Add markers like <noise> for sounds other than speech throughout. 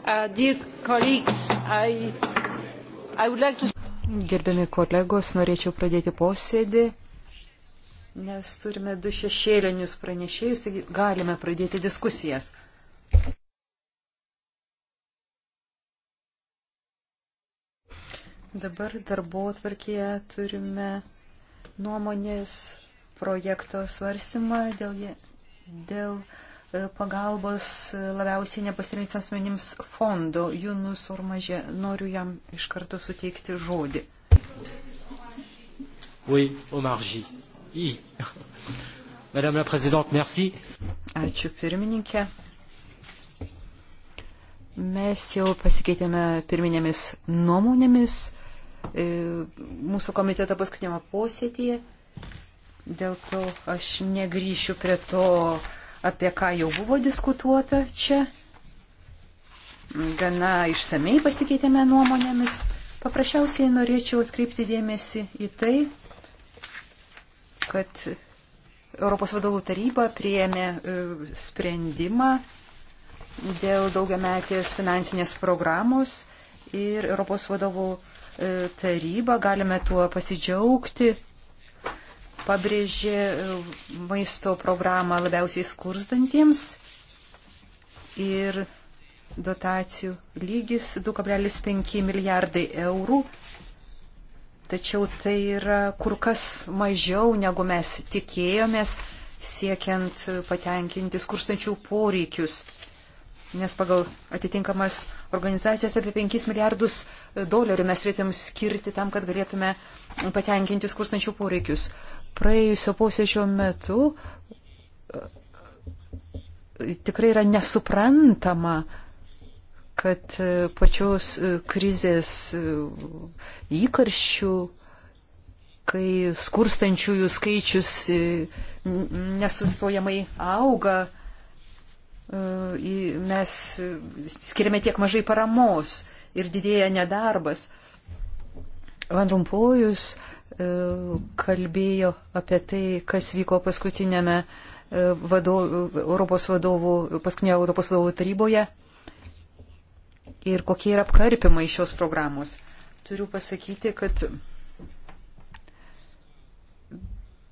Uh, Gerbiami kolegos, norėčiau pradėti posėdį, nes turime du šešėlinius pranešėjus, taigi galime pradėti diskusijas. Dabar darbo atvarkėje turime nuomonės projekto svarstymą dėl, dėl pagalbos labiausiai nepasirinksiems asmenims fondo. Junus Ormažė, noriu jam iš karto suteikti žodį. Oui, Omarži. <laughs> Madame la Présidente, merci. Ačiū pirmininkė. Mes jau pasikeitėme pirminėmis nuomonėmis e, mūsų komiteto paskutinėme posėdėje. Dėl to aš negryšiu prie to, apie ką jau buvo diskutuota čia. Gana išsamei pasikeitėme nuomonėmis. Paprasčiausiai norėčiau atkreipti dėmesį į tai, kad Europos vadovų taryba prieėmė e, sprendimą dėl daugiametės finansinės programos ir Europos vadovų e, taryba galime tuo pasidžiaugti pabrėžė e, maisto programą labiausiai skurstantiems ir dotacijų lygis 2,5 milijardai eurų. Tačiau tai yra kur kas mažiau, negu mes tikėjomės, siekiant patenkinti skurstančių poreikius. Nes pagal atitinkamas organizacijas apie 5 milijardus dolerių mes turėtum skirti tam, kad galėtume patenkinti skurstančių poreikius praėjusio posėdžio metu tikrai yra nesuprantama, kad e, pačios e, krizės e, įkarščių, kai skurstančiųjų skaičius nesustojamai auga, mes skiriame tiek mažai paramos ir didėja nedarbas. Vandrumpojus uh, E, kalbėjo apie tai, kas vyko paskutinėme e, vadovų, Europos vadovų, paskutinėje Europos vadovų taryboje ir kokie yra apkarpimai šios programos. Turiu pasakyti, kad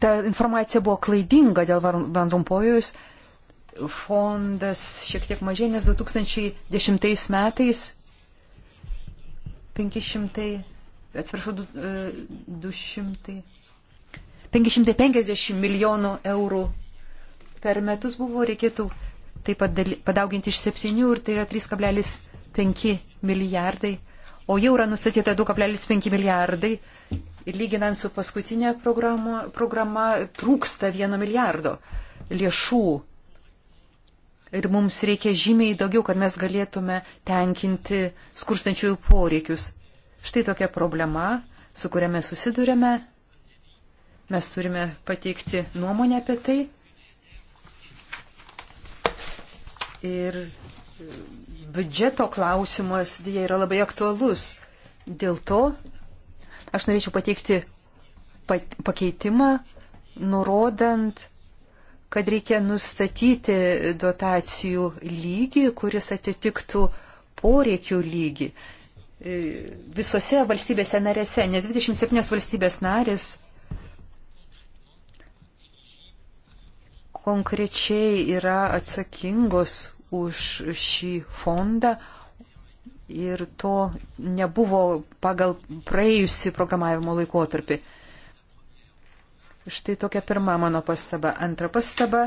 ta informacija buvo klaidinga dėl Van Rompojus. Fondas šiek tiek mažė, nes 2010 metais 500 atsiprašau, 200, 550 e, milijonų eurų per metus buvo, reikėtų tai padauginti iš 7 ir tai yra 3,5 milijardai, o jau yra nustatyta 2,5 milijardai ir lyginant su paskutinė programa, programa trūksta 1 milijardo lėšų. Ir mums reikia žymiai daugiau, kad mes galėtume tenkinti skurstančiųjų poreikius. Štai tokia problema, su kuria mes susidurėme. Mes turime pateikti nuomonę apie tai. Ir biudžeto klausimas dėja yra labai aktualus. Dėl to aš norėčiau pateikti pakeitimą, nurodant, kad reikia nustatyti dotacijų lygį, kuris atitiktų poreikių lygį. E, visose valstybėse narėse, nes 27 valstybės narės konkrečiai yra atsakingos už šį fondą ir to nebuvo pagal praėjusi programavimo laikotarpį. Štai tokia pirma mano pastaba. Antra pastaba.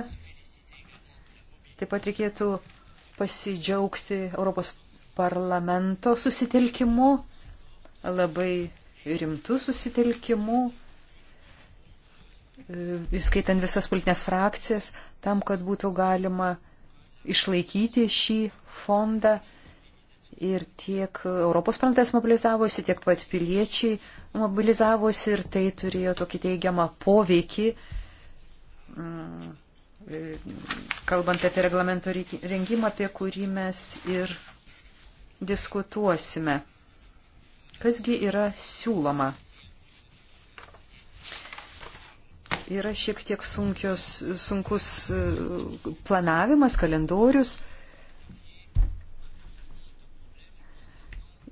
Taip pat reikėtų pasidžiaugti Europos parlamento susitelkimu, labai rimtų susitelkimų, e, įskaitant visas politinės frakcijas, tam, kad būtų galima išlaikyti šį fondą. Ir tiek Europos parlamentas mobilizavosi, tiek pat piliečiai mobilizavosi ir tai turėjo tokį teigiamą poveikį, mm, e, kalbant apie reglamento rengimą, apie kurį mes ir diskutuosime. Kasgi yra siūloma? Yra šiek tiek sunkios, sunkus e, planavimas, kalendorius.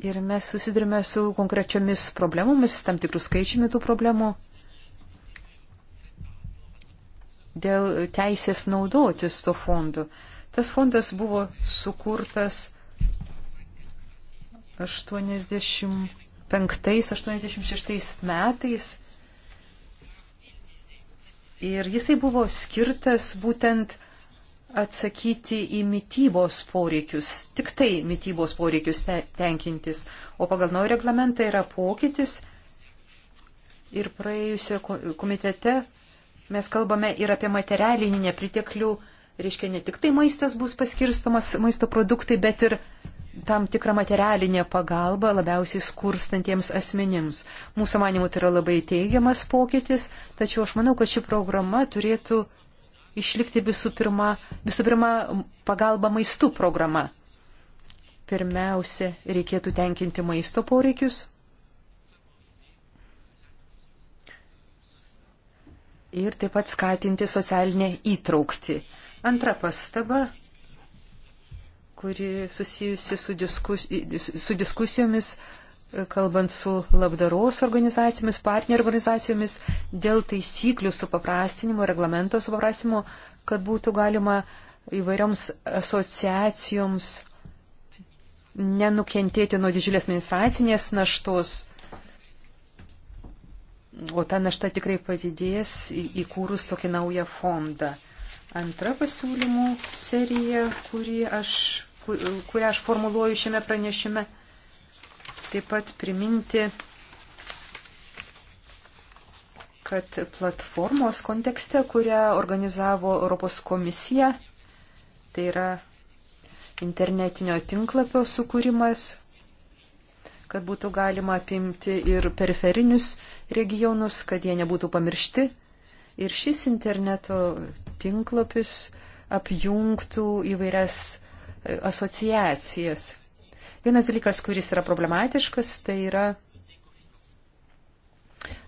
Ir mes susidurime su konkrečiomis problemomis, tam tikrų skaičiumi tų problemų. Dėl teisės naudotis to fondu. Tas fondas buvo sukurtas 85-86 metais. Ir jisai buvo skirtas būtent atsakyti į mytybos poreikius, tik tai mytybos poreikius te tenkintis. O pagal naują reglamentą yra pokytis. Ir praėjusią komitete mes kalbame ir apie materialinį nepriteklių. Reiškia, ne tik tai maistas bus paskirstomas, maisto produktai, bet ir tam tikrą materialinę pagalbą labiausiai skurstantiems asmenims. Mūsų manimų tai yra labai teigiamas pokytis, tačiau aš manau, kad ši programa turėtų išlikti visų pirma, visų pirma pagalba maistų programa. Pirmiausia, reikėtų tenkinti maisto poreikius. Ir taip pat skatinti socialinę įtraukti. Antra pastaba kuri susijusi su, diskus, su diskusijomis, e, kalbant su labdaros organizacijomis, partnerio organizacijomis, dėl taisyklių supaprastinimo, reglamento supaprastinimo, kad būtų galima įvairioms asociacijoms nenukentėti nuo didžiulės administracinės naštos. O ta našta tikrai padidės įkūrus tokį naują fondą. Antra pasiūlymų serija, kurį aš kurią aš formuluoju šiame pranešime. Taip pat priminti, kad platformos kontekste, kurią organizavo Europos komisija, tai yra internetinio tinklapio sukūrimas, kad būtų galima apimti ir periferinius regionus, kad jie nebūtų pamiršti. Ir šis interneto tinklapis apjungtų įvairias asociacijas. Vienas dalykas, kuris yra problematiškas, tai yra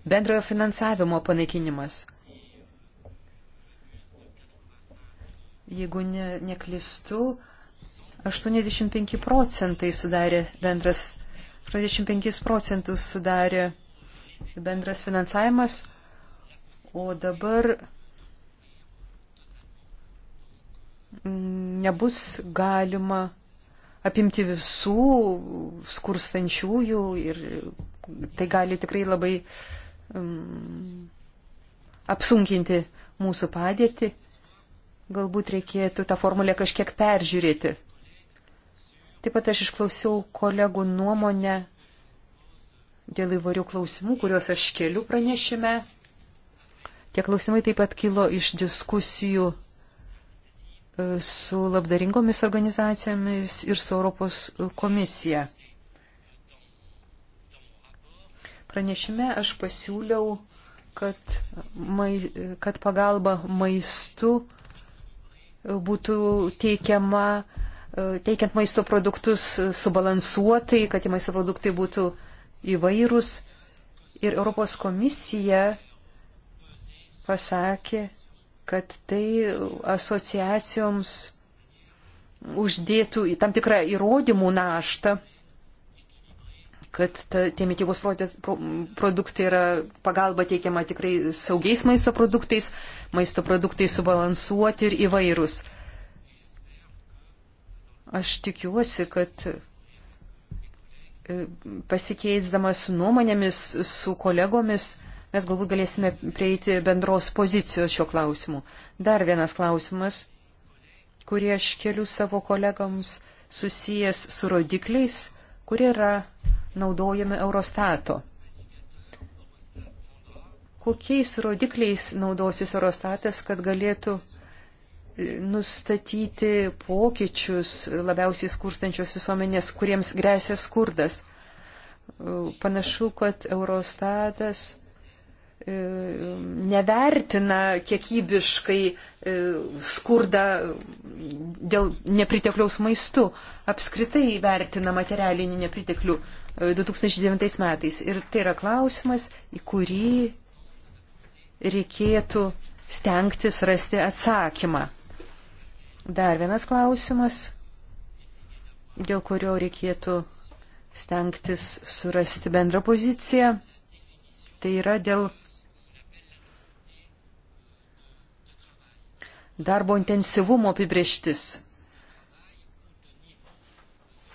bendrojo finansavimo panaikinimas. Jeigu ne, neklistu, 85 procentai sudarė bendras, 85 procentus sudarė bendras finansavimas, o dabar nebus galima apimti visų skurstančiųjų ir tai gali tikrai labai um, apsunkinti mūsų padėtį. Galbūt reikėtų tą formulę kažkiek peržiūrėti. Taip pat aš išklausiau kolegų nuomonę dėl įvarių klausimų, kuriuos aš keliu pranešime. Tie klausimai taip pat kilo iš diskusijų su labdaringomis organizacijomis ir su Europos komisija. Pranešime aš pasiūliau, kad, mai, kad pagalba maistu būtų teikiama, teikiant maisto produktus subalansuotai, kad tie maisto produktai būtų įvairūs. Ir Europos komisija pasakė, kad tai asociacijoms uždėtų tam tikrą įrodymų naštą, kad ta, tie mytybos produktai yra pagalba teikiama tikrai saugiais maisto produktais, maisto produktai subalansuoti ir įvairūs. Aš tikiuosi, kad e, pasikeisdamas nuomonėmis su kolegomis, mes galbūt galėsime prieiti bendros pozicijos šiuo klausimu. Dar vienas klausimas, kurį aš keliu savo kolegams susijęs su rodikliais, kurie yra naudojami Eurostato. Kokiais rodikliais naudosis Eurostatas, kad galėtų e, nustatyti pokyčius labiausiai skurstančios visuomenės, kuriems grėsia skurdas? E, panašu, kad Eurostatas E, nevertina kiekybiškai e, skurdą dėl nepritekliaus maistų. Apskritai vertina materialinį nepriteklių 2009 e, metais. Ir tai yra klausimas, į kurį reikėtų stengtis rasti atsakymą. Dar vienas klausimas, dėl kurio reikėtų stengtis surasti bendrą poziciją. Tai yra dėl darbo intensyvumo apibrieštis.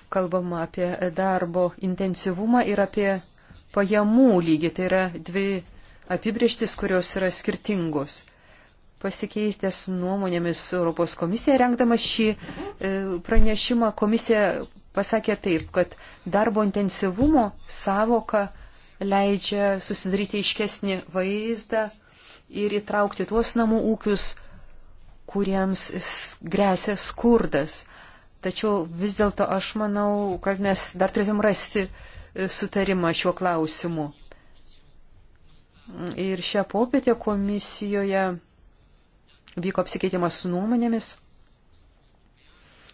Kalbama apie darbo intensyvumą ir apie pajamų lygį. Tai yra dvi apibrieštis, kurios yra skirtingos. Pasikeistęs nuomonėmis Europos komisija, renkdama šį e, pranešimą, komisija pasakė taip, kad darbo intensyvumo savoka leidžia susidaryti aiškesnį vaizdą ir įtraukti tuos namų ūkius, kuriems grėsia skurdas. Tačiau vis dėlto aš manau, kad mes dar turėtum rasti e, sutarimą šiuo klausimu. Ir šią popietę komisijoje vyko apsikeitimas su nuomonėmis.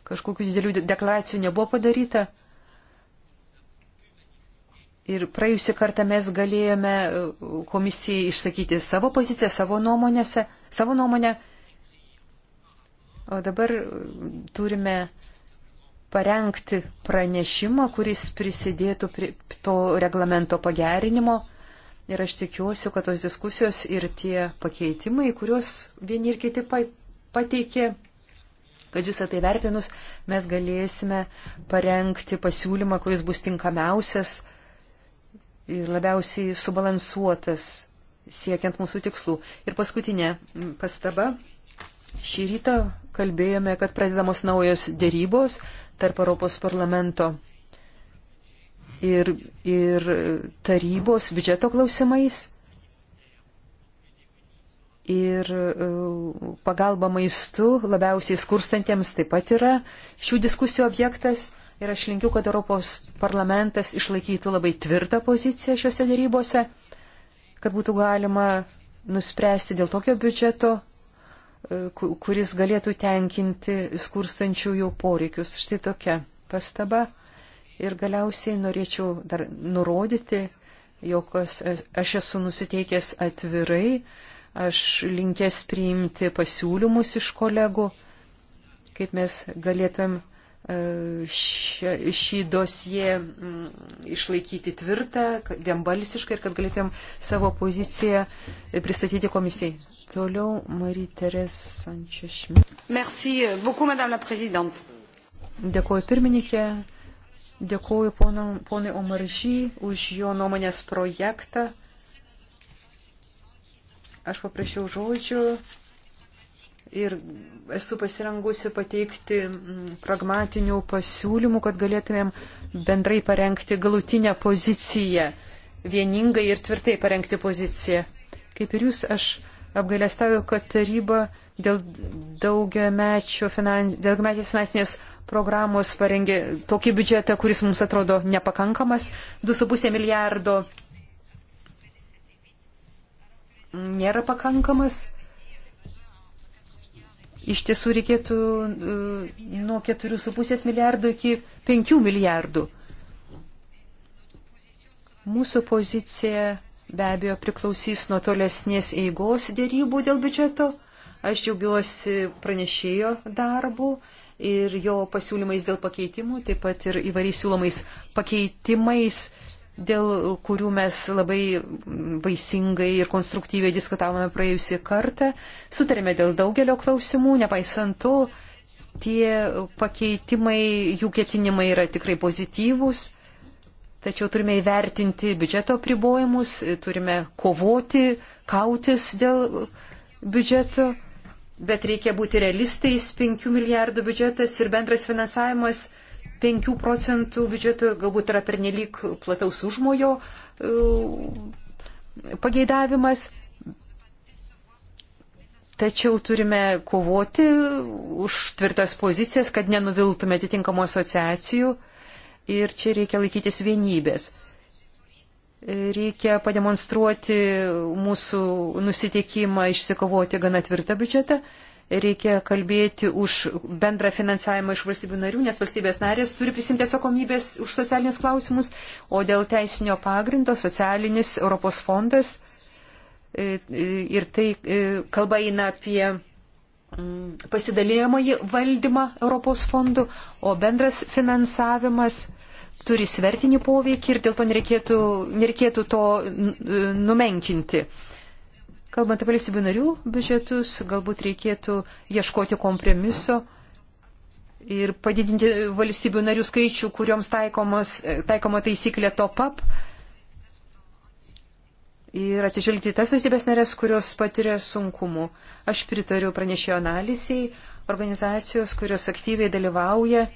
Kažkokių didelių deklaracijų nebuvo padaryta. Ir praėjusią kartą mes galėjome e, komisijai išsakyti savo poziciją, savo, nuomonėse, savo nuomonę. O dabar turime parengti pranešimą, kuris prisidėtų prie to reglamento pagerinimo. Ir aš tikiuosi, kad tos diskusijos ir tie pakeitimai, kuriuos vieni ir kiti pateikė, kad visą tai vertinus mes galėsime parengti pasiūlymą, kuris bus tinkamiausias ir labiausiai subalansuotas siekiant mūsų tikslų. Ir paskutinė pastaba Šį rytą kalbėjome, kad pradedamos naujos dėrybos tarp Europos parlamento ir, ir tarybos biudžeto klausimais ir e, pagalba maistu labiausiai skurstantiems taip pat yra šių diskusijų objektas. Ir aš linkiu, kad Europos parlamentas išlaikytų labai tvirtą poziciją šiuose dėrybose, kad būtų galima nuspręsti dėl tokio biudžeto, E, kuris galėtų tenkinti skurstančiųjų poreikius. Štai tokia pastaba. Ir galiausiai norėčiau dar nurodyti, jog aš esu nusiteikęs atvirai, aš linkęs priimti pasiūlymus iš kolegų, kaip mes galėtumėm e, šį dosiją išlaikyti tvirtą, vienbalsiškai ir kad galėtumėm savo poziciją pristatyti komisijai. Toliau Marie-Teres Sančiašmi. Merci beaucoup, madame la présidente. Dėkuoju pirmininkė, dėkuoju ponui Omaržy už jo nuomonės projektą. Aš paprašiau žodžių ir esu pasirengusi pateikti mm, pragmatinių pasiūlymų, kad galėtumėm bendrai parengti galutinę poziciją, vieningai ir tvirtai parengti poziciją. Kaip ir jūs, aš apgailestauju, kad taryba dėl daugiametės finans, finansinės programos parengė tokį biudžetą, kuris mums atrodo nepakankamas - 2,5 milijardo nėra pakankamas. Iš tiesų reikėtų e, nuo 4,5 milijardų iki 5 milijardų. Mūsų pozicija be abejo priklausys nuo tolesnės eigos dėrybų dėl biudžeto. Aš džiaugiuosi pranešėjo darbu ir jo pasiūlymais dėl pakeitimų, taip pat ir įvairiais siūlomais pakeitimais, dėl kurių mes labai vaisingai ir konstruktyviai diskutavome praėjusį kartą. Sutarėme dėl daugelio klausimų, nepaisant to, tie pakeitimai, jų ketinimai yra tikrai pozityvūs. Tačiau turime įvertinti biudžeto pribojimus, turime kovoti, kautis dėl biudžeto, bet reikia būti realistais, 5 milijardų biudžetas ir bendras finansavimas 5 procentų biudžeto galbūt yra pernelyg plataus užmojo e, pageidavimas, Tačiau turime kovoti už tvirtas pozicijas, kad nenuviltume atitinkamų asociacijų ir čia reikia laikytis vienybės. Reikia pademonstruoti mūsų nusiteikimą išsikovoti gana tvirtą biudžetą. Reikia kalbėti už bendrą finansavimą iš valstybių narių, nes valstybės narės turi prisimti atsakomybės už socialinius klausimus, o dėl teisinio pagrindo socialinis Europos fondas e, e, ir tai e, kalba eina apie pasidalėjimąjį valdymą Europos fondų, o bendras finansavimas turi svertinį poveikį ir dėl to nereikėtų, nereikėtų to e, numenkinti. Kalbant apie valstybių narių biudžetus, galbūt reikėtų ieškoti kompromiso ir padidinti valstybių narių skaičių, kurioms taikomas, taikoma taisyklė top up ir atsižvelgti į tas valstybės narės, kurios patiria sunkumų. Aš pritariu pranešėjo analizai, organizacijos, kurios aktyviai dalyvauja,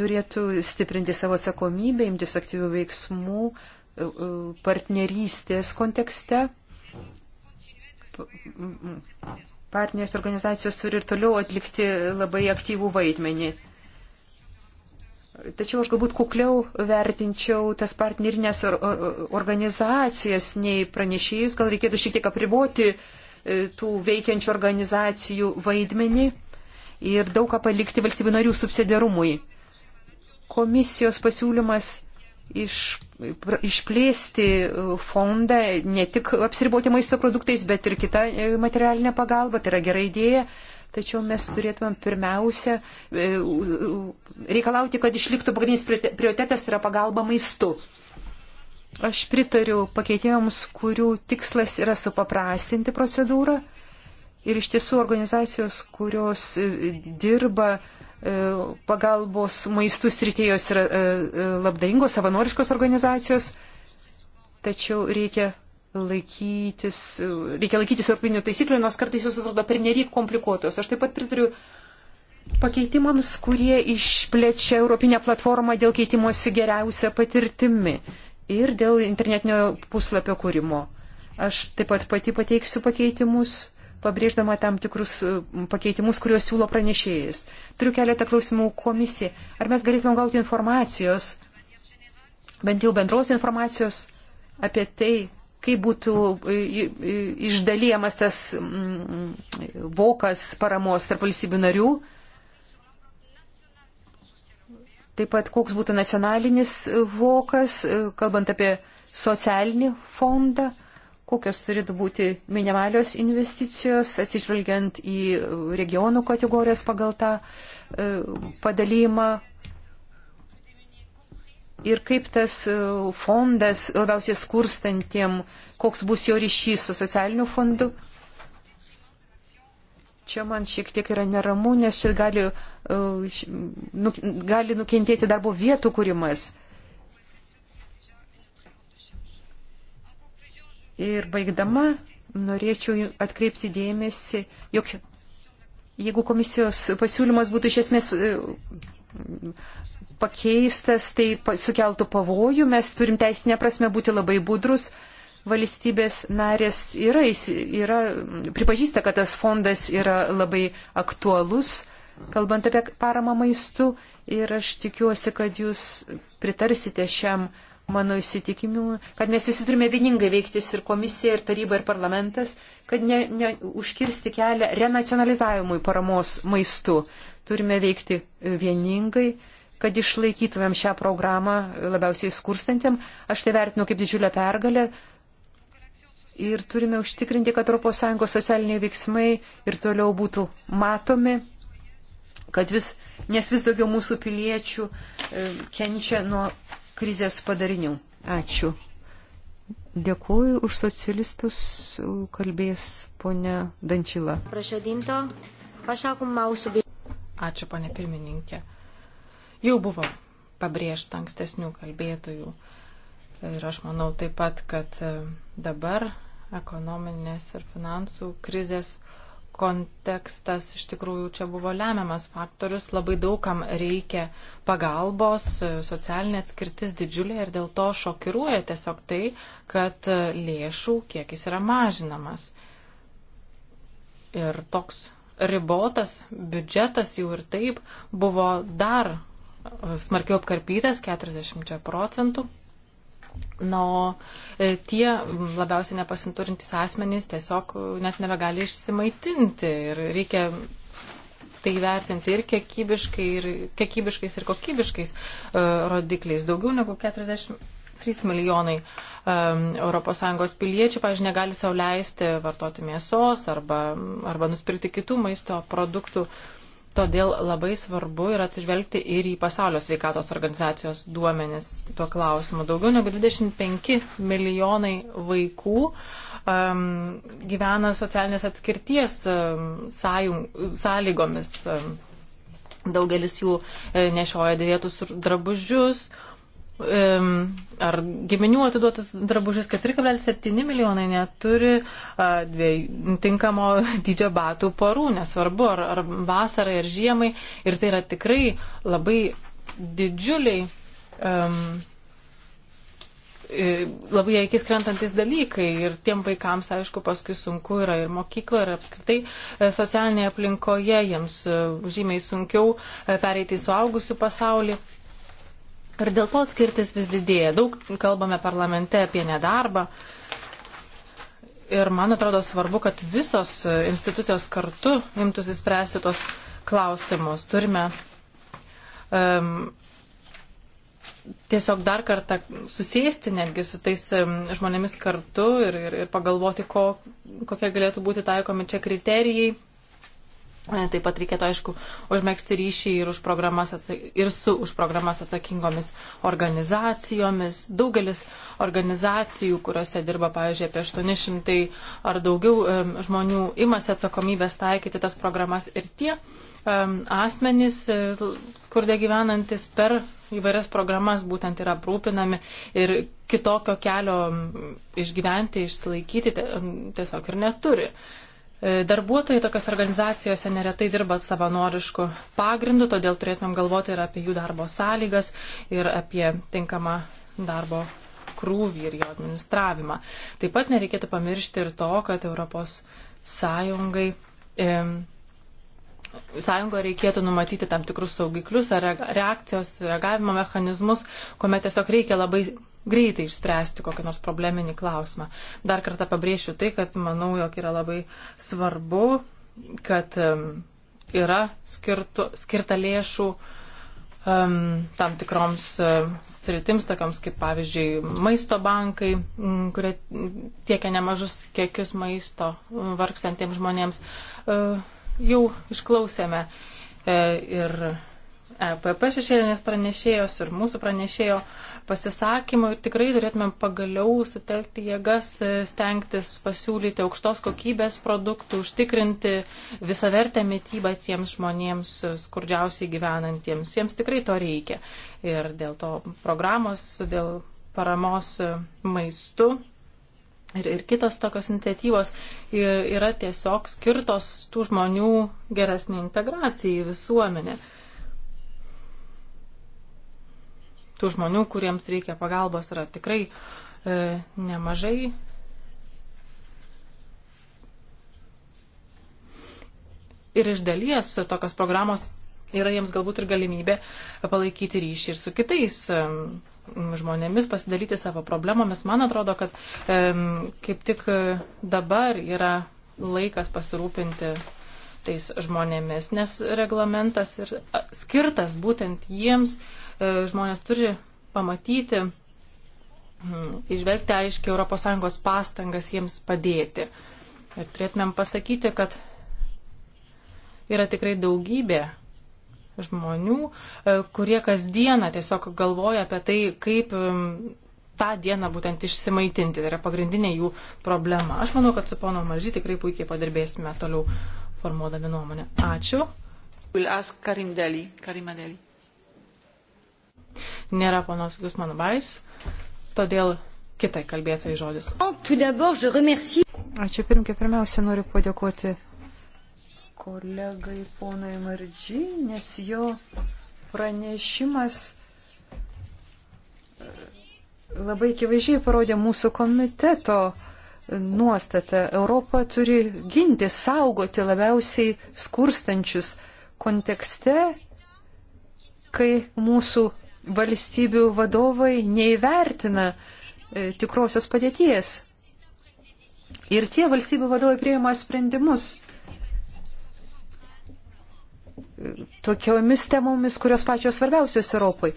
turėtų stiprinti savo atsakomybę, imtis aktyvių veiksmų partnerystės kontekste. Partnerės organizacijos turi ir toliau atlikti labai aktyvų vaidmenį. Tačiau aš galbūt kukliau vertinčiau tas partnerinės or, or, organizacijas nei pranešėjus, gal reikėtų šiek tiek apriboti e, tų veikiančių organizacijų vaidmenį ir daug ką palikti valstybių narių subsidiarumui. Komisijos pasiūlymas iš, išplėsti e, fondą, ne tik apsiriboti maisto produktais, bet ir kitą e, materialinę pagalbą, tai yra gera idėja tačiau mes turėtumėm pirmiausia e, reikalauti, kad išliktų pagrindinis prioritetas yra pagalba maistu. Aš pritariu pakeitimams, kurių tikslas yra supaprastinti procedūrą ir iš tiesų organizacijos, kurios e, dirba e, pagalbos maistų srityjos yra labdaringos, savanoriškos organizacijos, tačiau reikia laikytis, reikia laikytis europinių taisyklių, nors kartais jos atrodo pernelyg komplikuotos. Aš taip pat pritariu pakeitimams, kurie išplečia europinę platformą dėl keitimosi geriausia patirtimi ir dėl internetinio puslapio kūrimo. Aš taip pat pati pateiksiu pakeitimus, pabrėždama tam tikrus e, pakeitimus, kuriuos siūlo pranešėjas. Turiu keletą klausimų komisijai. Ar mes galėtume gauti informacijos, bent jau bendros informacijos apie tai, kaip būtų e, išdalyjamas tas vokas paramos tarp valstybių narių. Taip pat koks būtų nacionalinis vokas, e, kalbant apie socialinį fondą, kokios turėtų būti minimalios investicijos, atsižvelgiant į regionų kategorijas pagal tą e, padalyjimą, ir kaip tas e, fondas labiausiai skurstantiem, koks bus jo ryšys su socialiniu fondu. Čia man šiek tiek yra neramu, nes čia gali, e, nu, gali nukentėti darbo vietų kūrimas. Ir baigdama, norėčiau atkreipti dėmesį, jog jeigu komisijos pasiūlymas būtų iš esmės e, pakeistas, tai sukeltų pavojų. Mes turim teisinę prasme būti labai budrus. Valstybės narės yra, yra, pripažįsta, kad tas fondas yra labai aktualus, kalbant apie paramą maistu. Ir aš tikiuosi, kad jūs pritarsite šiam mano įsitikinimu, kad mes visi turime vieningai veiktis ir komisija, ir taryba, ir parlamentas, kad ne, ne užkirsti kelią renacionalizavimui paramos maistu. Turime veikti vieningai kad išlaikytumėm šią programą labiausiai skurstantėm. Aš tai vertinu kaip didžiulę pergalę. Ir turime užtikrinti, kad ES socialiniai veiksmai ir toliau būtų matomi, kad vis, nes vis daugiau mūsų piliečių e, kenčia nuo krizės padarinių. Ačiū. Dėkuoju už socialistus, kalbės ponia Dančila. Ačiū, ponia pirmininkė jau buvo pabrėžta ankstesnių kalbėtojų. Ir aš manau taip pat, kad e, dabar ekonominės ir finansų krizės kontekstas iš tikrųjų čia buvo lemiamas faktorius. Labai daugam reikia pagalbos, e, socialinė atskirtis didžiulė ir dėl to šokiruoja tiesiog tai, kad e, lėšų kiekis yra mažinamas. Ir toks ribotas biudžetas jau ir taip buvo dar smarkiau apkarpytas 40 procentų. Na, o e, tie labiausiai nepasinturintys asmenys tiesiog net nebegali išsimaitinti ir reikia tai vertinti ir, kiekybiškai, ir kiekybiškais, ir kokybiškais uh, rodikliais. Daugiau negu 43 milijonai um, ES piliečių, pažiūrėjau, negali sauliaisti vartoti mėsos arba, arba nuspirti kitų maisto produktų uh, Todėl labai svarbu yra atsižvelgti ir į pasaulio sveikatos organizacijos duomenis tuo klausimu. Daugiau negu 25 milijonai vaikų um, gyvena socialinės atskirties um, sąjung, sąlygomis. Um, daugelis jų e, nešioja dėvėtus drabužius, ar giminių atiduotas drabužis 4,7 milijonai neturi dviejų tinkamo <laughs> dydžio batų porų, nesvarbu, ar, ar vasarai, ar žiemai. Ir tai yra tikrai labai didžiuliai, um, labai akis krentantis dalykai. Ir tiem vaikams, aišku, paskui sunku yra ir mokykloje, ir apskritai e, socialinėje aplinkoje, jiems e, žymiai sunkiau e, pereiti į suaugusių pasaulį. Ir dėl to skirtis vis didėja. Daug kalbame parlamente apie nedarbą. Ir man atrodo svarbu, kad visos institucijos kartu imtųsi spręsti tos klausimus. Turime um, tiesiog dar kartą susėsti netgi su tais žmonėmis kartu ir, ir, ir pagalvoti, ko, kokie galėtų būti taikomi čia kriterijai E, taip pat reikėtų, aišku, užmėgsti ryšį ir, už ir su už programas atsakingomis organizacijomis. Daugelis organizacijų, kuriuose dirba, pavyzdžiui, apie 800 ar daugiau um, žmonių, imasi atsakomybės taikyti tas programas ir tie um, asmenys, skurdė gyvenantis per įvairias programas, būtent yra aprūpinami ir kitokio kelio išgyventi, išsilaikyti tiesiog ir neturi. Uh, E, darbuotojai tokios organizacijose neretai dirba savanoriškų pagrindų, todėl turėtumėm galvoti ir apie jų darbo sąlygas, ir apie tinkamą darbo krūvį ir jo administravimą. Taip pat nereikėtų pamiršti ir to, kad Europos Sąjungai, e, sąjungoje reikėtų numatyti tam tikrus saugiklius ar reakcijos, reagavimo mechanizmus, kuomet tiesiog reikia labai greitai išspręsti kokį nors probleminį klausimą. Dar kartą pabrėšiu tai, kad manau, jog yra labai svarbu, kad yra skirtu, skirta lėšų um, tam tikroms sritims, tokiams kaip pavyzdžiui maisto bankai, m, kurie tiekia nemažus kiekius maisto vargsantiems žmonėms. Uh, jau išklausėme uh, ir EPP šešėlinės pranešėjos ir mūsų pranešėjo uh, pasisakymų ir tikrai turėtumėm pagaliau sutelkti jėgas, stengtis pasiūlyti aukštos kokybės produktų, užtikrinti visavertę mytybą tiems žmonėms skurdžiausiai gyvenantiems. Jiems tikrai to reikia. Ir dėl to programos, dėl paramos maistu ir, ir kitos tokios iniciatyvos ir yra tiesiog skirtos tų žmonių geresnį integraciją į visuomenę. tų žmonių, kuriems reikia pagalbos, yra tikrai e, nemažai. Ir iš dalies tokios programos yra jiems galbūt ir galimybė palaikyti ryšį ir su kitais e, žmonėmis, pasidalyti savo problemomis. Man atrodo, kad e, kaip tik dabar yra laikas pasirūpinti tais žmonėmis, nes reglamentas ir skirtas būtent jiems, E, žmonės turi pamatyti, išvelgti aiškiai ES pastangas jiems padėti. Ir turėtumėm pasakyti, kad yra tikrai daugybė žmonių, e, kurie kasdieną tiesiog galvoja apie tai, kaip tą dieną būtent išsimaitinti. Tai yra pagrindinė jų problema. Aš manau, kad su pono Marži tikrai puikiai padirbėsime toliau formuodami nuomonę. Ačiū. Karim Deli. Karim Deli. Nėra ponos Gusmano Bais, todėl kitai kalbėtojai žodis. Ačiū pirmkia, pirmiausia noriu padėkoti kolegai ponui Mardžiai, nes jo pranešimas e, labai akivaizdžiai parodė mūsų komiteto nuostatą. Europa turi ginti, saugoti labiausiai skurstančius kontekste, kai mūsų valstybių vadovai neįvertina e, tikrosios padėties. Ir tie valstybių vadovai prieima sprendimus e, tokiomis temomis, kurios pačios svarbiausios Europai.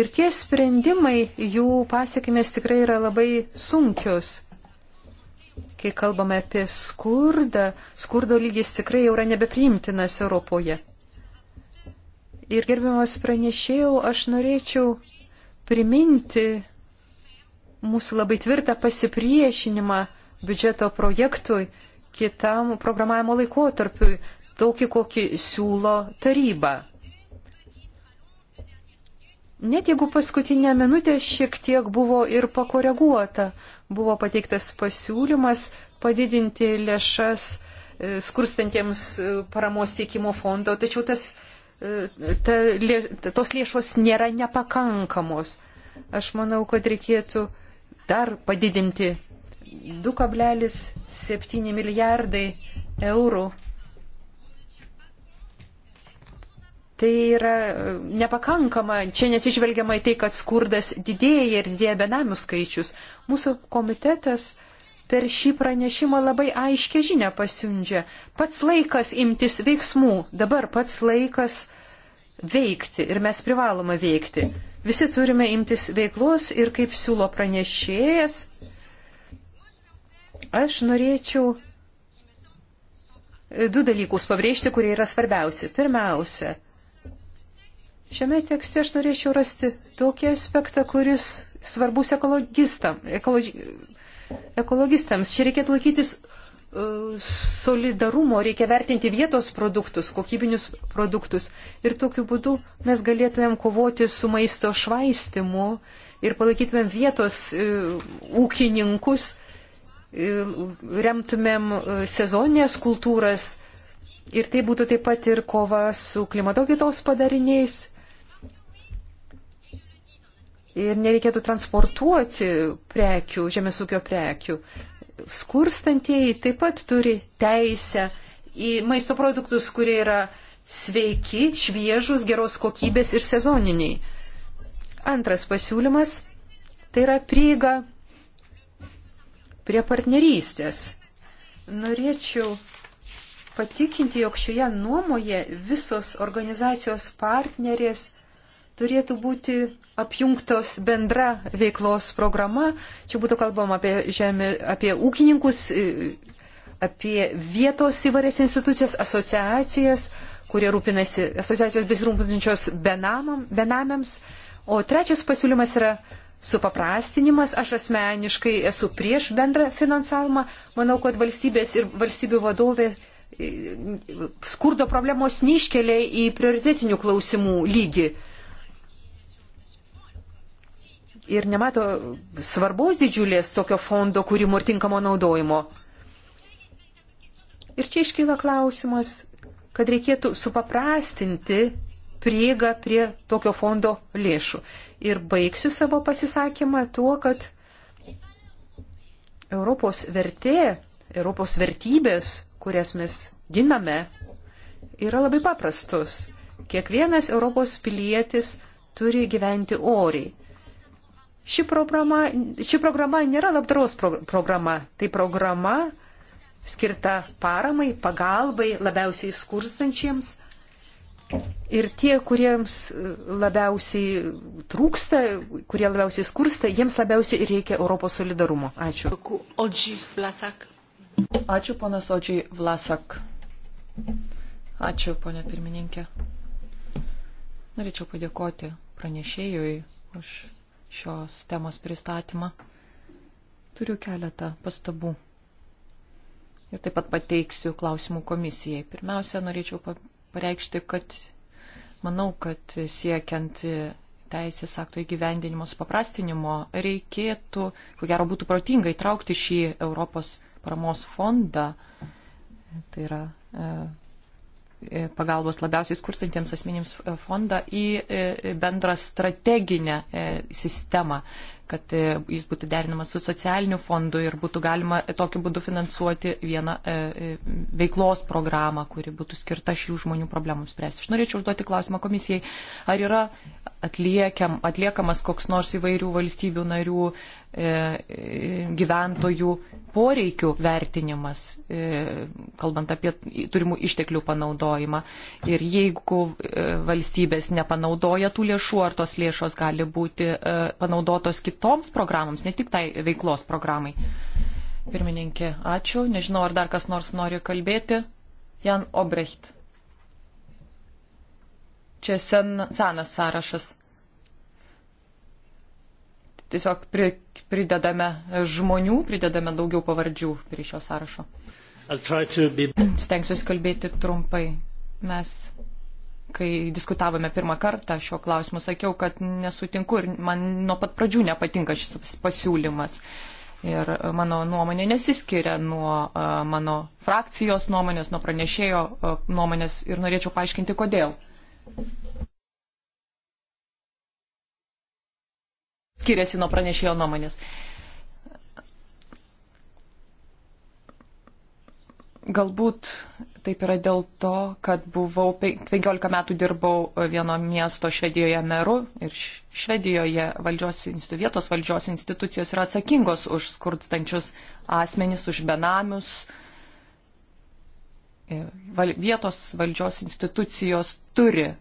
Ir tie sprendimai, jų pasiekimės tikrai yra labai sunkios. Kai kalbame apie skurdą, skurdo lygis tikrai jau yra nebepriimtinas Europoje. Ir gerbiamas pranešėjau, aš norėčiau priminti mūsų labai tvirtą pasipriešinimą biudžeto projektui kitam programavimo laikotarpiui, tokį kokį siūlo taryba. Net jeigu paskutinė minutė šiek tiek buvo ir pakoreguota, buvo pateiktas pasiūlymas padidinti lėšas e, skurstantiems e, paramos teikimo fondo, tačiau tas ta, lė, tos lėšos nėra nepakankamos. Aš manau, kad reikėtų dar padidinti 2,7 milijardai eurų. Tai yra e, nepakankama, čia nesižvelgiama į tai, kad skurdas didėja ir didėja benamių skaičius. Mūsų komitetas uh, per šį pranešimą labai aiškę žinę pasiunčia. Pats laikas imtis veiksmų, dabar pats laikas veikti ir mes privalome veikti. Visi turime imtis veiklos ir kaip siūlo pranešėjas, aš norėčiau du dalykus pabrėžti, kurie yra svarbiausi. Pirmiausia, šiame tekste aš norėčiau rasti tokį aspektą, kuris svarbus ekologistam, ekologi, ekologistams. Čia reikėtų laikytis e, solidarumo, reikia vertinti vietos produktus, kokybinius produktus. Ir tokiu būdu mes galėtumėm kovoti su maisto švaistimu ir palaikytumėm vietos e, ūkininkus, e, remtumėm sezoninės kultūras. Ir tai būtų taip pat ir kova su klimato kitos padariniais ir nereikėtų transportuoti prekių, žemės ūkio prekių. Skurstantieji taip pat turi teisę į maisto produktus, kurie yra sveiki, šviežus, geros kokybės ir sezoniniai. Antras pasiūlymas - tai yra prieiga prie partnerystės. Norėčiau patikinti, jog šioje nuomoje visos organizacijos partnerės turėtų būti apjungtos bendra veiklos programa. Čia būtų kalbama apie, žemė, apie ūkininkus, apie vietos įvarės institucijas, asociacijas, kurie rūpinasi, asociacijos besirūpinančios benamam, benamiams. O trečias pasiūlymas yra supaprastinimas. Aš asmeniškai esu prieš bendrą finansavimą. Manau, kad valstybės ir valstybių vadovė e, skurdo problemos neiškelia į prioritetinių klausimų lygį ir nemato svarbos didžiulės tokio fondo kūrimo ir tinkamo naudojimo. Ir čia iškyla klausimas, kad reikėtų supaprastinti prieigą prie tokio fondo lėšų. Ir baigsiu savo pasisakymą tuo, kad Europos vertė, Europos vertybės, kurias mes giname, yra labai paprastus. Kiekvienas Europos pilietis turi gyventi oriai. Ši programa, ši programa nėra labdaros pro, programa, tai programa skirta paramai, pagalbai labiausiai skurstančiems Ir tie, kuriems labiausiai trūksta, kurie labiausiai skursta, jiems labiausiai reikia Europos solidarumo. Ačiū. Ačiū, ponas Odžiai Vlasak. Ačiū, ponė pirmininkė. Norėčiau padėkoti pranešėjui už šios temos pristatymą. Turiu keletą pastabų. Ir taip pat pateiksiu klausimų komisijai. Pirmiausia, norėčiau pareikšti, kad manau, kad siekiant teisės akto įgyvendinimo supaprastinimo reikėtų, ko gero būtų protinga įtraukti šį Europos paramos fondą, tai yra e, E, pagalbos labiausiai skurstantiems asmenims e, fondą į e, bendrą strateginę sistemą, kad jis būtų derinamas su socialiniu fondu ir būtų galima tokiu būdu finansuoti vieną veiklos programą, kuri būtų skirta šių žmonių problemams spręsti. Aš norėčiau užduoti klausimą komisijai, ar yra atliekiam, atliekamas koks nors įvairių valstybių narių E, gyventojų poreikių vertinimas, e, kalbant apie turimų išteklių panaudojimą. Ir jeigu e, valstybės nepanaudoja tų lėšų, ar tos lėšos gali būti panaudotos kitoms programams, ne tik tai veiklos programai. Pirmininkė, ačiū. Nežinau, ar dar kas nors nori kalbėti. Jan Obrecht. Čia sen, senas sąrašas tiesiog pri, pridedame žmonių, pridedame daugiau pavardžių prie šio sąrašo. Be... Stengsiuosi kalbėti trumpai. Mes, kai diskutavome pirmą kartą šio klausimu, sakiau, kad nesutinku ir man nuo pat pradžių nepatinka šis pasiūlymas. Ir e, mano nuomonė nesiskiria nuo e, mano frakcijos nuomonės, nuo pranešėjo e, nuomonės ir norėčiau paaiškinti, kodėl. skiriasi nuo pranešėjo nuomonės. Galbūt taip yra dėl to, kad buvau 15 metų dirbau vieno miesto Švedijoje meru ir Švedijoje valdžios, vietos valdžios institucijos yra atsakingos už skurstančius asmenys, už benamius. E, vietos valdžios institucijos turi e,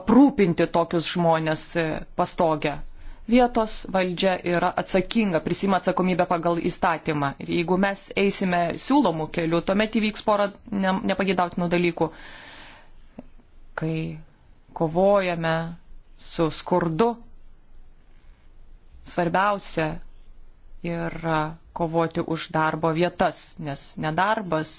aprūpinti tokius žmonės e, pastogę vietos valdžia yra atsakinga, prisima atsakomybę pagal įstatymą. Ir jeigu mes eisime siūlomų kelių, tuomet įvyks pora ne, nepagidautinų dalykų. Kai kovojame su skurdu, svarbiausia yra kovoti už darbo vietas, nes nedarbas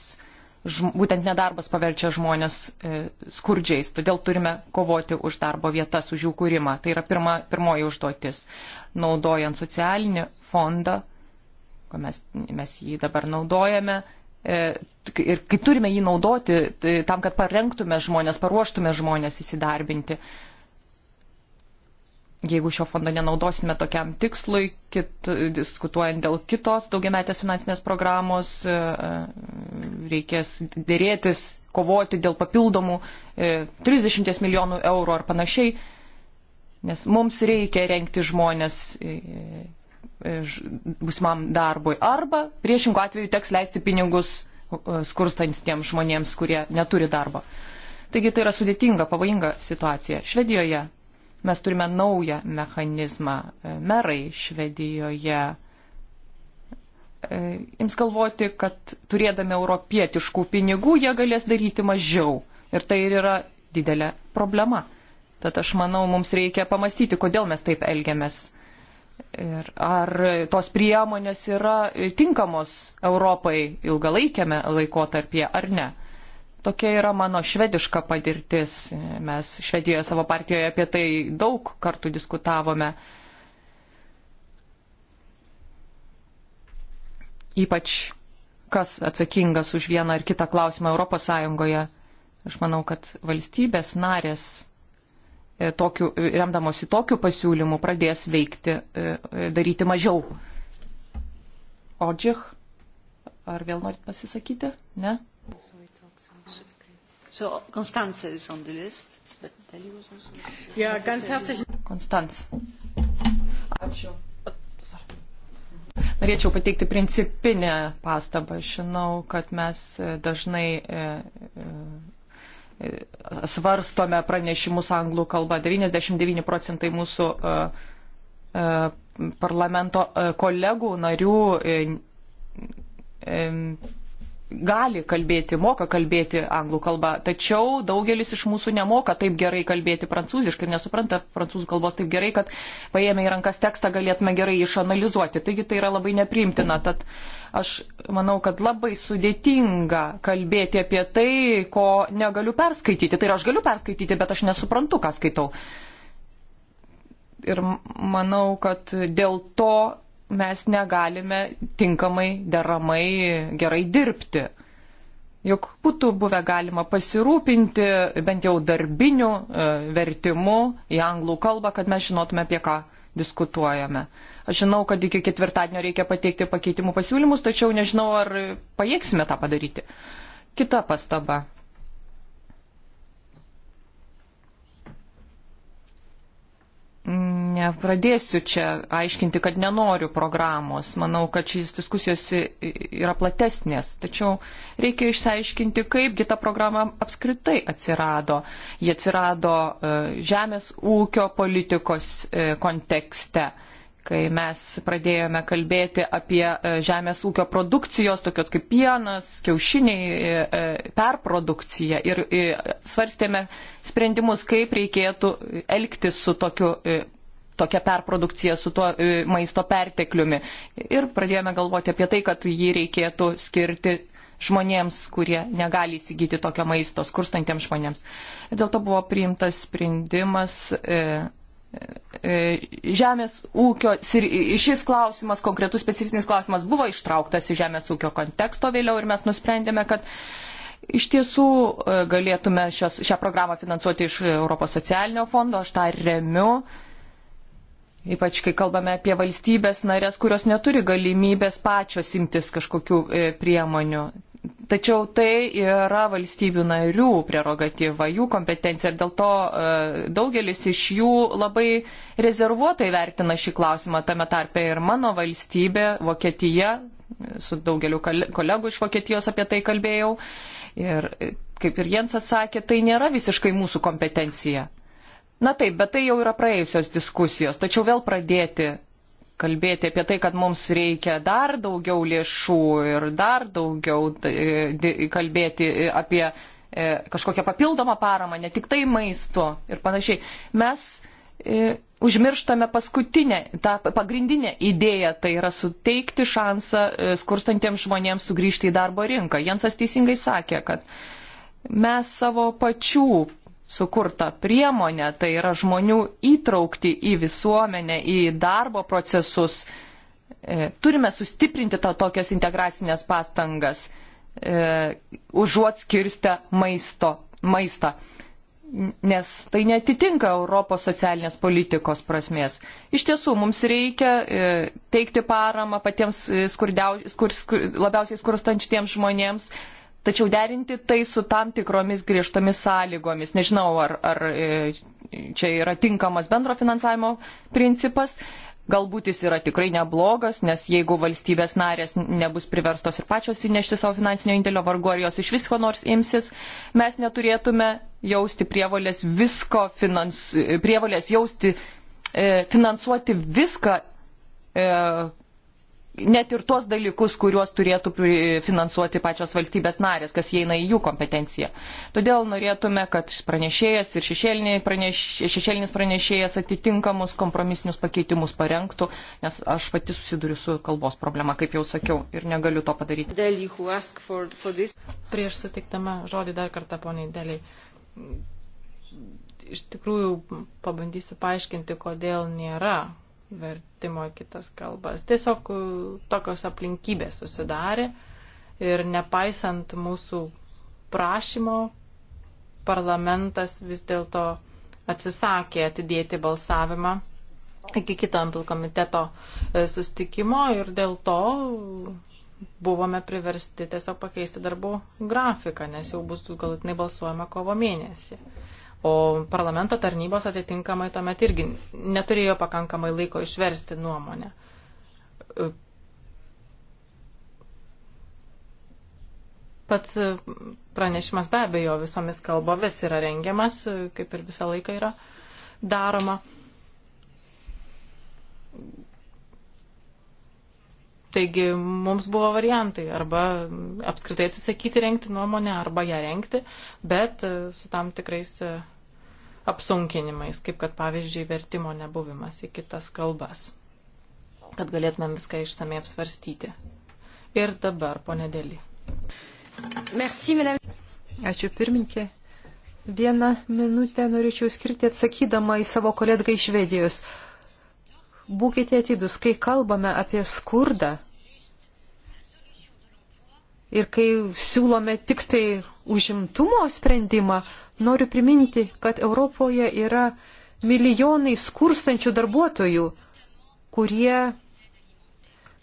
žm, būtent nedarbas paverčia žmonės e, skurdžiais, todėl turime kovoti už darbo vietas, už jų kūrimą. Tai yra pirma, pirmoji užduotis. Naudojant socialinį fondą, mes, mes jį dabar naudojame. E, ir kai turime jį naudoti tai, tam, kad parengtume žmonės, paruoštume žmonės įsidarbinti, jeigu šio fondo nenaudosime tokiam tikslui, kit, diskutuojant dėl kitos daugiametės finansinės programos, e, e, reikės dėrėtis, kovoti dėl papildomų 30 e, milijonų eurų ar panašiai, nes mums reikia renkti žmonės būsimam darbui. Arba priešingų atveju teks leisti pinigus skurstantiems žmonėms, kurie neturi darbo. Taigi tai yra sudėtinga, pavojinga situacija. Švedijoje Mes turime naują mechanizmą. E, merai Švedijoje e, ims galvoti, kad turėdami europietiškų pinigų jie galės daryti mažiau. Ir tai ir yra didelė problema. Tad aš manau, mums reikia pamastyti, kodėl mes taip elgiamės. Ir ar tos priemonės yra tinkamos Europai ilgalaikiame laikotarpyje ar ne. Tokia yra mano švediška patirtis. Mes Švedijoje savo partijoje apie tai daug kartų diskutavome. Ypač kas atsakingas už vieną ar kitą klausimą ES. Aš manau, kad valstybės narės e, tokiu, remdamosi tokiu pasiūlymu pradės veikti, e, e, daryti mažiau. Odžich, ar vėl norit pasisakyti? Ne? Mūsų. So, Konstanze is on the list. Ja, ganz herzlich. Konstanz. Ačiū. Norėčiau pateikti principinę pastabą. Žinau, kad mes e, dažnai e, e, svarstome pranešimus anglų kalba. 99 procentai mūsų parlamento kolegų narių gali kalbėti, moka kalbėti anglų kalbą, tačiau daugelis iš mūsų nemoka taip gerai kalbėti prancūziškai ir nesupranta prancūzų kalbos taip gerai, kad paėmę į rankas tekstą galėtume gerai išanalizuoti. Taigi tai yra labai nepriimtina. Tad aš manau, kad labai sudėtinga kalbėti apie tai, ko negaliu perskaityti. Tai yra, aš galiu perskaityti, bet aš nesuprantu, ką skaitau. Ir manau, kad dėl to mes negalime tinkamai, deramai, gerai dirbti. Juk būtų buvę galima pasirūpinti bent jau darbiniu e, vertimu į anglų kalbą, kad mes žinotume, apie ką diskutuojame. Aš žinau, kad iki ketvirtadienio reikia pateikti pakeitimų pasiūlymus, tačiau nežinau, ar pajėgsime tą padaryti. Kita pastaba. nepradėsiu čia aiškinti, kad nenoriu programos. Manau, kad šis diskusijos yra platesnės. Tačiau reikia išsiaiškinti, kaipgi ta programa apskritai atsirado. Ji atsirado e, žemės ūkio politikos e, kontekste kai mes pradėjome kalbėti apie e, žemės ūkio produkcijos, tokios kaip pienas, kiaušiniai, perprodukciją ir svarstėme sprendimus, kaip reikėtų elgtis su tokiu tokia perprodukcija su tuo e, maisto pertekliumi. Ir pradėjome galvoti apie tai, kad jį reikėtų skirti žmonėms, kurie negali įsigyti tokio maisto, skurstantiems žmonėms. Ir dėl to buvo priimtas sprendimas. E, e Žemės ūkio, šis klausimas, konkretus specifinis klausimas buvo ištrauktas į žemės ūkio konteksto vėliau ir mes nusprendėme, kad Iš tiesų e, galėtume šios, šią programą finansuoti iš Europos socialinio fondo, aš tą remiu. Ypač kai kalbame apie valstybės narės, kurios neturi galimybės pačios imtis kažkokių e, priemonių. Tačiau tai yra valstybių narių prerogatyva, jų kompetencija ir dėl to e, daugelis iš jų labai rezervuotai vertina šį klausimą, tame tarpe ir mano valstybė, Vokietija, su daugeliu kolegų iš Vokietijos apie tai kalbėjau. Ir kaip ir Jensas sakė, tai nėra visiškai mūsų kompetencija. Na taip, bet tai jau yra praėjusios diskusijos, tačiau vėl pradėti kalbėti apie tai, kad mums reikia dar daugiau lėšų ir dar daugiau tai, kalbėti apie e, kažkokią papildomą paramą, ne tik tai maisto ir panašiai. Mes e, užmirštame paskutinę, tą pagrindinę idėją, tai yra suteikti šansą e, skurstantiems žmonėms sugrįžti į darbo rinką. Jensas teisingai sakė, kad mes savo pačių sukurtą priemonę, tai yra žmonių įtraukti į visuomenę, į darbo procesus. E, turime sustiprinti tą tokias integracinės pastangas, e, užuot skirstę maisto, maistą, nes tai netitinka Europos socialinės politikos prasmės. Iš tiesų, mums reikia e, teikti paramą patiems skurdiau, skur, skur, labiausiai skurstančiems žmonėms, tačiau derinti tai su tam tikromis griežtomis sąlygomis. Nežinau, ar, ar e, čia yra tinkamas bendro finansavimo principas. Galbūt jis yra tikrai neblogas, nes jeigu valstybės narės nebus priverstos ir pačios įnešti savo finansinio indėlio vargu, ar jos iš visko nors imsis, mes neturėtume jausti prievolės visko, finans, prievolės jausti, e, finansuoti viską, e, net ir tuos dalykus, kuriuos turėtų finansuoti pačios valstybės narės, kas įeina į jų kompetenciją. Todėl norėtume, kad pranešėjas ir praneš, šešėlinis pranešėjas atitinkamus kompromisinius pakeitimus parengtų, nes aš pati susiduriu su kalbos problema, kaip jau sakiau, ir negaliu to padaryti. For, for Prieš sutikdama žodį dar kartą, poniai Deliai. Iš tikrųjų, pabandysiu paaiškinti, kodėl nėra vertimo į kitas kalbas. Tiesiog e, tokios aplinkybės susidarė ir nepaisant mūsų prašymo, parlamentas vis dėlto atsisakė atidėti balsavimą iki kito ampl komiteto e, sustikimo ir dėl to buvome priversti tiesiog pakeisti darbų grafiką, nes jau bus galutinai balsuojama kovo mėnesį o parlamento tarnybos atitinkamai tuomet irgi neturėjo pakankamai laiko išversti nuomonę. E, pats pranešimas be abejo visomis kalbomis yra rengiamas, e, kaip ir visą laiką yra daroma. Taigi mums buvo variantai arba apskritai atsisakyti renkti nuomonę arba ją renkti, bet e, su tam tikrais e, apsunkinimais, kaip kad pavyzdžiui vertimo nebuvimas į kitas kalbas, kad galėtumėm viską išsamei apsvarstyti. Ir dabar, ponė Dėlį. Merci, madame. Ačiū pirminkė. Vieną minutę norėčiau skirti atsakydama į savo kolegą iš Švedijos. Uh, būkite atidus, kai kalbame apie skurdą ir kai siūlome tik tai užimtumo sprendimą, noriu priminti, kad Europoje yra milijonai skurstančių darbuotojų, kurie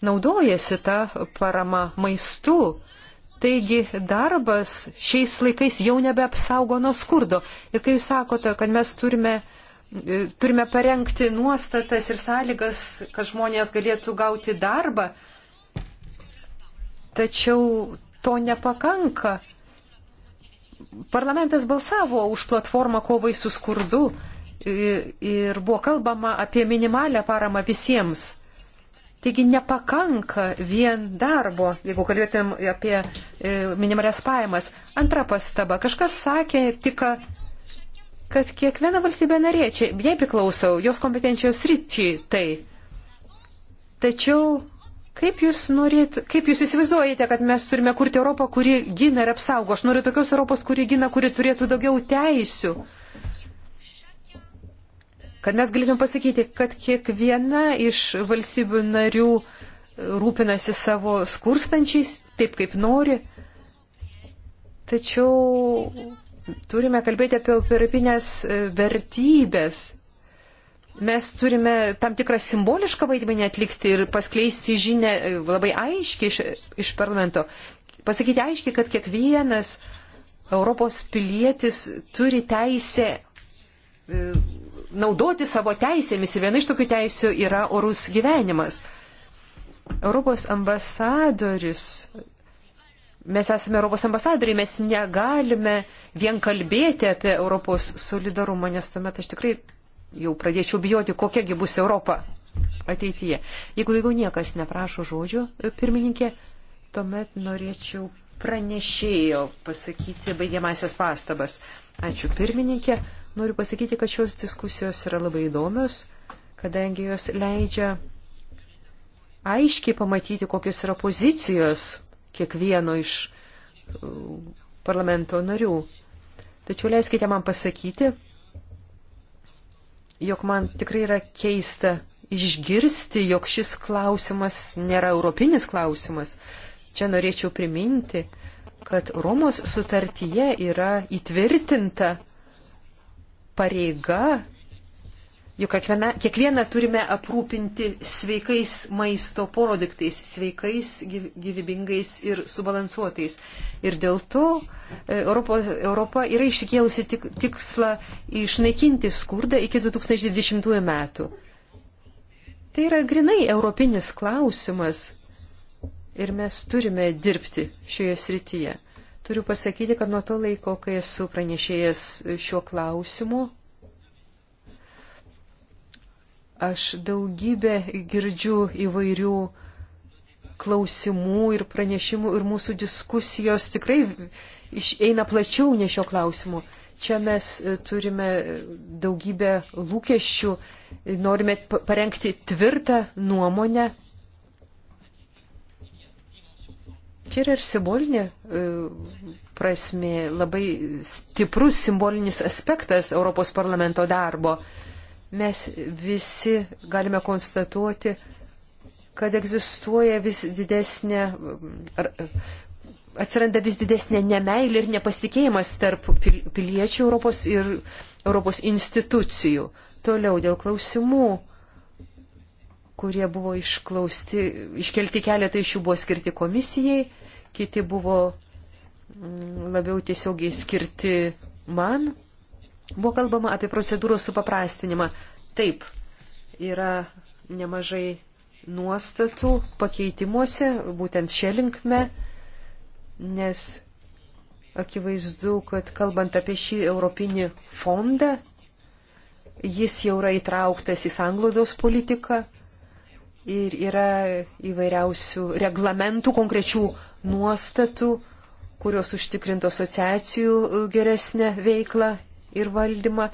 naudojasi tą paramą maistu. Taigi darbas šiais laikais jau nebeapsaugo nuo skurdo. Ir kai jūs sakote, kad mes turime E, turime parengti nuostatas ir sąlygas, kad žmonės galėtų gauti darbą. Tačiau to nepakanka. Parlamentas balsavo už platformą kovai su skurdu ir buvo kalbama apie minimalę paramą visiems. Taigi nepakanka vien darbo, jeigu kalbėtum apie e, minimalias pajamas. Antra pastaba. Kažkas sakė tik, kad kiekviena valstybė narė, čia jai priklauso, jos kompetencijos ryčiai tai. Tačiau kaip jūs, norėt, kaip jūs įsivaizduojate, kad mes turime kurti Europą, kuri gina ir apsaugo? Aš noriu tokios Europos, kuri gina, kuri turėtų daugiau teisių. Kad mes galėtume pasakyti, kad kiekviena iš valstybių narių rūpinasi savo skurstančiais taip, kaip nori. Tačiau Turime kalbėti apie operapinės e, vertybės. Mes turime tam tikrą simbolišką vaidmenį atlikti ir paskleisti žinę e, labai aiškiai iš, iš parlamento. Pasakyti aiškiai, kad kiekvienas Europos pilietis turi teisę e, naudoti savo teisėmis ir viena iš tokių teisių yra orus gyvenimas. Europos ambasadorius Mes esame Europos ambasadoriai, mes negalime vien kalbėti apie Europos solidarumą, nes tuomet aš tikrai jau pradėčiau bijoti, kokiagi bus Europa ateityje. Jeigu daugiau niekas neprašo žodžių, e, pirmininkė, tuomet norėčiau pranešėjo pasakyti baigiamasias pastabas. Ačiū pirmininkė. Noriu pasakyti, kad šios diskusijos yra labai įdomios, kadangi jos leidžia aiškiai pamatyti, kokios yra pozicijos kiekvieno iš e, parlamento narių. Tačiau leiskite man pasakyti, jog man tikrai yra keista išgirsti, jog šis klausimas nėra europinis klausimas. Čia norėčiau priminti, kad Romos sutartyje yra įtvirtinta pareiga Juk kiekvieną, kiekvieną turime aprūpinti sveikais maisto produktais, sveikais, gyvybingais ir subalansuotais. Ir dėl to e, Europo, Europa yra išsikėlusi tik, tikslą išnaikinti skurdą iki 2020 metų. Tai yra grinai europinis klausimas ir mes turime dirbti šioje srityje. Turiu pasakyti, kad nuo to laiko, kai esu pranešėjęs šiuo klausimu, Aš daugybę girdžiu įvairių klausimų ir pranešimų ir mūsų diskusijos tikrai eina plačiau ne šio klausimu. Čia mes e, turime daugybę lūkesčių, norime parengti tvirtą nuomonę. Čia yra ir simbolinė e, prasme labai stiprus simbolinis aspektas Europos parlamento darbo mes visi galime konstatuoti, kad egzistuoja vis didesnė, ar, atsiranda vis didesnė nemailė ir nepasitikėjimas tarp piliečių Europos ir Europos institucijų. Toliau dėl klausimų, kurie buvo išklausti, iškelti keletą iš jų buvo skirti komisijai, kiti buvo mm, labiau tiesiogiai skirti man. Buvo kalbama apie procedūros supaprastinimą. Taip, yra nemažai nuostatų pakeitimuose, būtent šia linkme, nes akivaizdu, kad kalbant apie šį Europinį fondą, jis jau yra įtrauktas į sanglaudos politiką ir yra įvairiausių reglamentų, konkrečių nuostatų, kurios užtikrintų asociacijų geresnę veiklą ir valdymą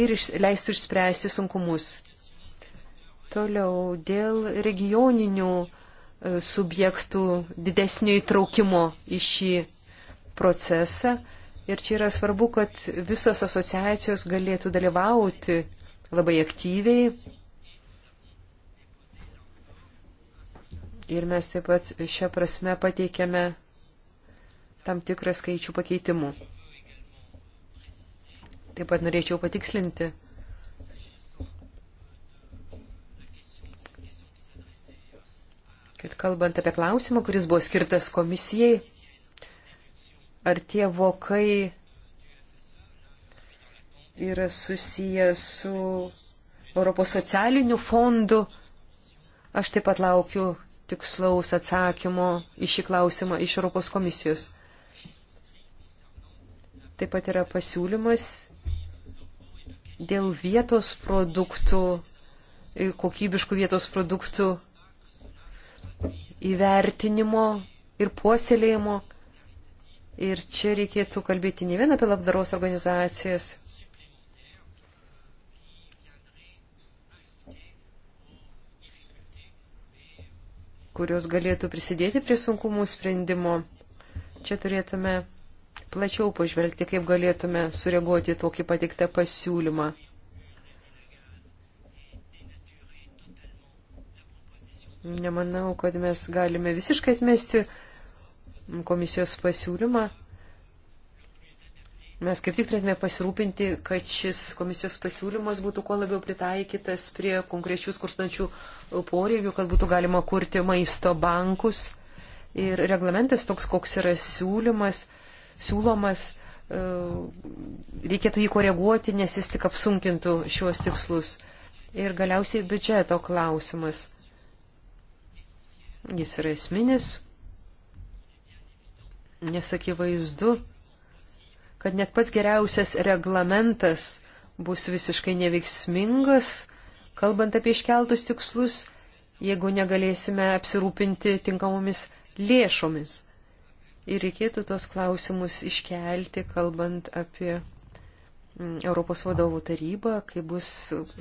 ir iš, leistų išspręsti sunkumus. Toliau dėl regioninių e, subjektų didesnio įtraukimo į šį procesą. Ir čia yra svarbu, kad visos asociacijos galėtų dalyvauti labai aktyviai. Ir mes taip pat šią prasme pateikėme tam tikrą skaičių pakeitimų. Taip pat norėčiau patikslinti, kad kalbant apie klausimą, kuris buvo skirtas komisijai, ar tie vokai yra susiję su Europos socialiniu fondu, aš taip pat laukiu tikslaus atsakymo į šį klausimą iš Europos komisijos. Taip pat yra pasiūlymas dėl vietos produktų, e, kokybiškų vietos produktų įvertinimo ir puoselėjimo. Ir čia reikėtų kalbėti ne vien apie labdaros organizacijas. kurios galėtų prisidėti prie sunkumų sprendimo. Čia turėtume plačiau pažvelgti, kaip galėtume sureaguoti tokį patiktą pasiūlymą. Nemanau, kad mes galime visiškai atmesti komisijos pasiūlymą. Mes kaip tik turėtume pasirūpinti, kad šis komisijos pasiūlymas būtų kuo labiau pritaikytas prie konkrečių skurstančių poreikių, kad būtų galima kurti maisto bankus. Ir reglamentas toks, koks yra siūlymas, siūlomas, e, reikėtų jį koreguoti, nes jis tik apsunkintų šiuos tikslus. Ir galiausiai biudžeto klausimas. Jis yra esminis, nes akivaizdu, kad net pats geriausias reglamentas bus visiškai neveiksmingas, kalbant apie iškeltus tikslus, jeigu negalėsime apsirūpinti tinkamomis lėšomis. Ir reikėtų tos klausimus iškelti, kalbant apie mm, Europos vadovų tarybą, kai bus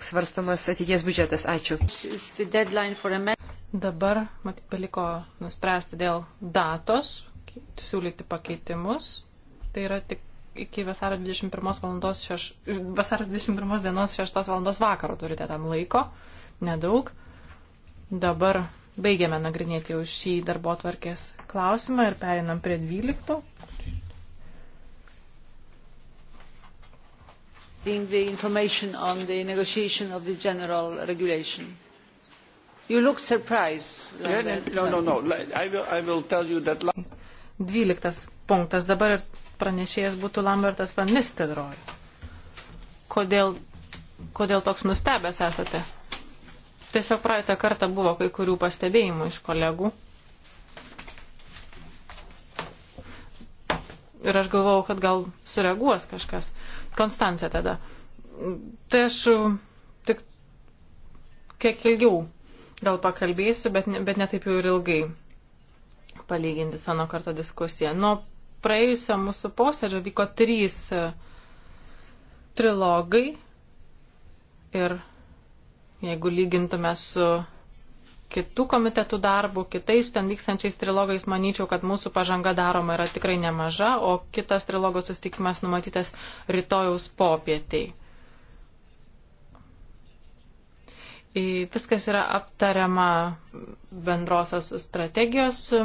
svarstomas ateities biudžetas. Ačiū. Dabar, matyt, paliko nuspręsti dėl datos, siūlyti pakeitimus. Tai yra tik iki vasario 21, valandos, šeš, vasario 21 dienos 6 valandos vakaro turite tam laiko. Nedaug. Dabar Baigiame nagrinėti jau šį darbo tvarkės klausimą ir perinam prie 12. the information on the negotiation of the general regulation. You look surprised. Like yeah, that. no, no, no. I will, I will tell you that. Dvyliktas punktas. Dabar ir pranešėjas būtų Lambertas Van Nistelrooy. Kodėl, kodėl toks nustebęs esate? Tiesiog praeitą kartą buvo kai kurių pastebėjimų iš kolegų. Ir aš galvau, kad gal sureaguos kažkas. Konstancija tada. Tai aš uh, tik kiek ilgiau gal pakalbėsiu, bet, ne, bet netaip jau ir ilgai palyginti seno karto diskusiją. Nuo praėjusio mūsų posėdžio vyko trys uh, trilogai ir jeigu lygintume su kitų komitetų darbu, kitais ten vykstančiais trilogais, manyčiau, kad mūsų pažanga daroma yra tikrai nemaža, o kitas trilogo susitikimas numatytas rytojaus popietiai. Viskas yra aptariama bendrosios strategijos e,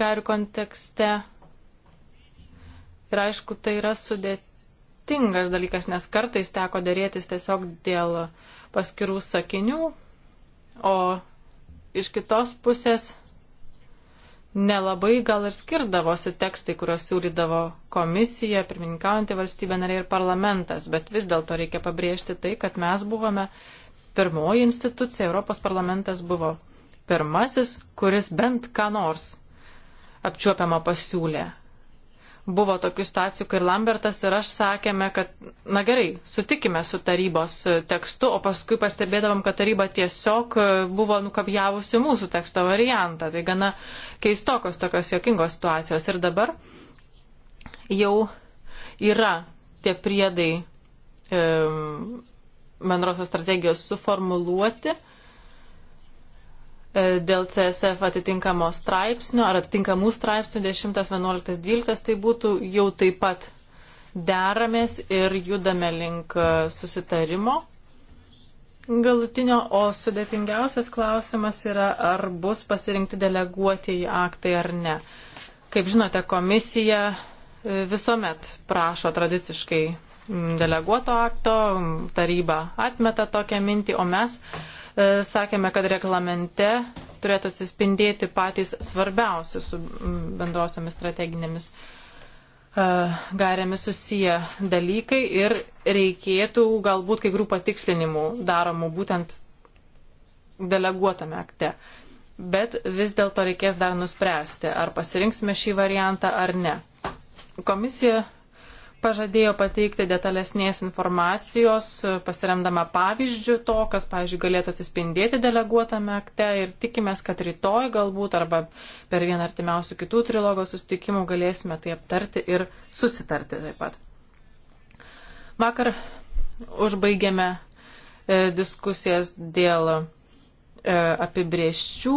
garių kontekste. Ir aišku, tai yra sudėtingas dalykas, nes kartais teko dėrėtis tiesiog dėl uh, paskirų sakinių, o iš kitos pusės nelabai gal ir skirdavosi tekstai, kuriuos siūlydavo komisija, pirmininkaujantį valstybę narė ir parlamentas, bet vis dėlto reikia pabrėžti tai, kad mes buvome pirmoji institucija, Europos parlamentas buvo pirmasis, kuris bent ką nors apčiuopiamą pasiūlė buvo tokių situacijų, kai Lambertas ir aš sakėme, kad, na gerai, sutikime su tarybos e, tekstu, o paskui pastebėdavom, kad taryba tiesiog e, buvo nukabjavusi mūsų teksto variantą. Tai gana keistokos tokios jokingos situacijos. Ir dabar jau yra tie priedai e, bendrosios strategijos suformuluoti E, dėl CSF atitinkamo straipsnio ar atitinkamų straipsnių 10, 11, 12, tai būtų jau taip pat deramės ir judame link e, susitarimo galutinio, o sudėtingiausias klausimas yra, ar bus pasirinkti deleguotieji aktai ar ne. Kaip žinote, komisija e, visuomet prašo tradiciškai deleguoto akto, taryba atmeta tokią mintį, o mes E, sakėme, kad reglamente turėtų atsispindėti patys svarbiausi su bendrosiomis strateginėmis e, garėmis susiję dalykai ir reikėtų galbūt kai kurių patikslinimų daromų būtent deleguotame akte. Bet vis dėlto reikės dar nuspręsti, ar pasirinksime šį variantą ar ne. Komisija pažadėjo pateikti detalesnės informacijos, pasiremdama pavyzdžių to, kas, pavyzdžiui, galėtų atsispindėti deleguotame akte ir tikimės, kad rytoj galbūt arba per vieną artimiausių kitų trilogo sustikimų galėsime tai aptarti ir susitarti taip pat. Vakar užbaigėme e, diskusijas dėl e, apibrieščių,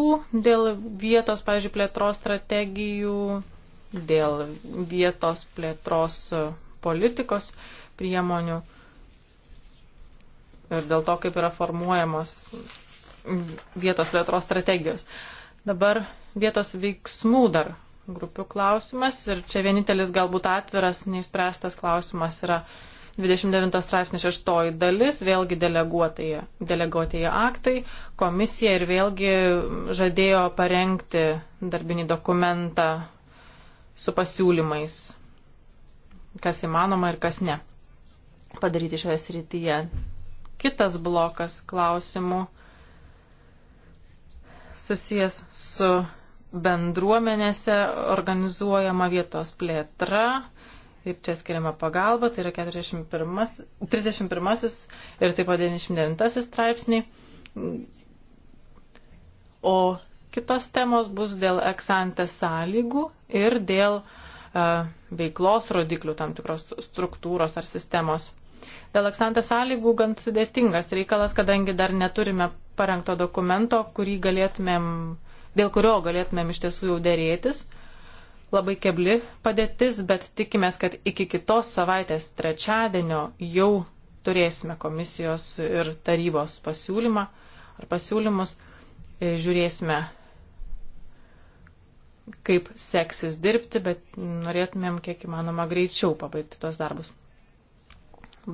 dėl vietos, pavyzdžiui, plėtros strategijų, dėl vietos plėtros politikos priemonių ir dėl to, kaip yra formuojamos vietos plėtros strategijos. Dabar vietos veiksmų dar grupių klausimas ir čia vienintelis galbūt atviras, neįspręstas klausimas yra 29 straipsnio šeštoji dalis, vėlgi deleguotieji aktai. Komisija ir vėlgi žadėjo parengti darbinį dokumentą su pasiūlymais kas įmanoma ir kas ne padaryti šioje srityje. Kitas blokas klausimų susijęs su bendruomenėse organizuojama vietos plėtra ir čia skiriama pagalba, tai yra 41, 31 ir taip pat 99 straipsniai. O kitos temos bus dėl eksantės sąlygų ir dėl uh, veiklos rodiklių tam tikros struktūros ar sistemos. Dėl eksantės sąlygų gan sudėtingas reikalas, kadangi dar neturime parengto dokumento, galėtumėm, dėl kurio galėtumėm iš tiesų jau dėrėtis. Labai kebli padėtis, bet tikimės, kad iki kitos savaitės trečiadienio jau turėsime komisijos ir tarybos pasiūlymą ar pasiūlymus. Žiūrėsime, kaip seksis dirbti, bet norėtumėm kiek įmanoma greičiau pabaigti tos darbus.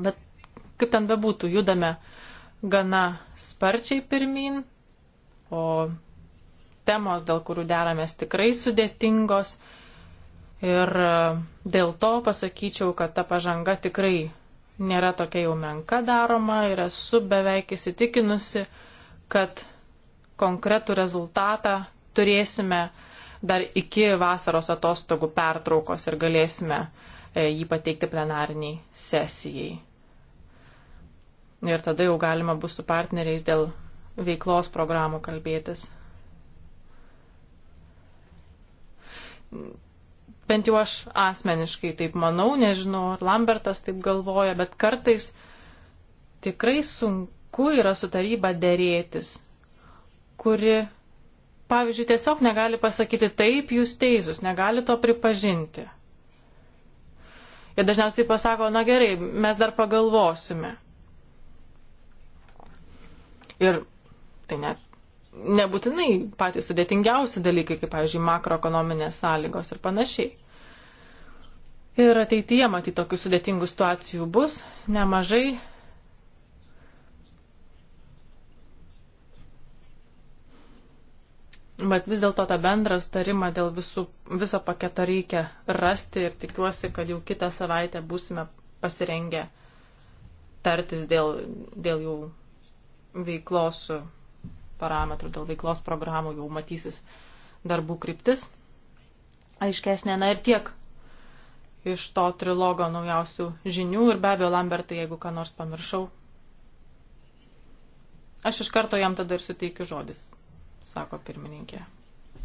Bet kaip ten bebūtų, judame gana sparčiai pirmin, o temos, dėl kurių deramės, tikrai sudėtingos. Ir e, dėl to pasakyčiau, kad ta pažanga tikrai nėra tokia jau menka daroma ir esu beveik įsitikinusi, kad konkretų rezultatą turėsime dar iki vasaros atostogų pertraukos ir galėsime e, jį pateikti plenariniai sesijai. Ir tada jau galima bus su partneriais dėl veiklos programų kalbėtis. Bent jau aš asmeniškai taip manau, nežinau, ar Lambertas taip galvoja, bet kartais tikrai sunku yra su taryba dėrėtis, kuri pavyzdžiui, tiesiog negali pasakyti taip, jūs teisūs, negali to pripažinti. Jie dažniausiai pasako, na gerai, mes dar pagalvosime. Ir tai net nebūtinai patys sudėtingiausi dalykai, kaip, pavyzdžiui, makroekonominės sąlygos ir panašiai. Ir ateityje, matyt, tokių sudėtingų situacijų bus nemažai, Bet vis dėlto tą bendrą starimą dėl visų, viso paketo reikia rasti ir tikiuosi, kad jau kitą savaitę būsime pasirengę tartis dėl, dėl jų veiklos parametrų, dėl veiklos programų jau matysis darbų kryptis. Aiškesnė, na ir tiek iš to trilogo naujausių žinių ir be abejo, Lambertai, jeigu ką nors pamiršau, aš iš karto jam tada ir suteikiu žodis sako pirmininkė.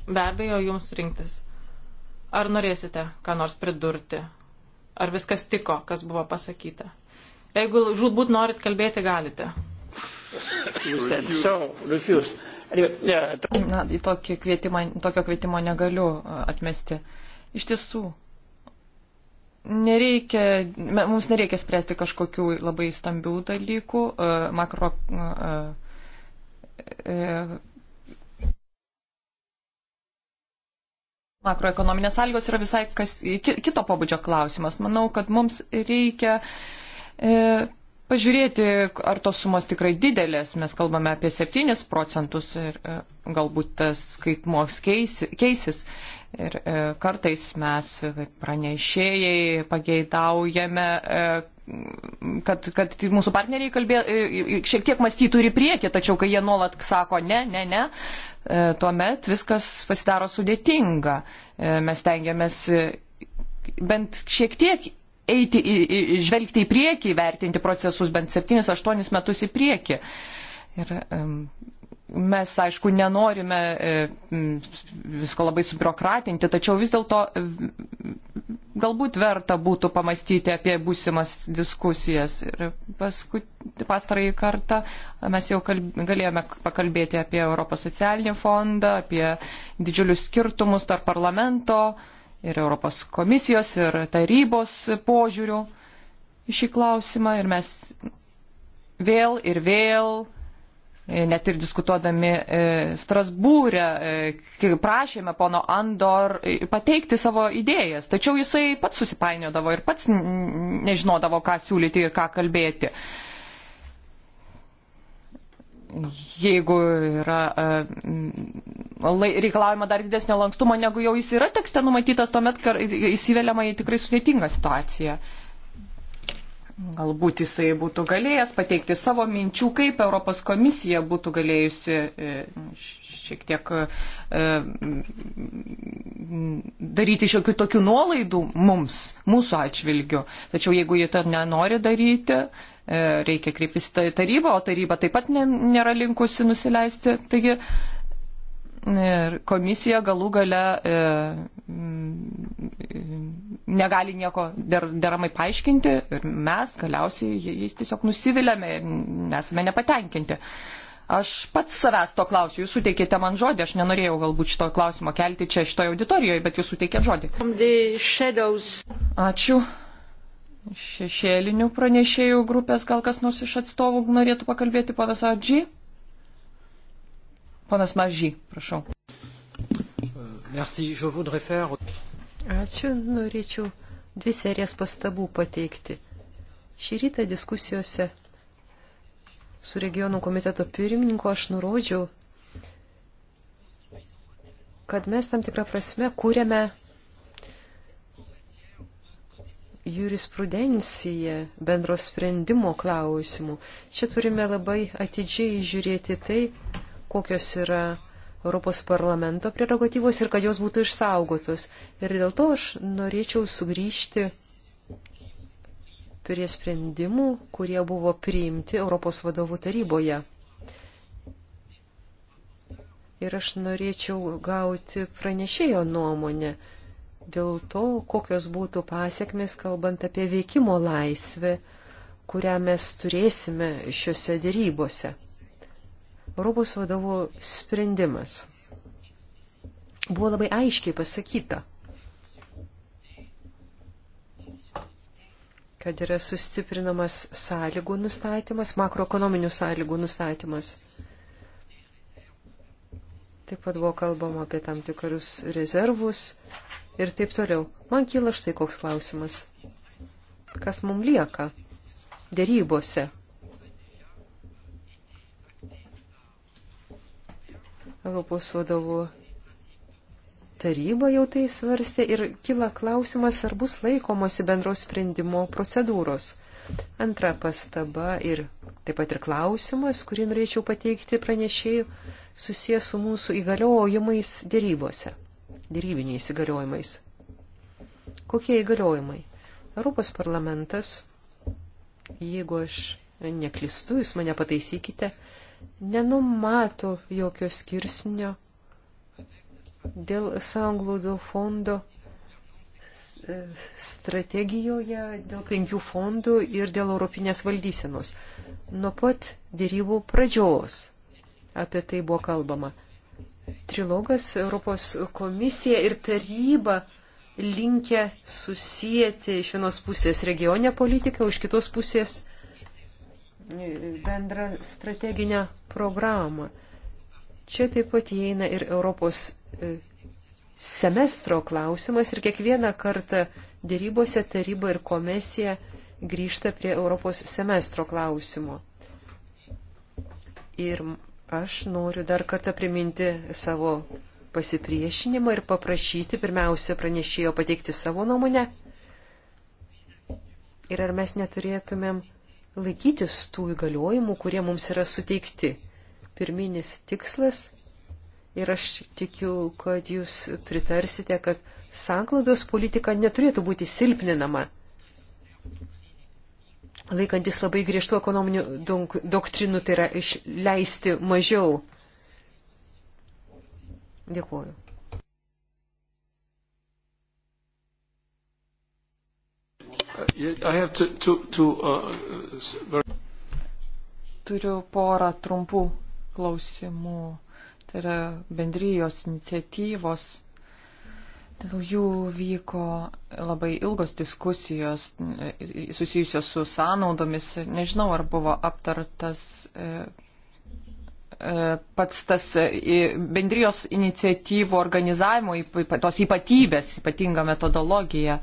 Be abejo, jums rinktis. Ar norėsite ką nors pridurti? Ar viskas tiko, kas buvo pasakyta? Jeigu žūtbūt norit kalbėti, galite. Na, tokio kvietimo, tokio kvietimo negaliu uh, atmesti. Iš tiesų, nereikia, mums nereikia spręsti kažkokių labai stambių dalykų, uh, makro uh, makroekonominės sąlygos yra visai kas, kito pobūdžio klausimas. Manau, kad mums reikia e, pažiūrėti, ar tos sumos tikrai didelės. Mes kalbame apie 7 procentus ir e, galbūt tas skaitmos keis, keisis. Ir e, kartais mes, kaip pranešėjai, pageidaujame, e, kad, kad tai mūsų partneriai kalbė, e, šiek tiek mąstytų ir į priekį, tačiau kai jie nuolat sako ne, ne, ne, tuomet viskas pasidaro sudėtinga. Mes tengiamės bent šiek tiek eiti, į, į, žvelgti į priekį, vertinti procesus bent 7-8 metus į priekį. Ir, um, mes, aišku, nenorime e, visko labai subiurokratinti, tačiau vis dėlto e, galbūt verta būtų pamastyti apie būsimas diskusijas. Ir paskut, pastarąjį kartą mes jau kalb, galėjome pakalbėti apie Europos socialinį fondą, apie didžiulius skirtumus tarp parlamento ir Europos komisijos ir tarybos požiūrių į šį klausimą. Ir mes vėl ir vėl net ir diskutuodami e, Strasbūrę, e, prašėme pono Andor e, pateikti savo idėjas, tačiau jisai pats susipainiodavo ir pats nežinodavo, ką siūlyti ir ką kalbėti. Jeigu yra reikalaujama dar didesnio lankstumo, negu jau jis yra tekste numatytas, tuomet įsiveliama į tikrai sudėtingą situaciją. Galbūt jisai būtų galėjęs pateikti savo minčių, kaip Europos komisija būtų galėjusi e, šiek tiek e, daryti šiokių tokių nuolaidų mums, mūsų atžvilgiu. Tačiau jeigu jie to nenori daryti, e, reikia kreiptis į tarybą, o taryba taip pat nėra linkusi nusileisti. Taigi, komisija galų gale e, mm, negali nieko der, deramai paaiškinti ir mes galiausiai jais tiesiog nusiviliame ir nesame nepatenkinti. Aš pats savęs to klausiu, jūs suteikėte man žodį, aš nenorėjau galbūt šito klausimo kelti čia šitoje auditorijoje, bet jūs suteikėte žodį. Ačiū. Šešėlinių pranešėjų grupės gal kas nors iš atstovų norėtų pakalbėti, ponas Adžiai? Ponas Mažy, prašau. Merci, faire... Ačiū, norėčiau dvi serijas pastabų pateikti. Šį rytą diskusijose su regionų komiteto pirmininku aš nurodžiau, kad mes tam tikrą prasme kūrėme jurisprudenciją bendro sprendimo klausimų. Čia turime labai atidžiai žiūrėti tai, kokios yra Europos parlamento prerogatyvos ir kad jos būtų išsaugotos. Ir dėl to aš norėčiau sugrįžti prie sprendimų, kurie buvo priimti Europos vadovų taryboje. Ir aš norėčiau gauti pranešėjo nuomonę dėl to, kokios būtų pasiekmes, kalbant apie veikimo laisvę, kurią mes turėsime šiuose dėrybose. Europos vadovų sprendimas buvo labai aiškiai pasakyta, kad yra sustiprinamas sąlygų nustatymas, makroekonominių sąlygų nustatymas. Taip pat buvo kalbama apie tam tikrus rezervus ir taip toliau. Man kyla štai koks klausimas. Kas mums lieka dėrybose Europos vadovų taryba jau tai svarstė ir kila klausimas, ar bus laikomasi bendros sprendimo procedūros. Antra pastaba ir taip pat ir klausimas, kurį norėčiau pateikti pranešėjų, susijęs su mūsų įgaliojimais dėrybose, dėrybiniais įgaliojimais. Kokie įgaliojimai? Europos parlamentas, jeigu aš neklistu, jūs mane pataisykite, nenumato jokio skirsnio dėl sanglaudo fondo e, strategijoje, dėl penkių fondų ir dėl europinės valdysenos. Nuo pat dėrybų pradžios apie tai buvo kalbama. Trilogas Europos komisija ir taryba linkia susijęti iš vienos pusės regionę politiką, iš kitos pusės bendrą strateginę programą. Čia taip pat įeina ir Europos e, semestro klausimas ir kiekvieną kartą dėrybose taryba ir komisija grįžta prie Europos semestro klausimo. Ir aš noriu dar kartą priminti savo pasipriešinimą ir paprašyti pirmiausia pranešėjo pateikti savo nuomonę. Ir ar mes neturėtumėm laikytis tų įgaliojimų, kurie mums yra suteikti. Pirminis tikslas ir aš tikiu, kad jūs pritarsite, kad sanklaudos politika neturėtų būti silpninama, laikantis labai griežtų ekonominių doktrinų, tai yra išleisti mažiau. Dėkuoju. Uh, to, to, to, uh, uh Turiu porą trumpų klausimų. Tai yra bendrijos iniciatyvos. Dėl jų vyko labai ilgos diskusijos e, susijusios su sąnaudomis. Nežinau, ar buvo aptartas e, e, pats tas bendrijos iniciatyvų organizavimo, tos ypatybės, ypatinga metodologija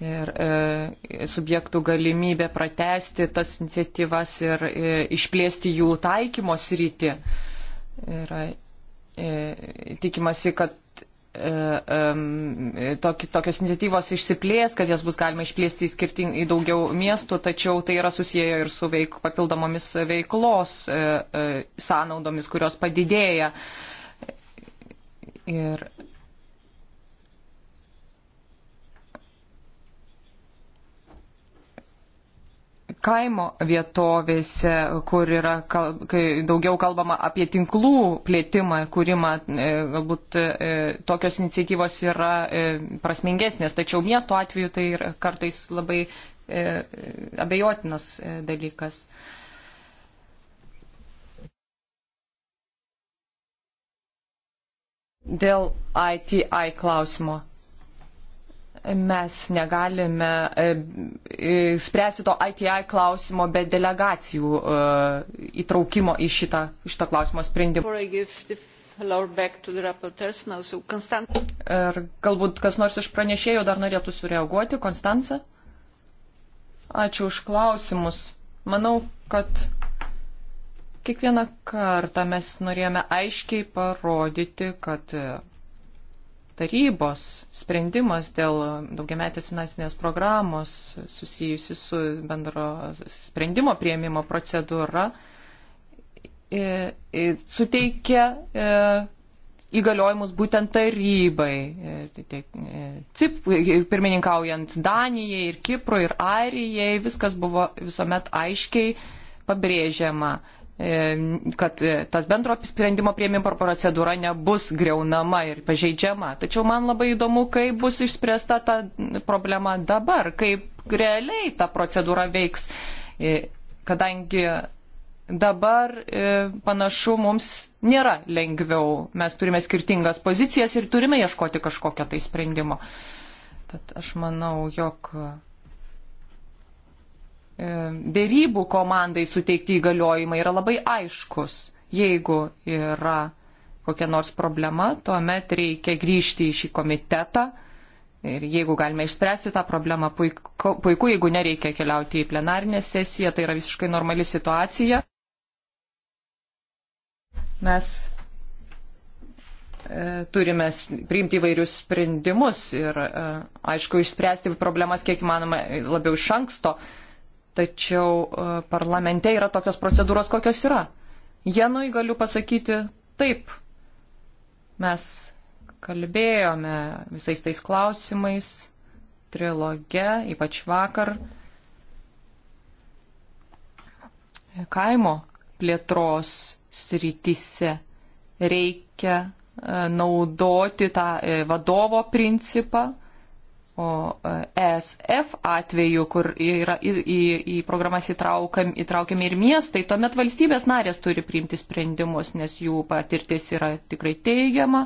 ir e, subjektų galimybė pratesti tas iniciatyvas ir e, išplėsti jų taikymo sritį. Yra e, tikimasi, kad e, e, tokios iniciatyvos išsiplės, kad jas bus galima išplėsti į, skirting, į daugiau miestų, tačiau tai yra susiję ir su veik, papildomomis veiklos e, e, sąnaudomis, kurios padidėja. Ir kaimo vietovėse, kur yra kal, daugiau kalbama apie tinklų plėtimą, kūrimą, e, galbūt e, tokios iniciatyvos yra e, prasmingesnės, tačiau miesto atveju tai yra kartais labai abejotinas dalykas. Dėl ITI klausimo. Mes negalime e, e, spręsti to ITI klausimo be delegacijų e, įtraukimo į šitą, šitą klausimo sprendimą. Ir galbūt kas nors iš pranešėjų dar norėtų sureaguoti. Konstanca? Ačiū už klausimus. Manau, kad kiekvieną kartą mes norėjome aiškiai parodyti, kad tarybos sprendimas dėl daugiametės finansinės programos susijusi su bendro sprendimo prieimimo procedūra suteikia e, įgaliojimus būtent tarybai. E, tai e, CIP, pirmininkaujant Danijai ir Kiprui ir Airijai, viskas buvo visuomet aiškiai pabrėžiama E, kad e, tas bendro sprendimo prieimimo procedūra nebus greunama ir pažeidžiama. Tačiau man labai įdomu, kaip bus išspręsta ta problema dabar, kaip realiai ta procedūra veiks, e, kadangi dabar panašu mums nėra lengviau, mes turime skirtingas pozicijas ir turime ieškoti kažkokio tai sprendimo. Tad aš manau, jog E, dėrybų komandai suteikti įgaliojimai yra labai aiškus. Jeigu yra kokia nors problema, tuomet reikia grįžti į šį komitetą ir jeigu galime išspręsti tą problemą, puiku, puiku jeigu nereikia keliauti į plenarinę sesiją, tai yra visiškai normali situacija. Mes e, turime priimti įvairius sprendimus ir, e, aišku, išspręsti problemas kiek įmanoma labiau iš anksto. Tačiau e, parlamente yra tokios procedūros, kokios yra. Jenui galiu pasakyti taip. Mes kalbėjome visais tais klausimais, triloge, ypač vakar. Kaimo plėtros srityse reikia e, naudoti tą e, vadovo principą O ESF e atveju, kur yra į, į, į programas įtraukiam, įtraukiami ir miestai, tuomet valstybės narės turi priimti sprendimus, nes jų patirtis yra tikrai teigiama.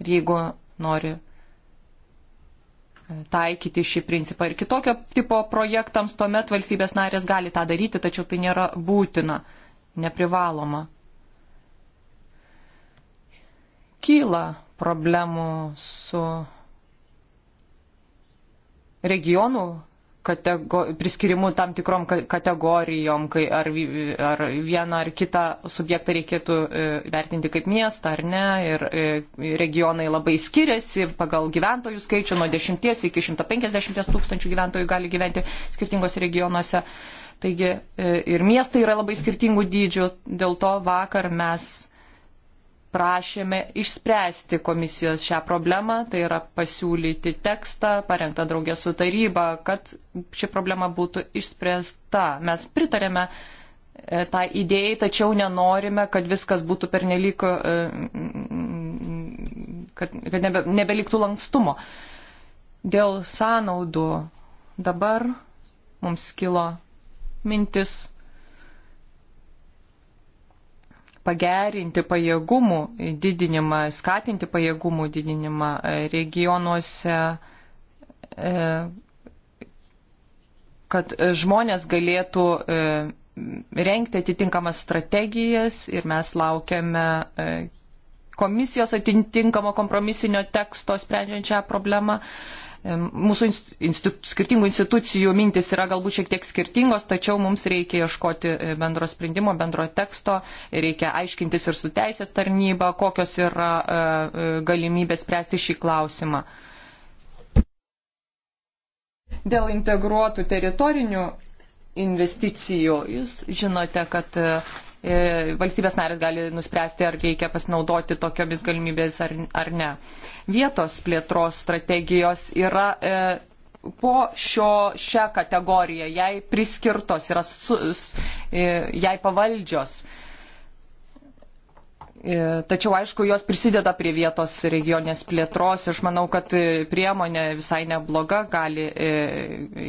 Ir jeigu nori e, taikyti šį principą ir kitokio tipo projektams, tuomet valstybės narės gali tą daryti, tačiau tai nėra būtina, neprivaloma. Kyla problemų su regionų katego, priskirimu tam tikrom kategorijom, kai ar, ar vieną ar kitą subjektą reikėtų e, vertinti kaip miestą ar ne. Ir e, regionai labai skiriasi pagal gyventojų skaičių, nuo 10 iki 150 tūkstančių gyventojų gali gyventi skirtingose regionuose. Taigi e, ir miestai yra labai skirtingų dydžių, dėl to vakar mes prašėme išspręsti komisijos šią problemą, tai yra pasiūlyti tekstą, parengtą draugę su taryba, kad ši problema būtų išspręsta. Mes pritarėme e, tą tai idėją, tačiau nenorime, kad viskas būtų pernelyg, e, kad, kad nebe, nebeliktų lankstumo. Dėl sąnaudų dabar mums kilo mintis pagerinti pajėgumų didinimą, skatinti pajėgumų didinimą e, regionuose, e, kad e, žmonės galėtų renkti atitinkamas strategijas ir mes laukiame komisijos atitinkamo kompromisinio teksto sprendžiančią problemą. Mūsų institu, skirtingų institucijų mintis yra galbūt šiek tiek skirtingos, tačiau mums reikia ieškoti e, bendro sprendimo, bendro teksto, reikia aiškintis ir su teisės tarnyba, kokios yra e, e, galimybės spręsti šį klausimą. Dėl integruotų teritorinių investicijų. Jūs žinote, kad E, valstybės narės gali nuspręsti, ar reikia pasinaudoti tokiomis galimybės ar, ar ne. Vietos plėtros strategijos yra e, po šio, šią kategoriją, jai priskirtos, yra su, s, e, jai pavaldžios. E, E, tačiau, aišku, jos prisideda prie vietos regionės plėtros ir aš manau, kad priemonė visai nebloga, gali, e,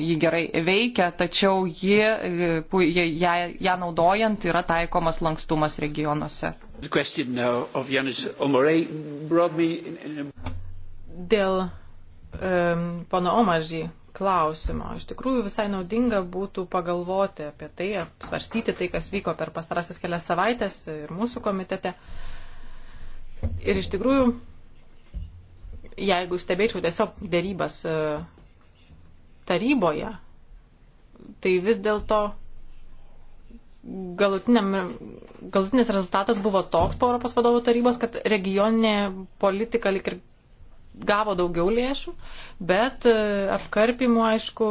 ji gerai veikia, tačiau ji, e, ją, ją naudojant yra taikomas lankstumas regionuose. Dėl um, pono Omažį klausimo. Iš tikrųjų visai naudinga būtų pagalvoti apie tai, svarstyti tai, kas vyko per pastarasis kelias savaitės ir mūsų komitete. Ir iš tikrųjų, jeigu stebėčiau tiesiog dėrybas e, taryboje, tai vis dėlto galutinis rezultatas buvo toks po Europos vadovų tarybos, kad regioninė politika lik ir gavo daugiau lėšų, bet e, apkarpimų, aišku,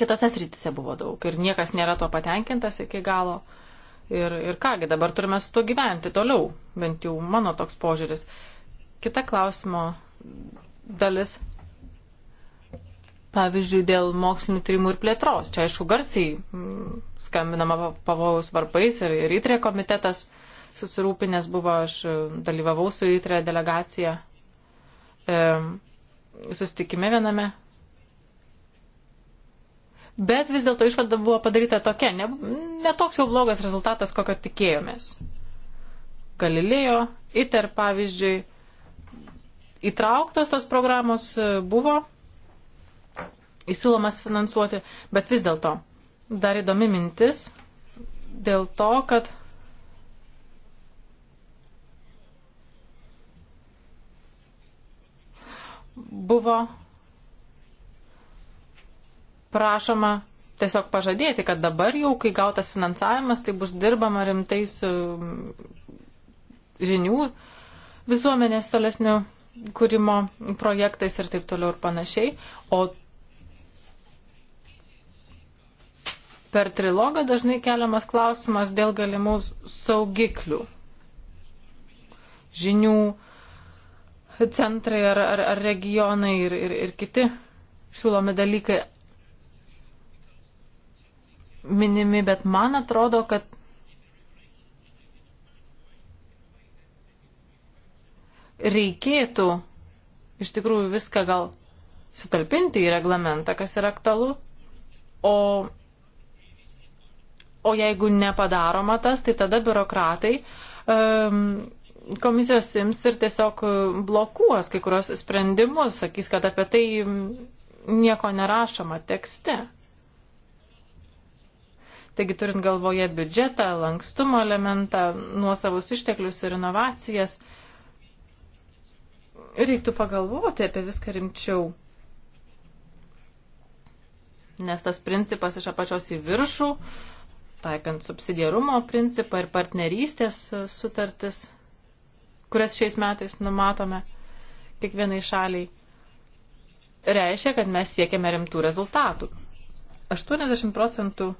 kitose srityse buvo daug ir niekas nėra to patenkintas iki galo. Ir, ir kągi, dabar turime su to gyventi toliau, bent jau mano toks požiūris. Kita klausimo dalis, pavyzdžiui, dėl mokslinių tyrimų ir plėtros. Čia, aišku, garsiai mm, skambinama pavojaus varpais ir, ir įtrė komitetas susirūpinęs buvo, aš e, dalyvavau su įtrė delegacija e, sustikime viename. Bet vis dėlto išvada buvo padaryta tokia, netoks ne, ne jau blogas rezultatas, kokio tikėjomės. Galilėjo, ITER pavyzdžiui, įtrauktos tos programos e, buvo įsiūlomas finansuoti, bet vis dėlto dar įdomi mintis dėl to, kad buvo prašoma tiesiog pažadėti, kad dabar jau, kai gautas finansavimas, tai bus dirbama rimtai su mm, žinių visuomenės tolesniu kūrimo projektais ir taip toliau ir panašiai. O per trilogą dažnai keliamas klausimas dėl galimų saugiklių žinių centrai ar, ar, ar regionai ir, ir, ir kiti siūlomi dalykai minimi, bet man atrodo, kad reikėtų iš tikrųjų viską gal sutalpinti į reglamentą, kas yra aktualu, o, o jeigu nepadaroma tas, tai tada biurokratai um, komisijos sims ir tiesiog e, blokuos kai kurios sprendimus, sakys, kad apie tai nieko nerašoma tekste. Taigi turint galvoje biudžetą, lankstumo elementą, nuosavus išteklius ir inovacijas, reiktų pagalvoti apie viską rimčiau. Nes tas principas iš apačios į viršų, taikant subsidiarumo principą ir partnerystės sutartis, kurias šiais metais numatome kiekvienai šaliai, reiškia, kad mes siekiame rimtų rezultatų. 80 procentų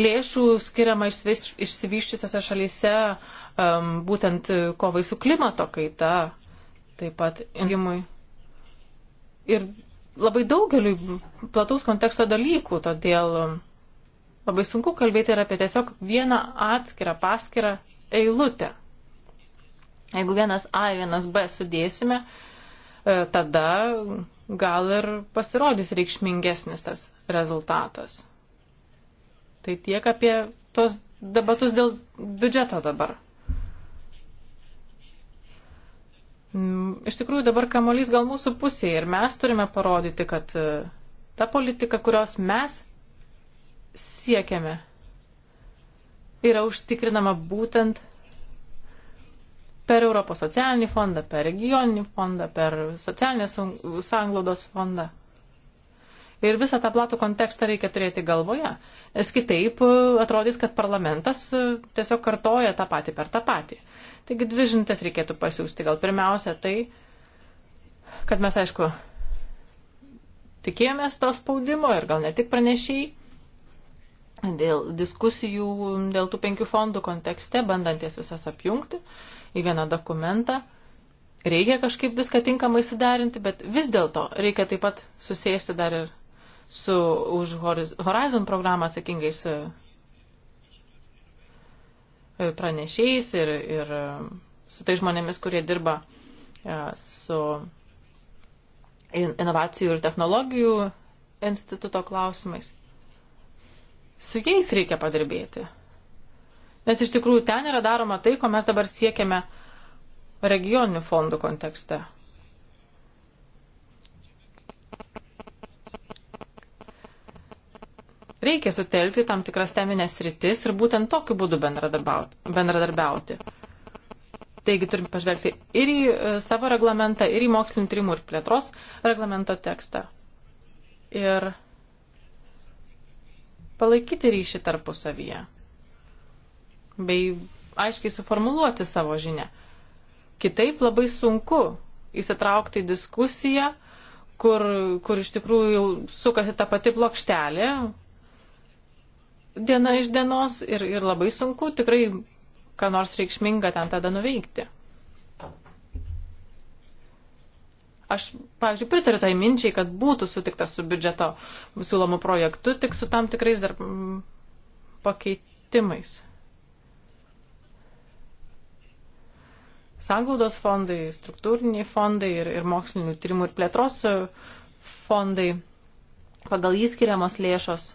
lėšų skiriama išsivyščiusiose šalyse um, būtent kovai su klimato kaita, taip pat ingimui ir labai daugeliu plataus konteksto dalykų, todėl um, labai sunku kalbėti ir apie tiesiog vieną atskirą paskirą eilutę. Jeigu vienas A ir vienas B sudėsime, e, tada gal ir pasirodys reikšmingesnis tas rezultatas. Tai tiek apie tos debatus dėl biudžeto dabar. Mm, iš tikrųjų dabar kamolys gal mūsų pusėje ir mes turime parodyti, kad e, ta politika, kurios mes siekiame, yra užtikrinama būtent per Europos socialinį fondą, per regioninį fondą, per socialinės sanglaudos fondą. Ir visą tą platų kontekstą reikia turėti galvoje, nes kitaip e, atrodys, kad parlamentas e, tiesiog kartoja tą patį per tą patį. Taigi dvi žinutės reikėtų pasiūsti. Gal pirmiausia tai, kad mes, aišku, tikėjomės to spaudimo ir gal ne tik pranešiai dėl diskusijų, dėl tų penkių fondų kontekste, bandanties visas apjungti į vieną dokumentą. Reikia kažkaip viską tinkamai suderinti, bet vis dėlto reikia taip pat susėsti dar ir su už Horizon programą atsakingais pranešėjais ir, ir su tai žmonėmis, kurie dirba e, su inovacijų ir technologijų instituto klausimais. Su jais reikia padirbėti. Nes iš tikrųjų ten yra daroma tai, ko mes dabar siekiame regioninių fondų kontekste. reikia sutelkti tam tikras teminės rytis ir būtent tokiu būdu bendradarbiauti. Taigi turime pažvelgti ir į e, savo reglamentą, ir į mokslinį tyrimų ir plėtros reglamento tekstą. Ir palaikyti ryšį tarpusavyje. Bei aiškiai suformuluoti savo žinę. Kitaip labai sunku įsitraukti į diskusiją, kur, kur iš tikrųjų jau sukasi ta pati plokštelė, diena iš dienos ir, ir labai sunku tikrai ką nors reikšmingą ten tada nuveikti. Aš, pavyzdžiui, pritariu tai minčiai, kad būtų sutiktas su biudžeto siūlomu projektu, tik su tam tikrais dar mm, pakeitimais. Sanglaudos fondai, struktūriniai fondai ir, ir mokslinių tyrimų ir plėtros fondai pagal jį skiriamos lėšos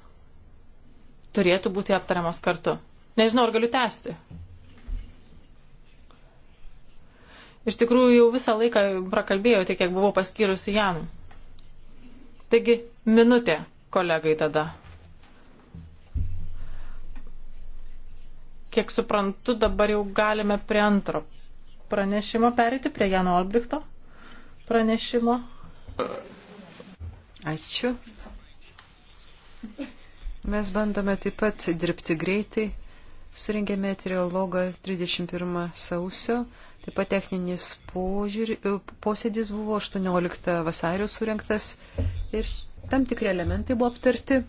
turėtų būti aptariamos kartu. Nežinau, ar galiu tęsti. Iš tikrųjų, jau visą laiką prakalbėjau tiek, kiek buvau paskyrusi jam. Taigi, minutė kolegai tada. Kiek suprantu, dabar jau galime prie antro pranešimo perėti, prie Jano Albrichto pranešimo. Ačiū. Mes bandome taip pat dirbti greitai. Surinkėme triologą 31 sausio, taip pat techninis požiūrį, posėdis buvo 18 vasario surinktas ir tam tikri elementai buvo aptarti.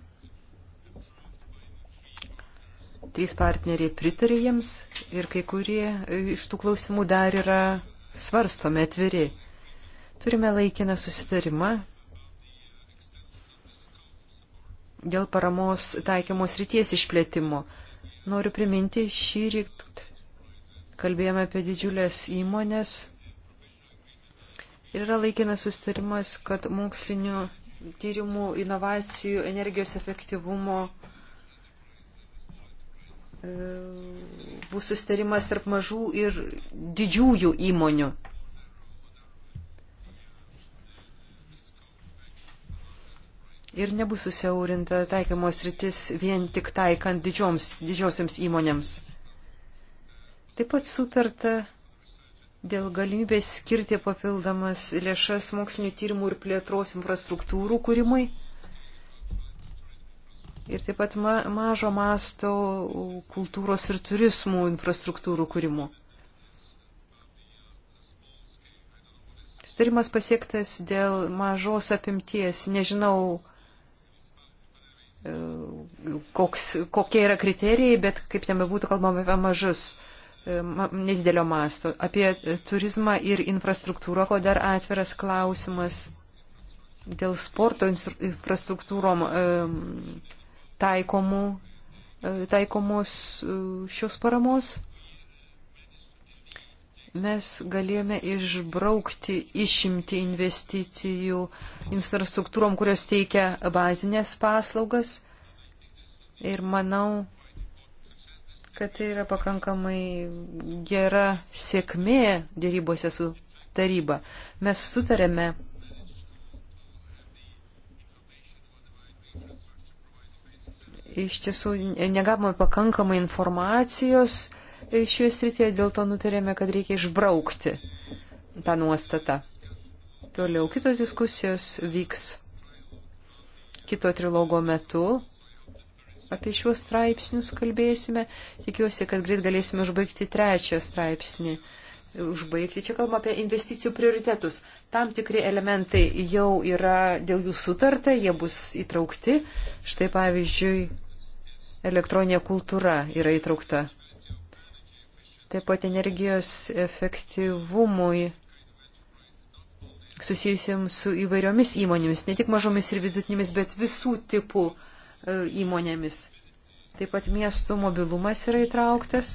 Trys partneriai pritarė jiems ir kai kurie iš tų klausimų dar yra svarstomi atviri. Turime laikiną susitarimą dėl paramos taikymos ryties išplėtimo. Noriu priminti, šį rytą kalbėjome apie didžiulės įmonės. Ir yra laikinas sustarimas, kad mokslinių tyrimų, inovacijų, energijos efektyvumo e, bus sustarimas tarp mažų ir didžiųjų įmonių. ir nebus susiaurinta taikymos rytis vien tik taikant didžioms, didžiosiams įmonėms. Taip pat sutarta dėl galimybės skirti papildomas lėšas mokslinio tyrimų ir plėtros infrastruktūrų kūrimui. Ir taip pat ma mažo masto kultūros ir turismų infrastruktūrų kūrimo. Sutarimas pasiektas dėl mažos apimties. Nežinau, koks, kokie yra kriterijai, bet kaip ten bebūtų kalbama apie mažus, e, nedidelio masto. Apie turizmą ir infrastruktūrą, ko dar atviras klausimas dėl sporto infrastruktūrom e, taikomų, e, taikomos šios paramos mes galėjome išbraukti išimti investicijų infrastruktūrom, kurios teikia bazinės paslaugas. Ir manau, kad tai yra pakankamai gera sėkmė dėrybose su taryba. Mes sutarėme. Iš tiesų, negavome pakankamai informacijos šioje srityje, dėl to nutarėme, kad reikia išbraukti tą nuostatą. Toliau kitos diskusijos vyks kito trilogo metu. Apie šiuos straipsnius kalbėsime. Tikiuosi, kad greit galėsime užbaigti trečią straipsnį užbaigti. Čia kalbama apie investicijų prioritetus. Tam tikri elementai jau yra dėl jų sutarta, jie bus įtraukti. Štai pavyzdžiui, elektroninė kultūra yra įtraukta. Taip pat energijos efektyvumui susijusiam su įvairiomis įmonėmis, ne tik mažomis ir vidutinėmis, bet visų tipų e, įmonėmis. Taip pat miestų mobilumas yra įtrauktas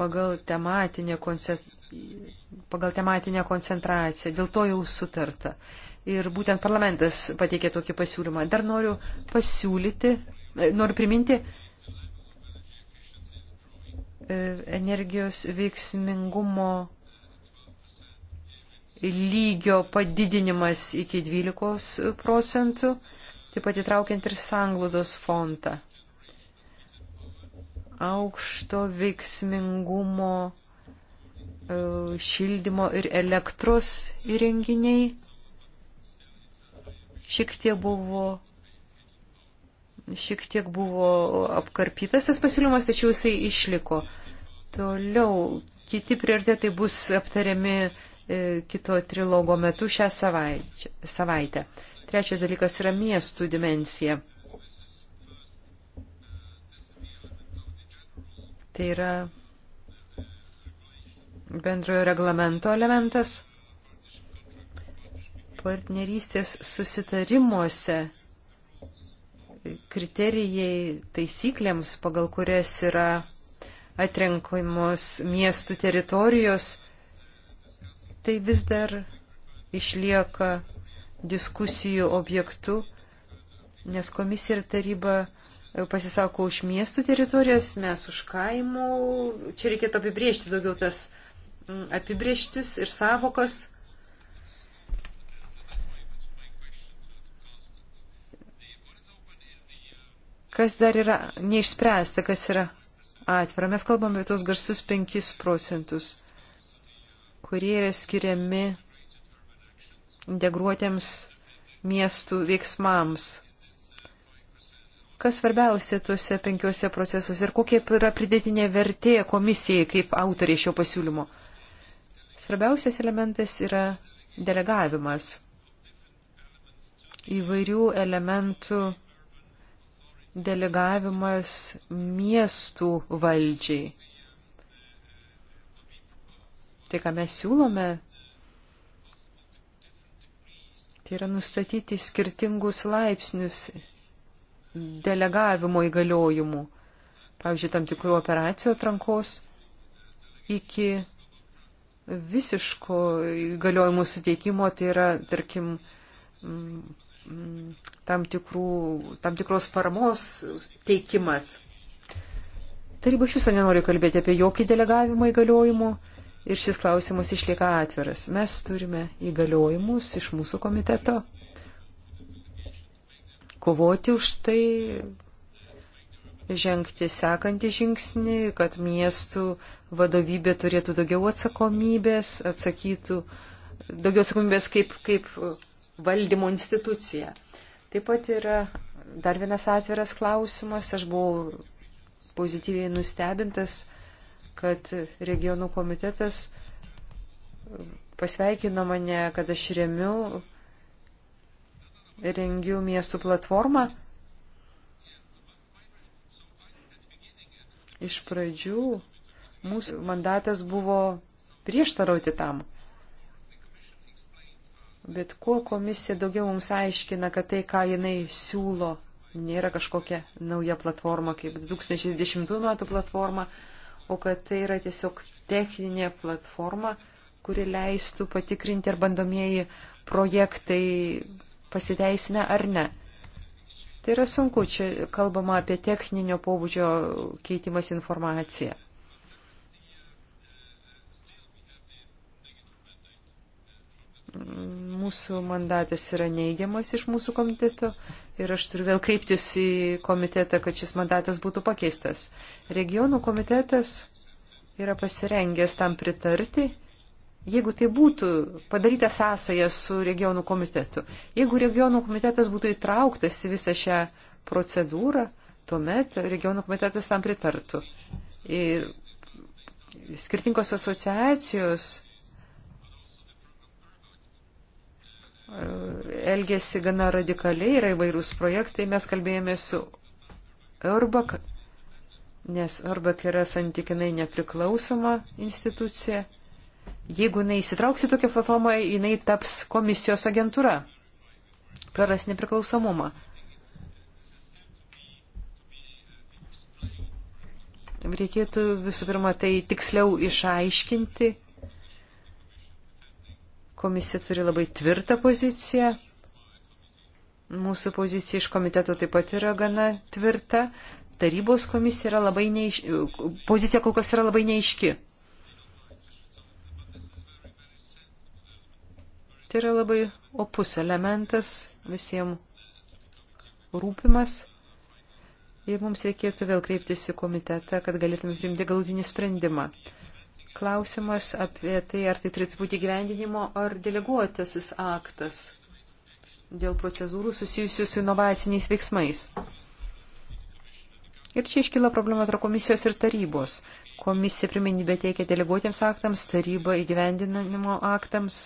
pagal tematinę, koncent... pagal tematinę koncentraciją. Dėl to jau sutarta. Ir būtent parlamentas pateikė tokį pasiūlymą. Dar noriu pasiūlyti, e, noriu priminti, E, energijos veiksmingumo lygio padidinimas iki 12 procentų, taip pat įtraukiant ir sanglaudos fondą. Aukšto veiksmingumo e, šildymo ir elektros įrenginiai šiek tiek buvo šiek tiek buvo apkarpytas tas pasiūlymas, tačiau jisai išliko. Toliau kiti prioritetai bus aptariami e, kito trilogo metu šią savaitę. savaitę. Trečias dalykas yra miestų dimensija. Tai yra bendrojo reglamento elementas. Partnerystės susitarimuose kriterijai taisyklėms, pagal kurias yra atrenkamos miestų teritorijos, tai vis dar išlieka diskusijų objektu, nes komisija ir taryba e, pasisako už miestų teritorijas, mes už kaimų. Čia reikėtų apibriežti daugiau tas mm, apibrieštis ir savokas. Kas dar yra neišspręsta, kas yra atvira? Mes kalbame apie tos garsus 5 procentus, kurie yra skiriami integruotėms miestų veiksmams. Kas svarbiausia tuose penkiuose procesuose ir kokia yra pridėtinė vertė komisijai kaip autoriai šio pasiūlymo? Svarbiausias elementas yra delegavimas įvairių elementų delegavimas miestų valdžiai. Tai, ką mes siūlome, tai yra nustatyti skirtingus laipsnius delegavimo įgaliojimų. Pavyzdžiui, tam tikrų operacijų atrankos iki visiško įgaliojimų suteikimo, tai yra, tarkim, Mm, tam, tikrų, tam tikros paramos teikimas. Taryba iš viso nenori kalbėti apie jokį delegavimą įgaliojimų ir šis klausimas išlieka atviras. Mes turime įgaliojimus iš mūsų komiteto kovoti už tai, žengti sekantį žingsnį, kad miestų vadovybė turėtų daugiau atsakomybės, atsakytų daugiau atsakomybės kaip, kaip valdymo institucija. Taip pat yra dar vienas atviras klausimas. Aš buvau pozityviai nustebintas, kad regionų komitetas pasveikino mane, kad aš remiu, rengiu miestų platformą. Iš pradžių mūsų mandatas buvo prieštarauti tam. Bet kuo komisija daugiau mums aiškina, kad tai, ką jinai siūlo, nėra kažkokia nauja platforma, kaip 2010 metų platforma, o kad tai yra tiesiog techninė platforma, kuri leistų patikrinti, ar bandomieji projektai pasiteisina ar ne. Tai yra sunku, čia kalbama apie techninio pobūdžio keitimas informaciją. mūsų mandatas yra neigiamas iš mūsų komiteto ir aš turiu vėl kreiptis į komitetą, kad šis mandatas būtų pakeistas. Regionų komitetas yra pasirengęs tam pritarti, jeigu tai būtų padaryta sąsaja su regionų komitetu. Jeigu regionų komitetas būtų įtrauktas į visą šią procedūrą, tuomet regionų komitetas tam pritartų. Ir skirtingos asociacijos elgėsi gana radikaliai, yra įvairūs projektai. Mes kalbėjome su Urbak, nes Urbak yra santykinai nepriklausoma institucija. Jeigu jinai įsitrauks į tokią platformą, jinai taps komisijos agentūra, praras nepriklausomumą. Reikėtų visų pirma tai tiksliau išaiškinti Komisija turi labai tvirtą poziciją. Mūsų pozicija iš komiteto taip pat yra gana tvirta. Tarybos komisija yra labai neiški. Pozicija kol kas yra labai neiški. Tai yra labai opus elementas visiems rūpimas. Ir mums reikėtų vėl kreiptis į komitetą, kad galėtume priimti galutinį sprendimą klausimas apie tai, ar tai turėtų būti gyvendinimo ar deleguotasis aktas dėl procedūrų susijusių su inovaciniais veiksmais. Ir čia iškyla problema tarp komisijos ir tarybos. Komisija priminybę teikia deleguotiems aktams, taryba įgyvendinimo aktams.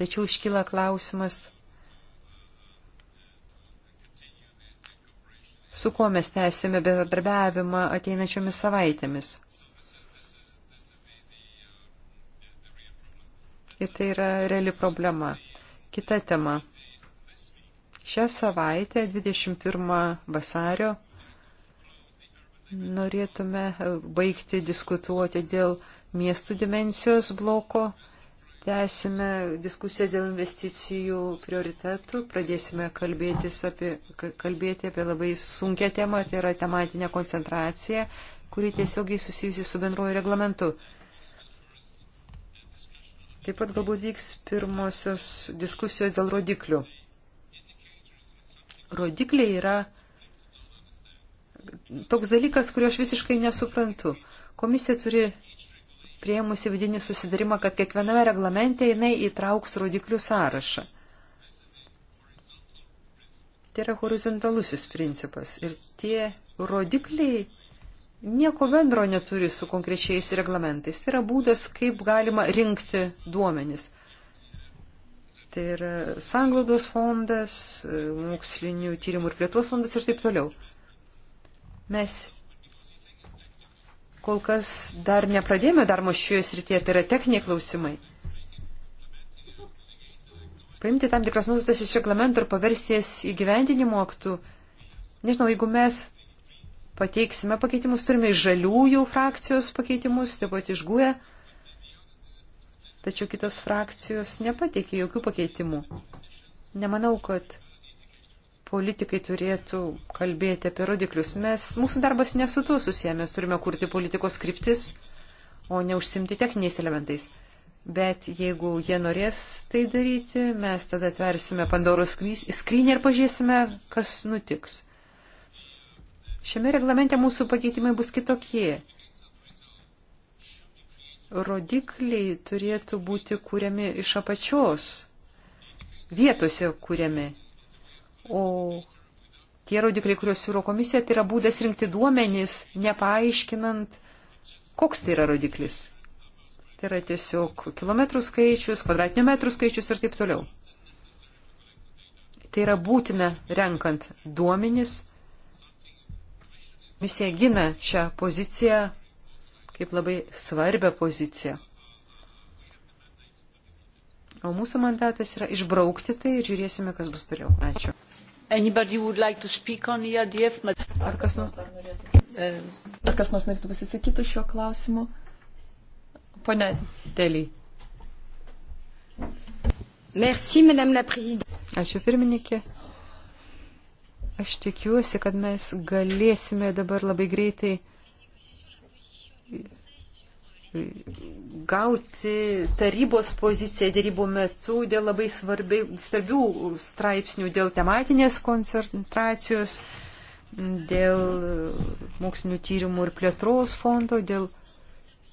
Tačiau iškyla klausimas, su kuo mes tęsime bendradarbiavimą ateinačiomis savaitėmis. Ir tai yra reali problema. Kita tema. Šią savaitę, 21 vasario, norėtume baigti diskutuoti dėl miestų dimensijos bloko Tęsime diskusijas dėl investicijų prioritetų, pradėsime apie, kalbėti apie labai sunkę temą, tai yra tematinė koncentracija, kuri tiesiogiai susijusi su bendruoju reglamentu. Taip pat galbūt vyks pirmosios diskusijos dėl rodiklių. Rodikliai yra toks dalykas, kurio aš visiškai nesuprantu. Komisija turi prieimusi vidinį susidarimą, kad kiekviename reglamente jinai įtrauks rodiklių sąrašą. Tai yra horizontalusis principas ir tie rodikliai nieko bendro neturi su konkrečiais reglamentais. Tai yra būdas, kaip galima rinkti duomenis. Tai yra sanglaudos fondas, mokslinių tyrimų ir plėtros fondas ir taip toliau. Mes kol kas dar nepradėjome darbo šioje srityje, tai yra techniniai klausimai. Paimti tam tikras nuostatas iš reglamento ir paversti jas įgyvendinimo aktų. Nežinau, jeigu mes pateiksime pakeitimus, turime iš žaliųjų frakcijos pakeitimus, taip pat iš GUE, tačiau kitos frakcijos nepateikė jokių pakeitimų. Nemanau, kad politikai turėtų kalbėti apie rodiklius. Mes, mūsų darbas nesu tuo susiję, mes turime kurti politikos kryptis, o ne užsimti techniniais elementais. Bet jeigu jie norės tai daryti, mes tada atversime Pandoros skrynį ir pažiūrėsime, kas nutiks. Šiame reglamente mūsų pakeitimai bus kitokie. Rodikliai turėtų būti kūriami iš apačios, vietose kūriami, O tie rodikliai, kuriuos siūlo komisija, tai yra būdas rinkti duomenys, nepaaiškinant, koks tai yra rodiklis. Tai yra tiesiog kilometrų skaičius, kvadratinių metrų skaičius ir taip toliau. Tai yra būtina renkant duomenys. Misija gina šią poziciją kaip labai svarbią poziciją. O mūsų mandatas yra išbraukti tai ir žiūrėsime, kas bus toliau. Ačiū. Like EDF, e but... Ar kas nors, eh. ar kas nors norėtų pasisakyti šiuo klausimu? Pone Deliai. Merci, Madame la Présidente. Ačiū pirmininkė. Aš tikiuosi, kad mes galėsime dabar labai greitai gauti tarybos poziciją dėrybų metu dėl labai svarbi, svarbių straipsnių, dėl tematinės koncentracijos, dėl mokslinių tyrimų ir plėtros fondo, dėl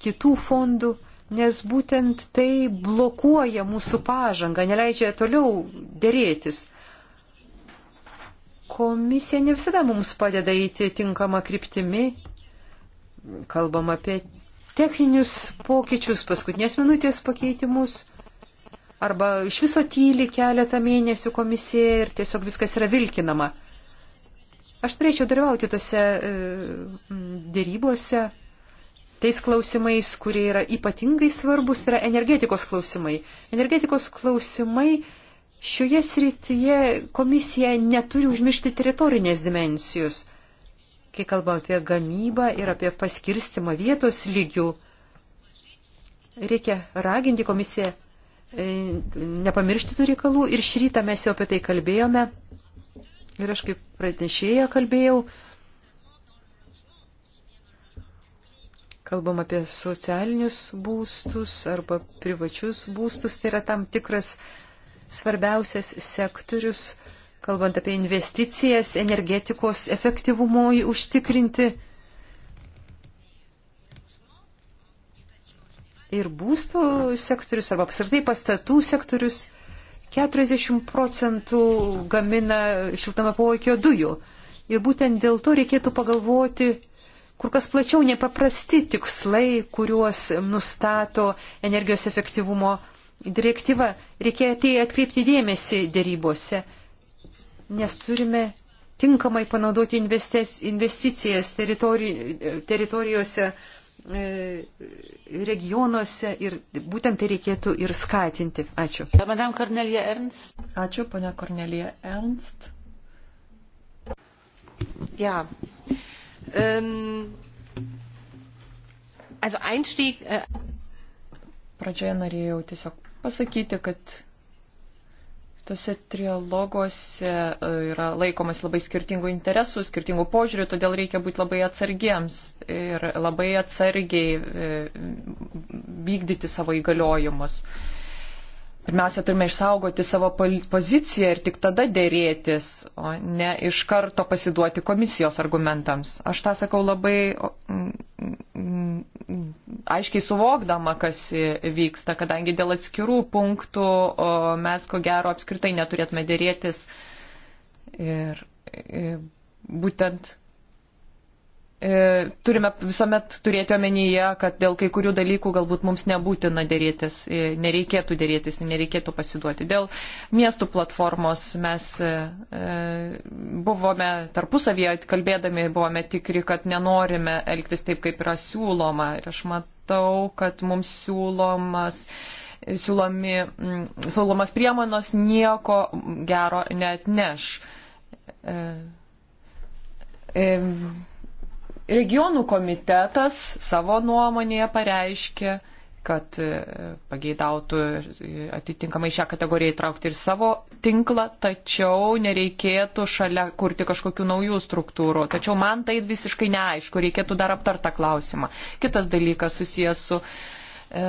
kitų fondų, nes būtent tai blokuoja mūsų pažangą, neleidžia toliau dėrėtis. Komisija ne visada mums padeda eiti tinkamą kryptimi, kalbam apie techninius pokyčius, paskutinės minutės pakeitimus, arba iš viso tyli keletą mėnesių komisija ir tiesiog viskas yra vilkinama. Aš turėčiau dalyvauti tose e, dėrybose, tais klausimais, kurie yra ypatingai svarbus, yra energetikos klausimai. Energetikos klausimai šioje srityje komisija neturi užmiršti teritorinės dimensijos kai kalbam apie gamybą ir apie paskirstimą vietos lygių, reikia raginti komisiją e, nepamiršti tų reikalų ir šį rytą mes jau apie tai kalbėjome ir aš kaip pranešėja kalbėjau, kalbam apie socialinius būstus arba privačius būstus, tai yra tam tikras svarbiausias sektorius, kalbant apie investicijas, energetikos efektyvumui užtikrinti ir būstų sektorius arba apsirtai pastatų sektorius 40 procentų gamina šiltame poveikio dujų. Ir būtent dėl to reikėtų pagalvoti, kur kas plačiau nepaprasti tikslai, kuriuos nustato energijos efektyvumo direktyva. Reikėjo tai atkreipti dėmesį dėrybose nes turime tinkamai panaudoti investicijas teritorijose, e, regionuose ir būtent tai reikėtų ir skatinti. Ačiū. Ačiū, ponia Kornelija Ernst. Ja. Um, also Einstieg. Äh, Pradžioje norėjau tiesiog pasakyti, kad Tose trialoguose e, yra laikomas labai skirtingų interesų, skirtingų požiūrių, todėl reikia būti labai atsargiems ir labai atsargiai e, vykdyti savo įgaliojimus. Pirmiausia, turime išsaugoti savo poziciją ir tik tada dėrėtis, o ne iš karto pasiduoti komisijos argumentams. Aš tą sakau labai aiškiai suvokdama, kas vyksta, kadangi dėl atskirų punktų mes ko gero apskritai neturėtume dėrėtis. Ir būtent turime visuomet turėti omenyje, kad dėl kai kurių dalykų galbūt mums nebūtina dėrėtis, nereikėtų dėrėtis, nereikėtų pasiduoti. Dėl miestų platformos mes buvome tarpusavyje kalbėdami, buvome tikri, kad nenorime elgtis taip, kaip yra siūloma. Ir aš mat, matau, kad mums siūlomas, siūlomi, mm, siūlomas priemonos nieko gero net neš. E, e, regionų komitetas savo nuomonėje pareiškė, kad e, pageidautų atitinkamai šią kategoriją įtraukti ir savo tinklą, tačiau nereikėtų šalia kurti kažkokių naujų struktūrų. Tačiau man tai visiškai neaišku, reikėtų dar aptartą klausimą. Kitas dalykas susijęs su. E,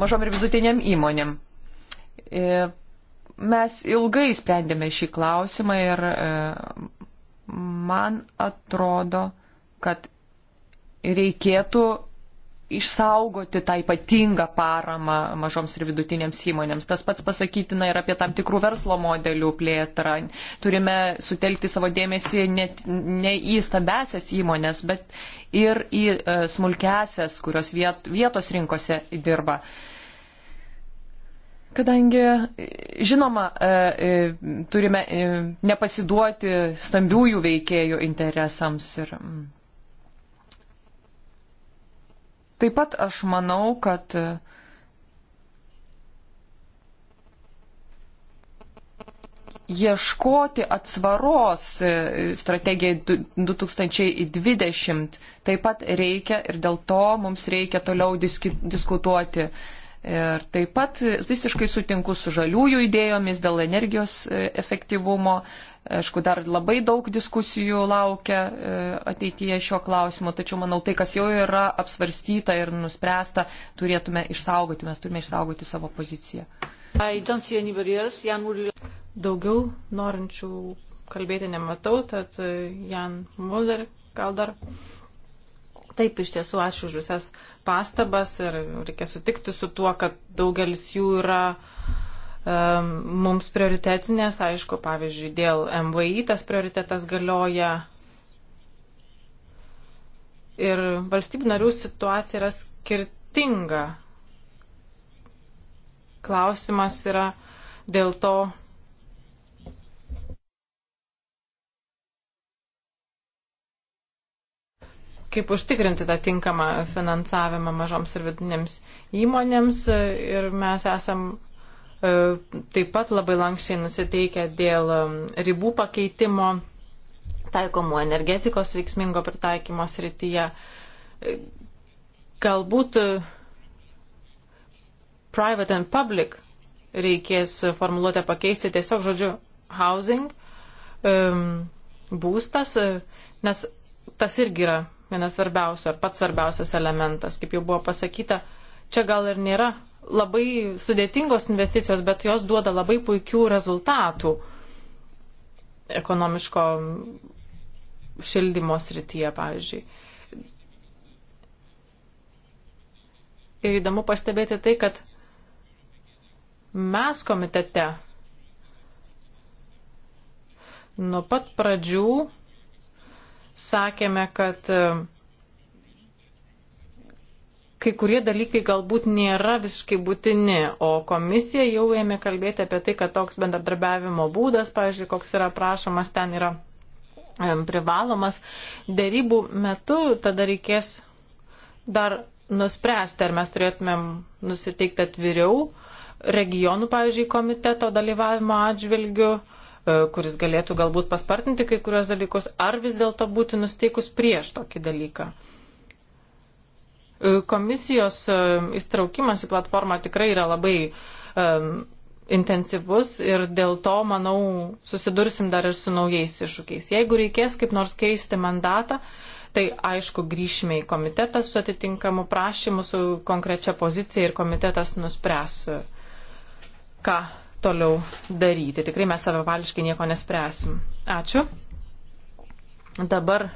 mažom ir vidutiniam įmonėm. E, mes ilgai sprendėme šį klausimą ir e, man atrodo, kad reikėtų išsaugoti tą ypatingą paramą mažoms ir vidutinėms įmonėms. Tas pats pasakytina ir apie tam tikrų verslo modelių plėtrą. Turime sutelkti savo dėmesį net, ne į stambesias įmonės, bet ir į e, smulkesias, kurios viet, vietos rinkose dirba. Kadangi, e, žinoma, e, turime nepasiduoti stambiųjų veikėjų interesams ir. Mm, Taip pat aš manau, kad e, ieškoti atsvaros e, strategijai 2020 taip pat reikia ir dėl to mums reikia toliau diski, diskutuoti. Ir taip pat e, visiškai sutinku su žaliųjų idėjomis dėl energijos efektyvumo, Aišku, dar labai daug diskusijų laukia e, ateityje šio klausimo, tačiau manau, tai, kas jau yra apsvarstyta ir nuspręsta, turėtume išsaugoti, mes turime išsaugoti savo poziciją. Daugiau norinčių kalbėti nematau, tad e, Jan Mulder gal dar. Taip, iš tiesų, ačiū už visas pastabas ir reikia sutikti su tuo, kad daugelis jų yra uh, mums prioritetinės, aišku, pavyzdžiui, dėl MVI tas prioritetas galioja. Ir valstybių narių situacija yra skirtinga. Klausimas yra dėl to, kaip užtikrinti tą tinkamą finansavimą mažoms ir vidinėms įmonėms. Ir mes esam E, taip pat labai lankščiai nusiteikę dėl um, ribų pakeitimo taikomų energetikos veiksmingo pritaikymo srityje. E, galbūt e, private and public reikės formuluotę pakeisti tiesiog žodžiu housing, um, būstas, nes tas irgi yra vienas svarbiausių ar pats svarbiausias elementas, kaip jau buvo pasakyta, čia gal ir nėra labai sudėtingos investicijos, bet jos duoda labai puikių rezultatų ekonomiško šildymo srityje, pavyzdžiui. Ir įdomu pastebėti tai, kad mes komitete nuo pat pradžių sakėme, kad kai kurie dalykai galbūt nėra visiškai būtini, o komisija jau ėmė kalbėti apie tai, kad toks bendradarbiavimo būdas, pavyzdžiui, koks yra prašomas, ten yra privalomas. Dėrybų metu tada reikės dar nuspręsti, ar mes turėtumėm nusiteikti atviriau regionų, pavyzdžiui, komiteto dalyvavimo atžvilgiu, e, kuris galėtų galbūt paspartinti kai kurios dalykus, ar vis dėlto būti nusteikus prieš tokį dalyką. Komisijos e, įstraukimas į platformą tikrai yra labai um, intensyvus ir dėl to, manau, susidursim dar ir su naujais iššūkiais. Jeigu reikės kaip nors keisti mandatą, tai aišku, grįšime į komitetą su atitinkamu prašymu, su konkrečia pozicija ir komitetas nuspręs, e, ką toliau daryti. Tikrai mes savavališkai nieko nespręsim. Ačiū. Dabar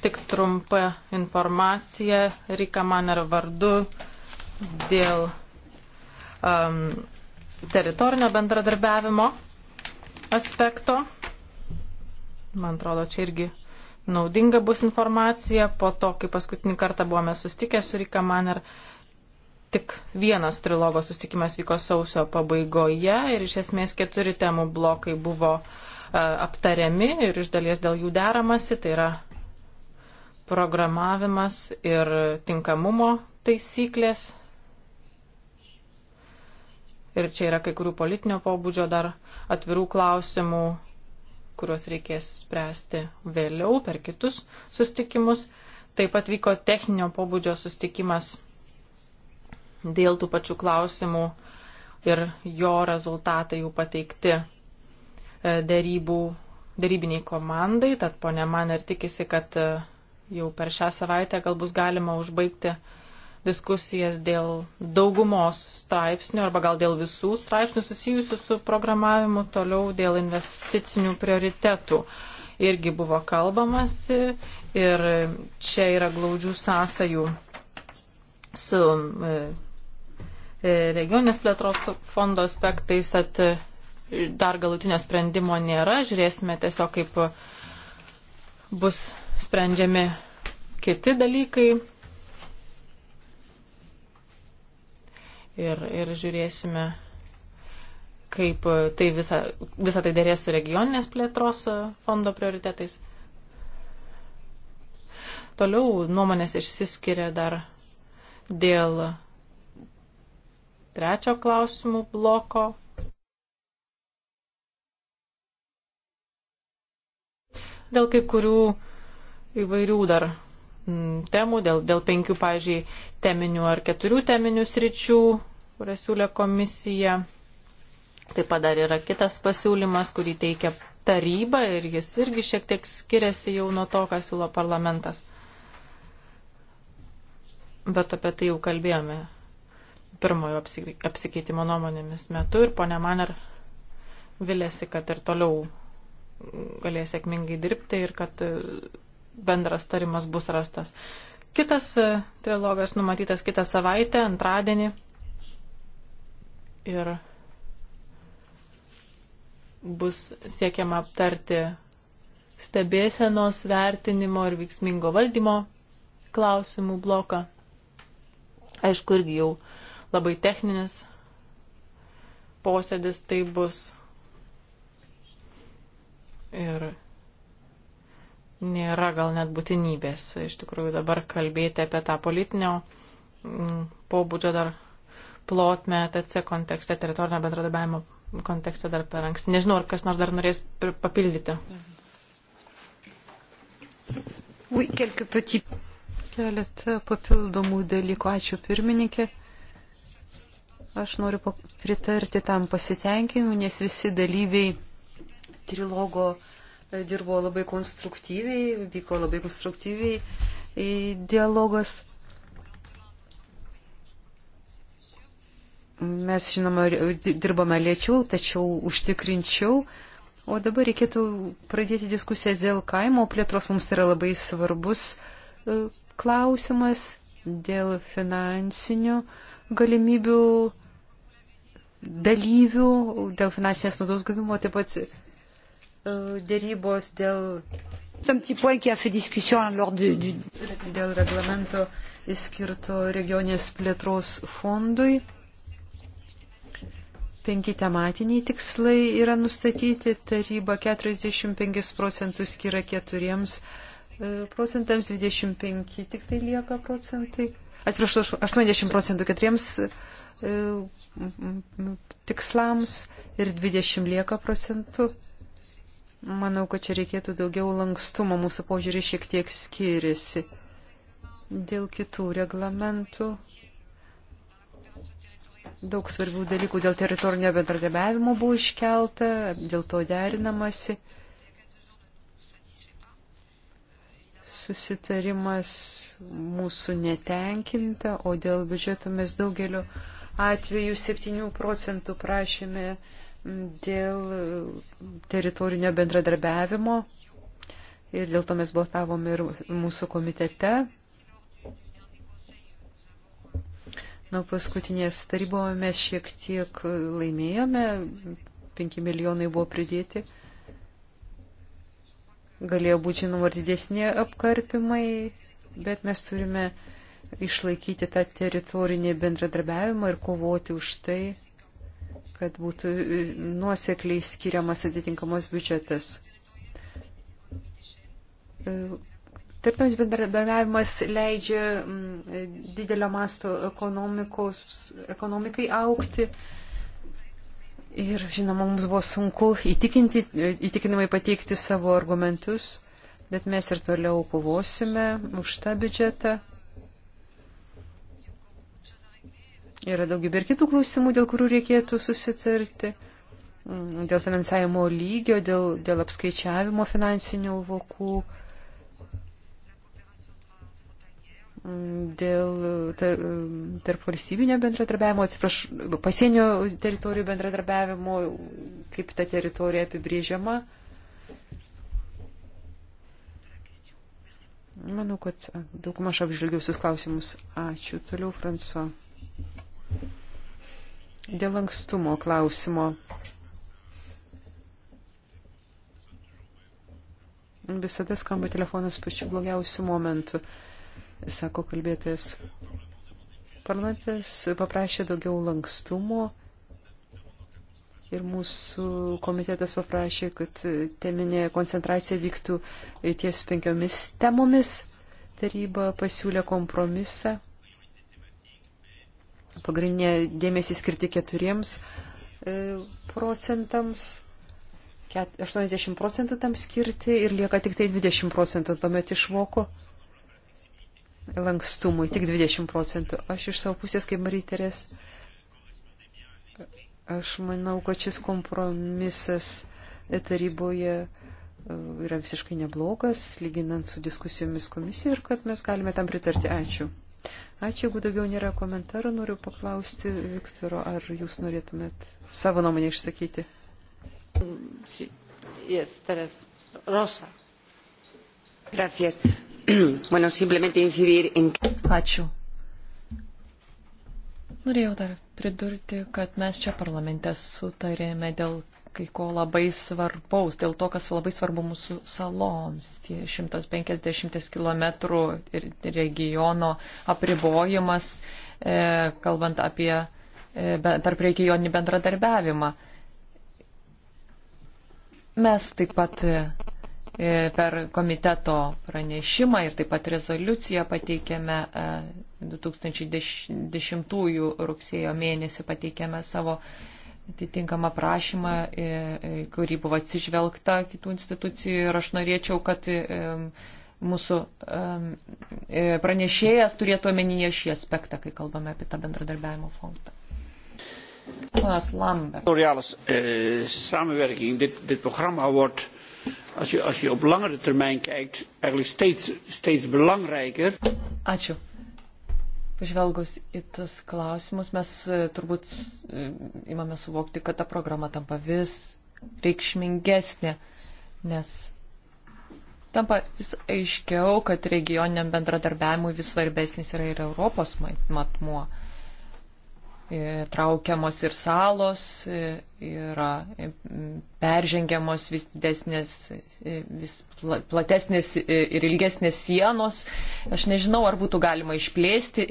Tik trumpa informacija Rika Maner vardu dėl um, teritorinio bendradarbiavimo aspekto. Man atrodo, čia irgi naudinga bus informacija. Po to, kai paskutinį kartą buvome sustikę su Rika Maner, tik vienas trilogo sustikimas vyko sausio pabaigoje ir iš esmės keturi temų blokai buvo uh, aptariami ir iš dalies dėl jų deramasi. Tai yra programavimas ir tinkamumo taisyklės. Ir čia yra kai kurių politinio pobūdžio dar atvirų klausimų, kuriuos reikės spręsti vėliau per kitus sustikimus. Taip pat vyko techninio pobūdžio sustikimas dėl tų pačių klausimų ir jo rezultatai jau pateikti e, dėrybų, dėrybiniai komandai, tad ponė man ir tikisi, kad e, jau per šią savaitę gal bus galima užbaigti diskusijas dėl daugumos straipsnių arba gal dėl visų straipsnių susijusių su programavimu, toliau dėl investicinių prioritetų. Irgi buvo kalbamasi ir čia yra glaudžių sąsajų su e, e, regionės plėtros fondo aspektais, tad e, dar galutinio sprendimo nėra, žiūrėsime tiesiog kaip bus sprendžiami kiti dalykai. Ir, ir žiūrėsime, kaip tai visa, visa tai dėrės su regioninės plėtros fondo prioritetais. Toliau nuomonės išsiskiria dar dėl trečio klausimų bloko. Dėl kai kurių įvairių dar mm, temų, dėl, dėl penkių, pažiūrėjau, teminių ar keturių teminių sričių, kurias siūlė komisija. Taip pat dar yra kitas pasiūlymas, kurį teikia taryba ir jis irgi šiek tiek skiriasi jau nuo to, ką siūlo parlamentas. Bet apie tai jau kalbėjome pirmojo apsikeitimo nuomonėmis metu ir ponia Maner vilėsi, kad ir toliau galės sėkmingai dirbti ir kad bendras tarimas bus rastas. Kitas e, trilogas numatytas kitą savaitę, antradienį. Ir bus siekiama aptarti stebėsenos vertinimo ir veiksmingo valdymo klausimų bloką. Aišku, irgi jau labai techninis posėdis tai bus. Ir nėra gal net būtinybės iš tikrųjų dabar kalbėti apie tą politinio mm, pobūdžio dar plotmę TC kontekste, teritorinio bendradarbiavimo kontekste dar per anksti. Nežinau, ar kas nors dar norės papildyti. Oui, petit... Keletą papildomų dalykų. Ačiū pirmininkė. Aš noriu pritarti tam pasitenkinimu, nes visi dalyviai trilogo uh, E, dirbo labai konstruktyviai, vyko labai konstruktyviai e, dialogas. Mes, žinoma, dirbame lėčiau, tačiau užtikrinčiau. O dabar reikėtų pradėti diskusijas dėl kaimo plėtros. Mums yra labai svarbus e, klausimas dėl finansinių galimybių dalyvių, dėl finansinės naudos gavimo, taip pat E, dėrybos dėl. Dėl reglamento skirto regionės plėtros fondui. Penki tematiniai tikslai yra nustatyti, taryba 45 procentus skiria keturiems e, procentams, 25 tik tai lieka procentai. Atsiprašau, 80 procentų keturiems e, tikslams ir 20 lieka procentų Manau, kad čia reikėtų daugiau lankstumo, mūsų požiūrį šiek tiek skiriasi. Dėl kitų reglamentų daug svarbių dalykų dėl teritorinio bendradarbiavimo buvo iškelta, dėl to derinamasi. Susitarimas mūsų netenkinta, o dėl biudžeto mes daugeliu atveju 7 procentų prašėme uh, dėl e, teritorinio bendradarbiavimo ir dėl to mes balsavom ir mūsų komitete. Nuo paskutinės taryboje mes šiek tiek laimėjome, 5 milijonai buvo pridėti. Galėjo būti, žinoma, didesni apkarpimai, bet mes turime išlaikyti tą teritorinį bendradarbiavimą ir kovoti už tai, kad būtų e, nuosekliai skiriamas atitinkamos biudžetas. E, tarptautinis bendradarbiavimas leidžia mm, didelio masto ekonomikai aukti. Ir, žinoma, mums buvo sunku įtikinti, e, įtikinamai pateikti savo argumentus, bet mes ir toliau kovosime už tą biudžetą. Yra daugybė ir kitų klausimų, dėl kurių reikėtų susitarti. Mm, dėl finansavimo lygio, dėl, dėl apskaičiavimo finansinių vokų, mm, dėl tarp valstybinio bendradarbiavimo, atsiprašau, pasienio teritorijų bendradarbiavimo, kaip ta teritorija apibrėžiama. Manau, kad daugmaž apžvelgiausius klausimus. Ačiū. Toliau, Fransuo. Dėl ankstumo klausimo. Visada skamba telefonas pačiu blogiausiu momentu, sako kalbėtojas. Parlamentas paprašė daugiau lankstumo ir mūsų komitetas paprašė, kad teminė koncentracija vyktų ties penkiomis temomis. Taryba pasiūlė kompromisą pagrindinė dėmesį skirti 4 e, procentams. 80 procentų tam skirti ir lieka tik tai 20 procentų, tuomet išmoko lankstumui, tik 20 procentų. Aš iš savo pusės, kaip Maryterės, aš manau, kad šis kompromisas taryboje e, yra visiškai neblogas, lyginant su diskusijomis komisijoje ir kad mes galime tam pritarti. Ačiū. Ačiū, jeigu daugiau nėra komentarų, noriu paklausti Viktoro, ar jūs norėtumėt savo nuomonę išsakyti. Yes, Rosa. Gracias. <clears throat> bueno, simplemente incidir en... Ačiū. Norėjau dar pridurti, kad mes čia parlamente sutarėme dėl kai ko labai svarbaus, dėl to, kas labai svarbu mūsų saloms. Tie 150 km regiono apribojimas, e, kalbant apie e, tarp regioninį bendradarbiavimą. Mes taip pat e, per komiteto pranešimą ir taip pat rezoliuciją pateikėme 2010 rugsėjo mėnesį pateikėme savo atitinkamą prašymą, kurį buvo atsižvelgta kitų institucijų ir aš norėčiau, kad mūsų e, pranešėjas turėtų omenyje šį aspektą, kai kalbame apie tą bendradarbiavimo fondą. Ponas Lambert. Territoriale uh, samenwerking. Dit, dit programma wordt, als je, als je op langere termijn kijkt, eigenlijk steeds, steeds belangrijker. Ačiū. Pažvelgus į tas klausimus, mes e, turbūt e, imame suvokti, kad ta programa tampa vis reikšmingesnė, nes tampa vis aiškiau, kad regioniniam bendradarbiavimui vis svarbesnis yra ir Europos matmuo. E, traukiamos ir salos, e, yra e, peržengiamos vis didesnės, vis platesnės ir ilgesnės sienos. Aš nežinau, ar būtų galima išplėsti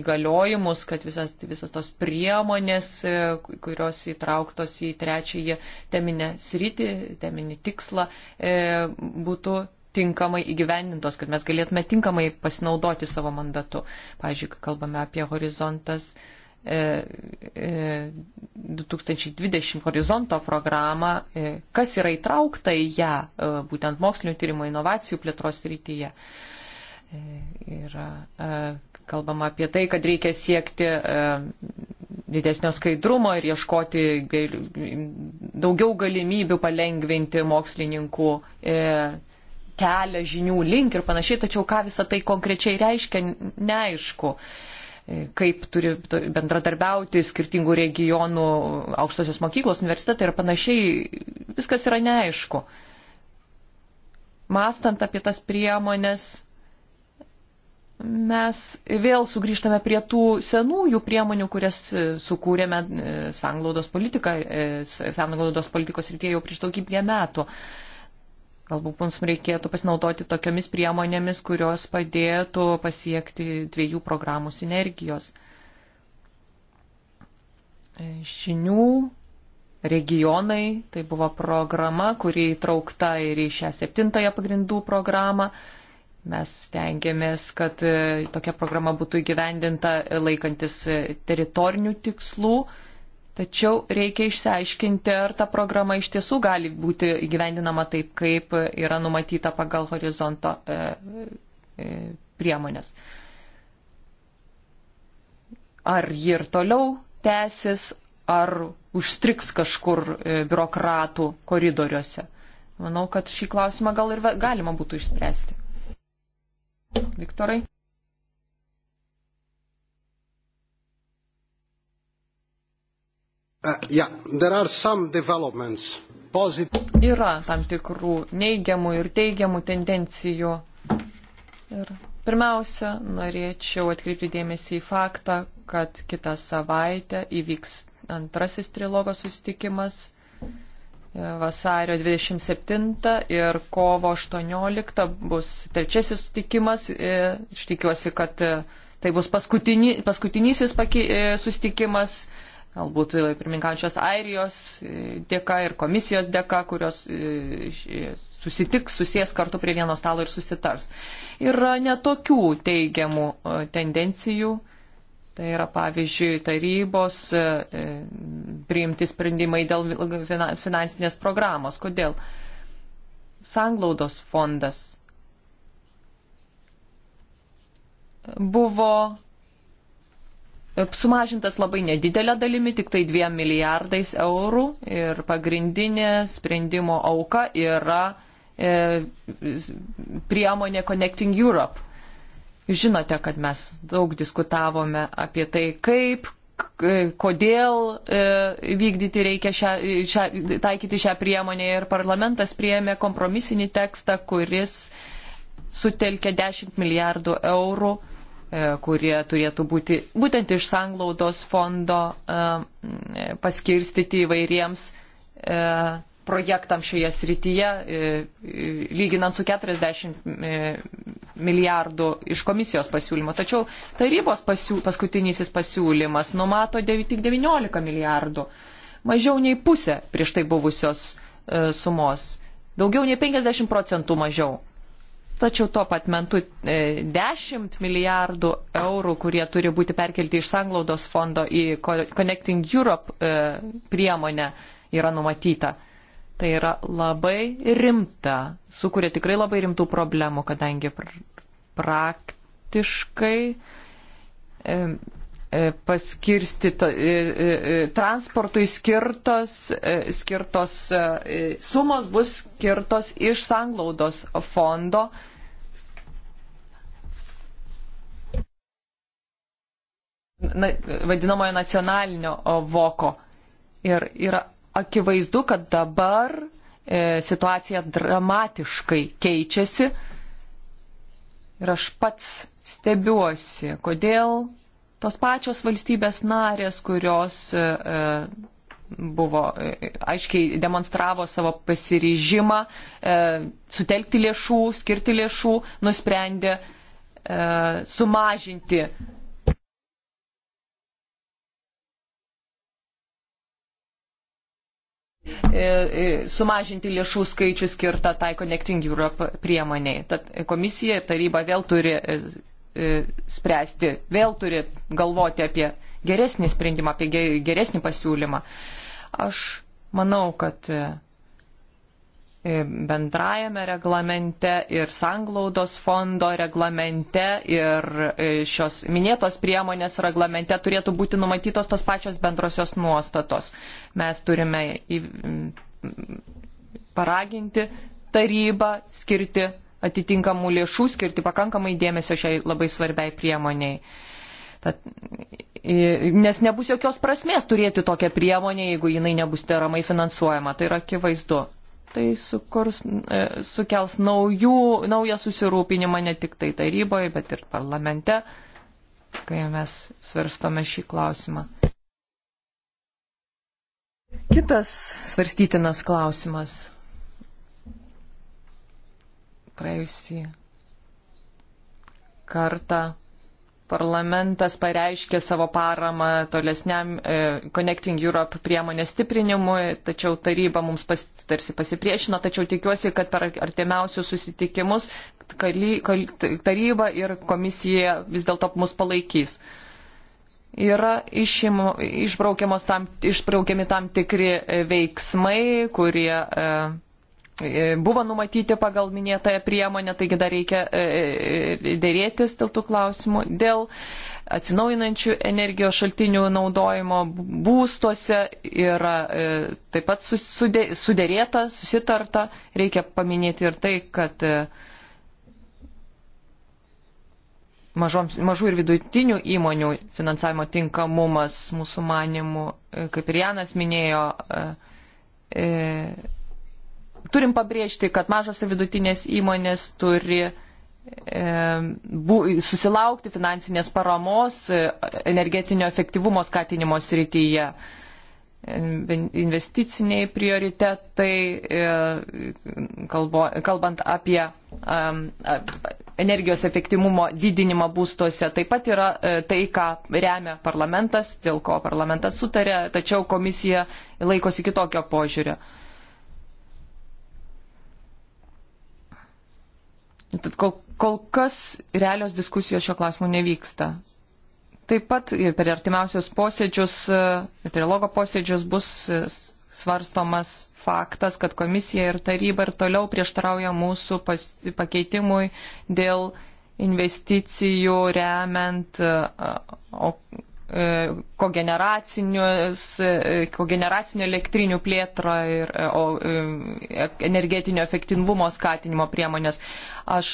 įgaliojimus, kad visas, visas tos priemonės, kurios įtrauktos į trečiąjį teminę sritį, teminį tikslą, būtų tinkamai įgyvendintos, kad mes galėtume tinkamai pasinaudoti savo mandatu. Pavyzdžiui, kalbame apie horizontas 2020 e, e, horizonto programą, e, kas yra įtraukta į ją, būtent mokslinio tyrimo inovacijų plėtros rytyje. Yra kalbama apie tai, kad reikia siekti didesnio skaidrumo ir ieškoti daugiau galimybių palengvinti mokslininkų kelią žinių link ir panašiai, tačiau ką visą tai konkrečiai reiškia, neaišku. E, kaip turi bendradarbiauti skirtingų regionų aukštosios mokyklos, universitetai ir panašiai, viskas yra neaišku. Mastant apie tas priemonės, mes vėl sugrįžtame prie tų senųjų priemonių, kurias sukūrėme e, sanglaudos, politika, e, sanglaudos politikos reikėjo prieš daugybę metų. Galbūt mums reikėtų pasinaudoti tokiamis priemonėmis, kurios padėtų pasiekti dviejų programų sinergijos. Žinių regionai, tai buvo programa, kuri įtraukta ir į šią septintąją pagrindų programą. Mes tengiamės, kad tokia programa būtų įgyvendinta laikantis teritorinių tikslų Tačiau reikia išsiaiškinti, ar ta programa iš tiesų gali būti įgyvendinama taip, kaip yra numatyta pagal horizonto e, e, priemonės. Ar ji ir toliau tęsis, ar užstriks kažkur e, biurokratų koridoriuose. Manau, kad šį klausimą gal ir galima būtų išspręsti. Viktorai. Uh, yeah, there are some developments. Positive. Yra tam tikrų neigiamų ir teigiamų tendencijų. Ir pirmiausia, norėčiau atkreipti dėmesį į faktą, kad kitą savaitę įvyks antrasis trilogo susitikimas e, vasario 27 ir kovo 18 bus trečiasis sutikimas. E, aš tikiuosi, kad e, tai bus paskutini, paskutinysis paki, susitikimas galbūt e, pirmininkaujančios Airijos e, dėka ir komisijos dėka, kurios e, susitiks, susės kartu prie vieno stalo ir susitars. Yra netokių teigiamų tendencijų. Tai yra, pavyzdžiui, tarybos priimti sprendimai dėl finansinės programos. Kodėl? Sanglaudos fondas buvo sumažintas labai nedidelę dalimi, tik tai 2 milijardais eurų ir pagrindinė sprendimo auka yra e, priemonė Connecting Europe. Žinote, kad mes daug diskutavome apie tai, kaip, kodėl e, vykdyti reikia šią, šią, taikyti šią priemonę ir parlamentas priėmė kompromisinį tekstą, kuris sutelkė 10 milijardų eurų E, kurie turėtų būti būtent iš sanglaudos fondo e, paskirstyti įvairiems e, projektams šioje srityje, lyginant su 40 milijardų iš komisijos pasiūlymo. Tačiau tarybos pasiū, paskutinysis pasiūlymas numato tik 19 milijardų, mažiau nei pusė prieš tai buvusios sumos, daugiau nei 50 procentų mažiau. Tačiau tuo pat metu 10 e, milijardų eurų, kurie turi būti perkelti iš sanglaudos fondo į Connecting Europe e, priemonę, yra numatyta. Tai yra labai rimta, sukuria tikrai labai rimtų problemų, kadangi praktiškai e, E, paskirsti e, e, transportui skirtos, skirtos sumos bus skirtos iš sanglaudos fondo. Na, vadinamojo nacionalinio voko. Ir yra akivaizdu, kad dabar e, situacija dramatiškai keičiasi. Ir aš pats stebiuosi, kodėl tos pačios valstybės narės, kurios e, e, buvo e, aiškiai demonstravo savo pasiryžimą sutelkti lėšų, skirti lėšų, nusprendė sumažinti sumažinti lėšų skaičių skirtą tai Connecting Europe priemoniai. Tad komisija ir taryba vėl turi E, spręsti, vėl turi galvoti apie geresnį sprendimą, apie geresnį pasiūlymą. Aš manau, kad e, e, bendrajame reglamente ir sanglaudos fondo reglamente ir šios minėtos priemonės reglamente turėtų būti numatytos tos pačios bendrosios nuostatos. Mes turime paraginti tarybą skirti atitinkamų lėšų skirti pakankamai dėmesio šiai labai svarbiai priemoniai. Tad, nes nebus jokios prasmės turėti tokią priemonę, jeigu jinai nebus deramai finansuojama. Tai yra akivaizdu. Tai sukurs, e, sukels naujų, naują susirūpinimą ne tik tai taryboje, bet ir parlamente, kai mes svarstome šį klausimą. Kitas svarstytinas klausimas Praėjusį kartą parlamentas pareiškė savo paramą tolesniam e, Connecting Europe priemonės stiprinimui, tačiau taryba mums pas, tarsi pasipriešino, tačiau tikiuosi, kad per artimiausius susitikimus kali, kal, taryba ir komisija vis dėlto mus palaikys. Yra išimo, išbraukiamos tam, išbraukiami tam tikri veiksmai, kurie. E, E, buvo numatyti pagal minėtąją priemonę, taigi dar reikia e, e, dėrėtis dėl tų klausimų. Dėl atsinaujinančių energijos šaltinių naudojimo būstuose yra taip pat sudėrėta, susitarta. Reikia paminėti ir tai, kad mažoms, mažų ir vidutinių įmonių finansavimo tinkamumas mūsų manimų, kaip ir Janas minėjo, e, turim pabrėžti, kad mažos ir vidutinės įmonės turi e, bu, susilaukti finansinės paramos e, energetinio efektyvumo skatinimo srityje. E, investiciniai prioritetai, e, kalbo, kalbant apie um, energijos efektyvumo didinimą būstuose, taip pat yra tai, ką remia parlamentas, dėl ko parlamentas sutarė, tačiau komisija laikosi kitokio požiūrio. Uh, Tad kol, kol kas realios diskusijos šio klausimu nevyksta. Taip pat per artimiausius posėdžius, e, trilogo posėdžius bus e, svarstomas faktas, kad komisija ir taryba ir toliau prieštarauja mūsų pas, pakeitimui dėl investicijų remiant e, E, kogeneracinių e, elektrinių plėtrą ir e, o, energetinio efektyvumo skatinimo priemonės. Aš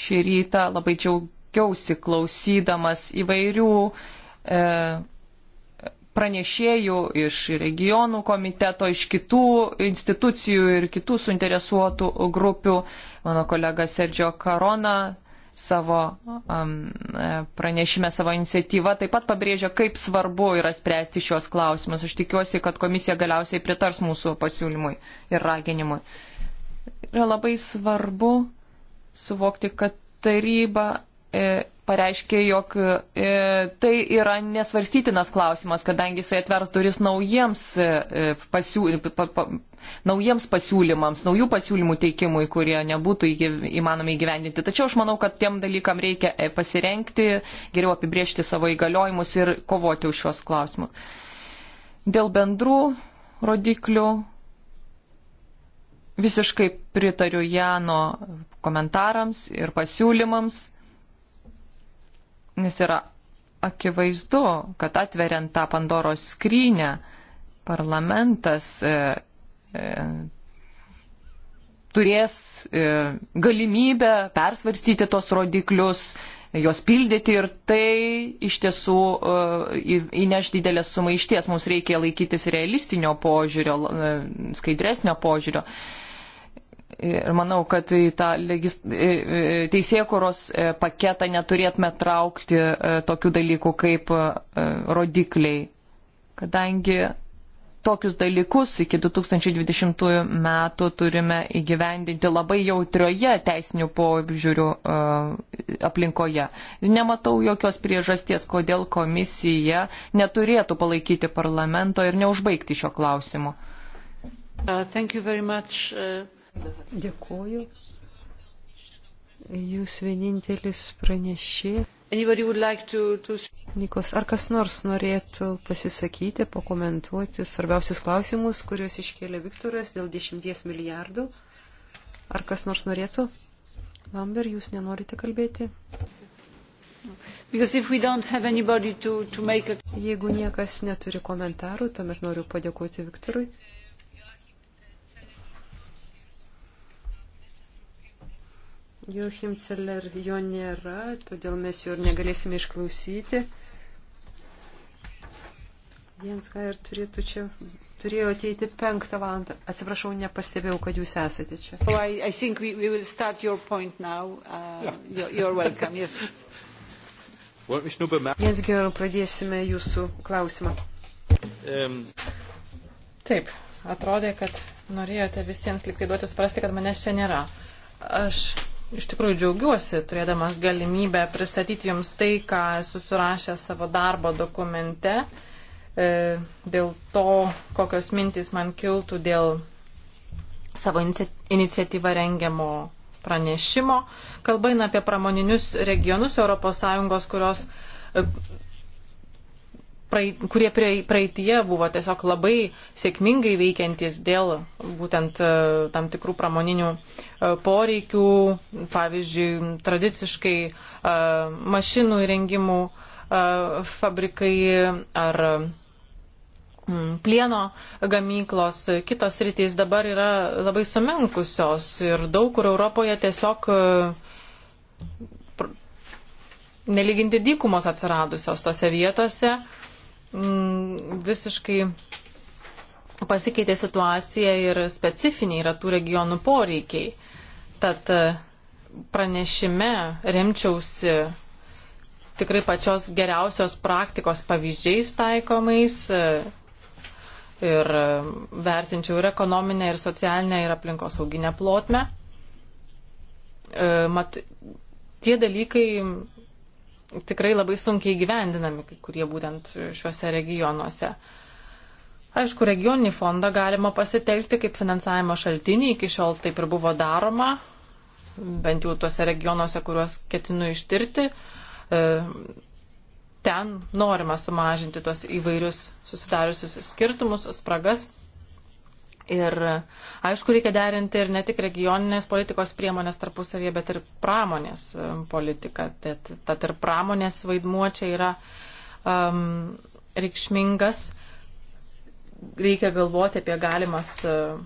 šį rytą labai džiaugiausi klausydamas įvairių e, pranešėjų iš regionų komiteto, iš kitų institucijų ir kitų suinteresuotų grupių. Mano kolega Sergio Karona savo um, pranešime, savo iniciatyvą, taip pat pabrėžia, kaip svarbu yra spręsti šios klausimus. Aš tikiuosi, kad komisija galiausiai pritars mūsų pasiūlymui ir raginimui. Yra labai svarbu suvokti, kad taryba e, pareiškė, jog e, tai yra nesvarstytinas klausimas, kadangi jisai atvers duris naujiems, e, pasiū, pa, pa, naujiems pasiūlymams, naujų pasiūlymų teikimui, kurie nebūtų įgyv, įmanomi įgyvendinti. Tačiau aš manau, kad tiem dalykam reikia e, pasirenkti, geriau apibriežti savo įgaliojimus ir kovoti už šios klausimus. Dėl bendrų rodiklių visiškai pritariu Jano komentarams ir pasiūlymams nes yra akivaizdu, kad atveriant tą Pandoros skrynę, parlamentas e, e, turės e, galimybę persvarstyti tos rodiklius, juos pildyti ir tai iš tiesų e, įneš didelės sumaišties. Mums reikia laikytis realistinio požiūrio, e, skaidresnio požiūrio. Ir manau, kad į tą legis, teisėkuros e, paketą neturėtume traukti e, tokių dalykų kaip e, rodikliai, kadangi tokius dalykus iki 2020 metų turime įgyvendinti labai jautrioje teisinių požiūrių aplinkoje. Nematau jokios priežasties, kodėl komisija neturėtų palaikyti parlamento ir neužbaigti šio klausimo. Uh, Dėkuoju. Jūs vienintelis pranešė. Like to, to... Nikos, ar kas nors norėtų pasisakyti, pakomentuoti svarbiausius klausimus, kuriuos iškėlė Viktoras dėl 10 milijardų? Ar kas nors norėtų? Lambert, jūs nenorite kalbėti? To, a... Jeigu niekas neturi komentarų, tuomet noriu padėkoti Viktorui. Joachim Seller jo nėra, todėl mes jo ir negalėsime išklausyti. Jens Gair turėtų čia, turėjo ateiti penktą valandą. Atsiprašau, nepastebėjau, kad jūs esate čia. Oh, I, I think we, we will start your point now. Uh, yeah. you're, you're welcome, yes. <laughs> Jens Gair, pradėsime jūsų klausimą. Um. Taip, atrodė, kad norėjote visiems liktai duoti suprasti, kad manęs čia nėra. Aš iš tikrųjų džiaugiuosi turėdamas galimybę pristatyti Jums tai, ką esu surašęs savo darbo dokumente, e, dėl to, kokios mintys man kiltų dėl savo iniciatyvą rengiamo pranešimo. Kalba eina apie pramoninius regionus ES, kurios e, praeit, kurie praeitie buvo tiesiog labai sėkmingai veikiantis dėl būtent e, tam tikrų pramoninių e, poreikių, pavyzdžiui, tradiciškai e, mašinų įrengimų fabrikai ar plieno gamyklos, kitos rytys dabar yra labai sumenkusios ir daug kur Europoje tiesiog neliginti dykumos atsiradusios tose vietose, mm, visiškai pasikeitė situacija ir specifiniai yra tų regionų poreikiai. Tad e, pranešime remčiausi tikrai pačios geriausios praktikos pavyzdžiais taikomais e, ir e, vertinčiau ir ekonominę, ir socialinę, ir aplinkosauginę plotmę. Mat, tie dalykai tikrai labai sunkiai gyvendinami, kurie būtent šiuose regionuose. Aišku, regioninį fondą galima pasitelkti kaip finansavimo šaltinį, iki šiol taip ir buvo daroma, bent jau tuose regionuose, kuriuos ketinu ištirti. E, ten norima sumažinti tuos įvairius susidariusius skirtumus, spragas. Ir aišku, reikia derinti ir ne tik regioninės politikos priemonės tarpusavėje, bet ir pramonės um, politiką. Tad, tad ir pramonės vaidmuo čia yra um, reikšmingas. Reikia galvoti apie galimas uh,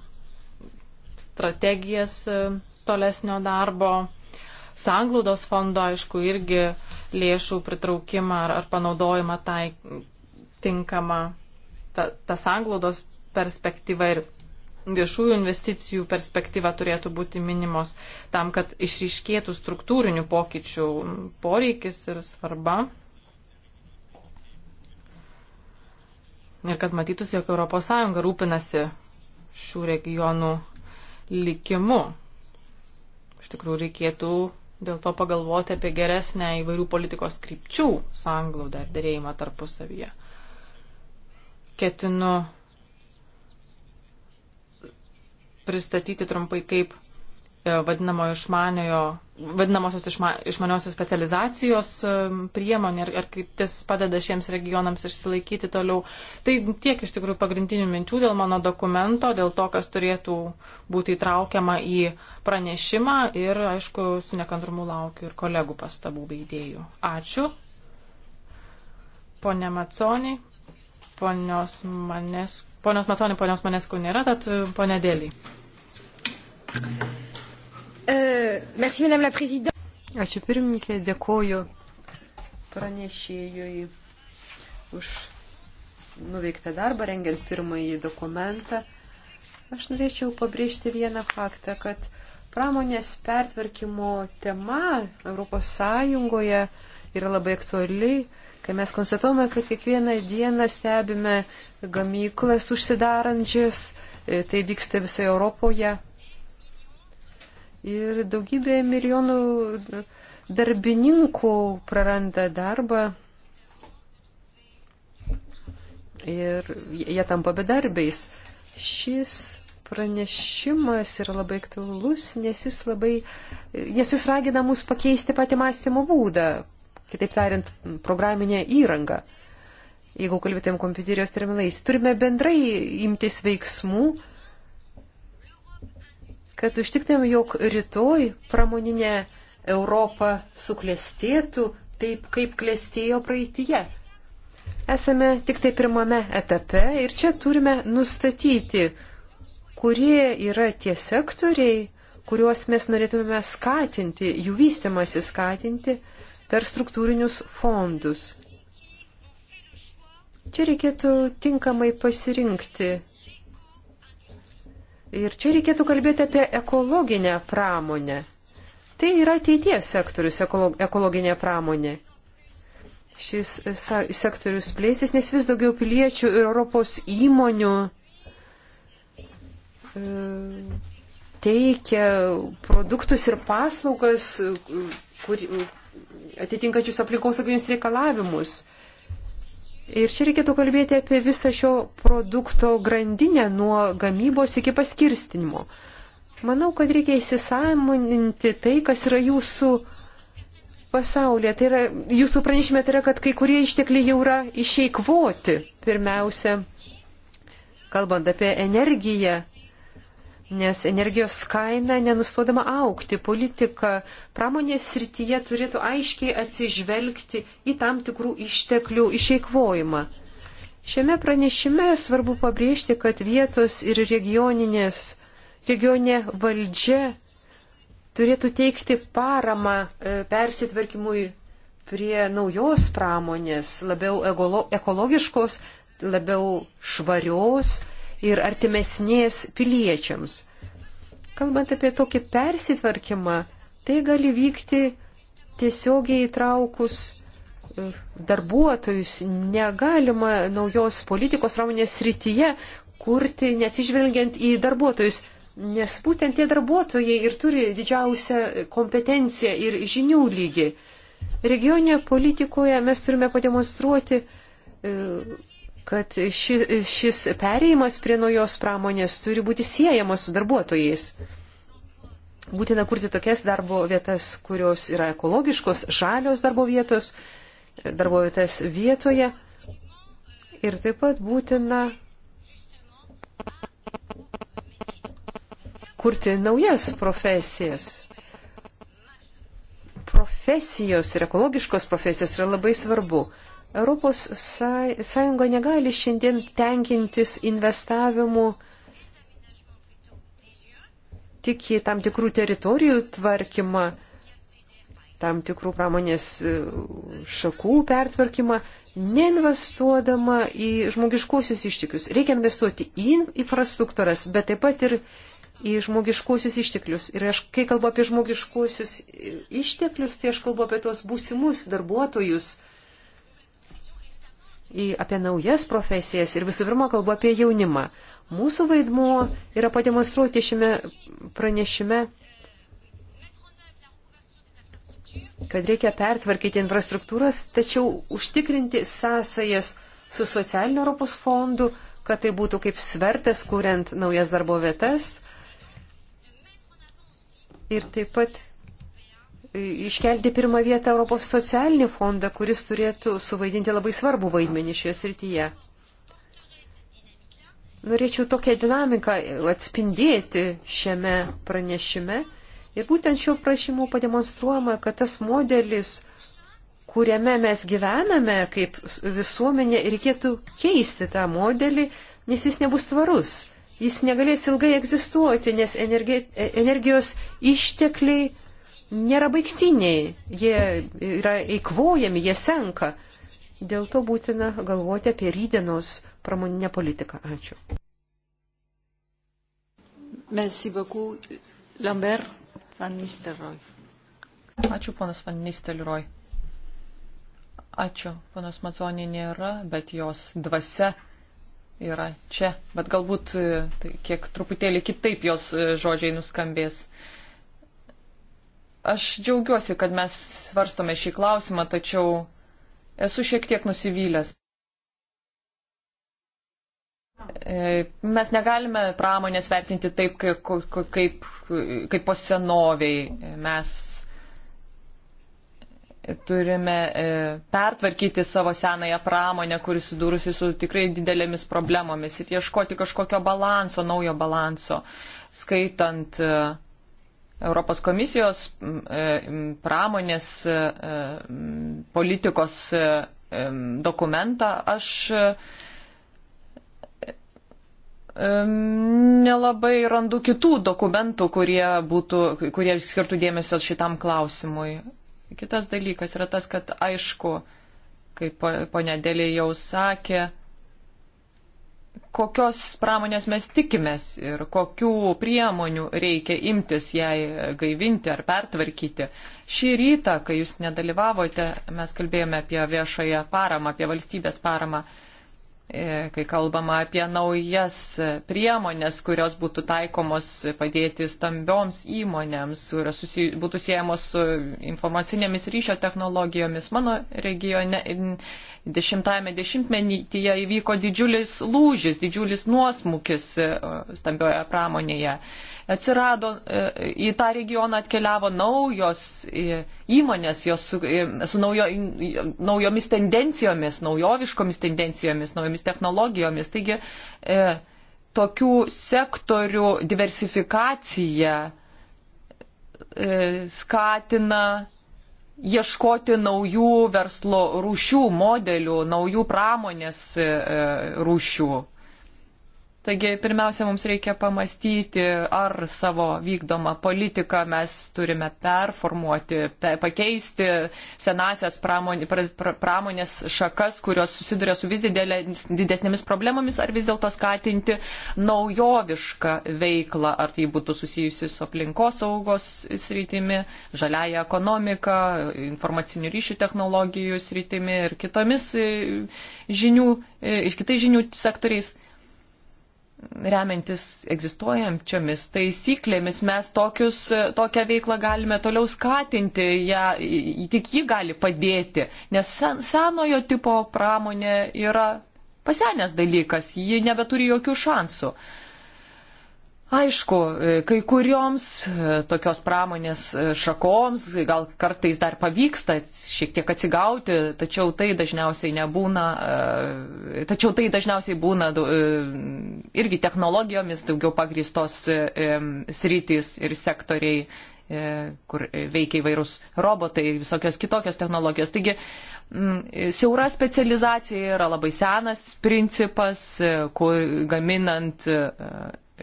strategijas uh, tolesnio darbo. Sanglaudos fondo, aišku, irgi lėšų pritraukimą ar, ar panaudojimą tai tinkama. Ta, ta sanglaudos perspektyva ir viešųjų investicijų perspektyva turėtų būti minimos tam, kad išryškėtų struktūrinių pokyčių poreikis ir svarba. Ir kad matytųsi, jog ES rūpinasi šių regionų likimu. Iš tikrųjų, reikėtų dėl to pagalvoti apie geresnę įvairių politikos krypčių sanglaudą ir dėrėjimą tarpusavyje. Ketinu pristatyti trumpai kaip e, vadinamo išmaniojo, vadinamosios išma, išmaniosios specializacijos e, priemonė ar, ar kryptis padeda šiems regionams išsilaikyti toliau. Tai tiek iš tikrųjų pagrindinių minčių dėl mano dokumento, dėl to, kas turėtų būti įtraukiama į pranešimą ir, aišku, su nekantrumu laukiu ir kolegų pastabų bei idėjų. Ačiū. Pone Maconi, ponios Manesku Ponios Matoni, ponios Maneskų nėra, tad e, ponė Dėlį. E, Ačiū pirmininkė, dėkoju pranešėjui už nuveiktą darbą, rengiant pirmąjį dokumentą. Aš norėčiau pabrėžti vieną faktą, kad pramonės pertvarkymo tema ES yra labai aktuali, kai mes konstatuojame, kad kiekvieną dieną stebime gamyklas užsidarančias, e, tai vyksta visoje Europoje. Ir daugybė milijonų darbininkų praranda darbą ir jie tampa bedarbiais. Šis pranešimas yra labai aktualus, nes jis labai, nes jis ragina mus pakeisti patį mąstymo būdą, kitaip tariant, programinę įrangą jeigu kalbėtėm kompiuterijos terminais. Turime bendrai imtis veiksmų, kad užtiktėm, jog rytoj pramoninė Europa suklestėtų taip, kaip klestėjo praeitie. Esame tik tai pirmame etape ir čia turime nustatyti, kurie yra tie sektoriai, kuriuos mes norėtume skatinti, jų vystimasi skatinti per struktūrinius fondus. Čia reikėtų tinkamai pasirinkti. Ir čia reikėtų kalbėti apie ekologinę pramonę. Tai yra ateities sektorius, ekolo, ekologinė pramonė. Šis sektorius plėsis, nes vis daugiau piliečių ir Europos įmonių e, teikia produktus ir paslaugas e, kur, atitinkančius aplinkosauginius reikalavimus. Ir čia reikėtų kalbėti apie visą šio produkto grandinę nuo gamybos iki paskirstinimo. Manau, kad reikia įsisamoninti tai, kas yra jūsų pasaulyje. Tai yra, jūsų pranešime tai yra, kad kai kurie ištekliai jau yra išeikvoti. Pirmiausia, kalbant apie energiją, nes energijos kaina nenustodama aukti. Politika pramonės srityje turėtų aiškiai atsižvelgti į tam tikrų išteklių išeikvojimą. Šiame pranešime svarbu pabrėžti, kad vietos ir regioninės, regionė valdžia turėtų teikti paramą e, persitvarkymui prie naujos pramonės, labiau ekologiškos, labiau švarios ir artimesnės piliečiams. Kalbant apie tokį persitvarkymą, tai gali vykti tiesiogiai įtraukus e, darbuotojus. Negalima naujos politikos pramonės srityje kurti, neatsižvelgiant į darbuotojus, nes būtent tie darbuotojai ir turi didžiausią kompetenciją ir žinių lygį. Regioninėje politikoje mes turime pademonstruoti e, kad ši, šis perėjimas prie naujos pramonės turi būti siejamas su darbuotojais. Būtina kurti tokias darbo vietas, kurios yra ekologiškos, žalios darbo vietos, darbo vietas vietoje. Ir taip pat būtina kurti naujas profesijas. Profesijos ir ekologiškos profesijos yra labai svarbu. Europos Sąjunga negali šiandien tenkintis investavimu tik į tam tikrų teritorijų tvarkymą, tam tikrų pramonės e, šakų pertvarkymą, neinvestuodama į žmogiškuosius išteklius. Reikia investuoti į infrastruktūras, bet taip pat ir į žmogiškuosius išteklius. Ir aš, kai kalbu apie žmogiškuosius e, išteklius, tai aš kalbu apie tuos būsimus darbuotojus, į, apie naujas profesijas ir visų pirma kalbu apie jaunimą. Mūsų vaidmuo yra pademonstruoti šiame pranešime, kad reikia pertvarkyti infrastruktūras, tačiau užtikrinti sąsajas su socialiniu Europos fondu, kad tai būtų kaip svertas, kuriant naujas darbo vietas. Ir taip pat iškelti pirmą vietą Europos socialinį fondą, kuris turėtų suvaidinti labai svarbų vaidmenį šioje srityje. Norėčiau tokią dinamiką atspindėti šiame pranešime ir būtent šio prašymu pademonstruojama, kad tas modelis, kuriame mes gyvename kaip visuomenė, reikėtų keisti tą modelį, nes jis nebus tvarus. Jis negalės ilgai egzistuoti, nes energi, e- energijos ištekliai nėra baigtiniai, jie yra eikvojami, jie senka. Dėl to būtina galvoti apie rydienos pramoninę politiką. Ačiū. Merci beaucoup, Lambert van Nistelrooy. Ačiū, ponas van Nistelrooy. Ačiū, ponas Mazonė nėra, bet jos dvasia yra čia. Bet galbūt e, tai, kiek truputėlį kitaip jos e, žodžiai nuskambės. Uh, Aš džiaugiuosi, kad mes svarstome šį klausimą, tačiau esu šiek tiek nusivylęs. E, mes negalime pramonės vertinti taip, kaip, kaip, kaip po senoviai. Mes turime e, pertvarkyti savo senąją pramonę, kuris sudūrusi su tikrai didelėmis problemomis ir ieškoti kažkokio balanso, naujo balanso, skaitant uh, Europos komisijos e, pramonės e, politikos e, dokumentą, aš nelabai randu kitų dokumentų, kurie, būtų, kurie skirtų dėmesio šitam klausimui. Kitas dalykas yra tas, kad aišku, kaip ponia Dėlė jau sakė, kokios pramonės mes tikimės ir kokių priemonių reikia imtis jai gaivinti ar pertvarkyti. Šį rytą, kai jūs nedalyvavote, mes kalbėjome apie viešąją paramą, apie valstybės paramą, e, kai kalbama apie naujas priemonės, kurios būtų taikomos padėti stambioms įmonėms, kurios susi, būtų siejamos su informacinėmis ryšio technologijomis. Mano regione Dešimtajame dešimtmenyje įvyko didžiulis lūžis, didžiulis nuosmukis e, stambioje pramonėje. Atsirado, e, į tą regioną atkeliavo naujos e, įmonės, jos su, su naujo, naujomis tendencijomis, naujoviškomis tendencijomis, naujomis technologijomis. Taigi tokių sektorių diversifikacija skatina ieškoti naujų verslo rūšių, modelių, naujų pramonės e, e, rūšių. Taigi, pirmiausia, mums reikia pamastyti, ar savo vykdomą politiką mes turime performuoti, pe, pakeisti senasias pramonė, pra, pramonės šakas, kurios susiduria su vis didelės, didesnėmis problemomis, ar vis dėlto skatinti naujovišką veiklą, ar tai būtų susijusi su aplinkos saugos sritimi, žaliaja ekonomika, informacinių ryšių technologijų sritimi ir kitomis e, žinių, e, ir kitais žinių sektoriais remiantis egzistuojančiomis taisyklėmis mes tokius, tokią veiklą galime toliau skatinti, ją, tik ji gali padėti, nes sen, senojo tipo pramonė yra pasenęs dalykas, ji nebeturi jokių šansų. Uh, Aišku, e, kai kurioms e, tokios pramonės e, šakoms gal kartais dar pavyksta šiek tiek atsigauti, tačiau tai dažniausiai nebūna, tačiau tai dažniausiai būna irgi technologijomis daugiau pagristos sritys ir sektoriai kur veikia įvairūs robotai ir visokios kitokios technologijos. Taigi, siaura specializacija yra labai senas principas, kur gaminant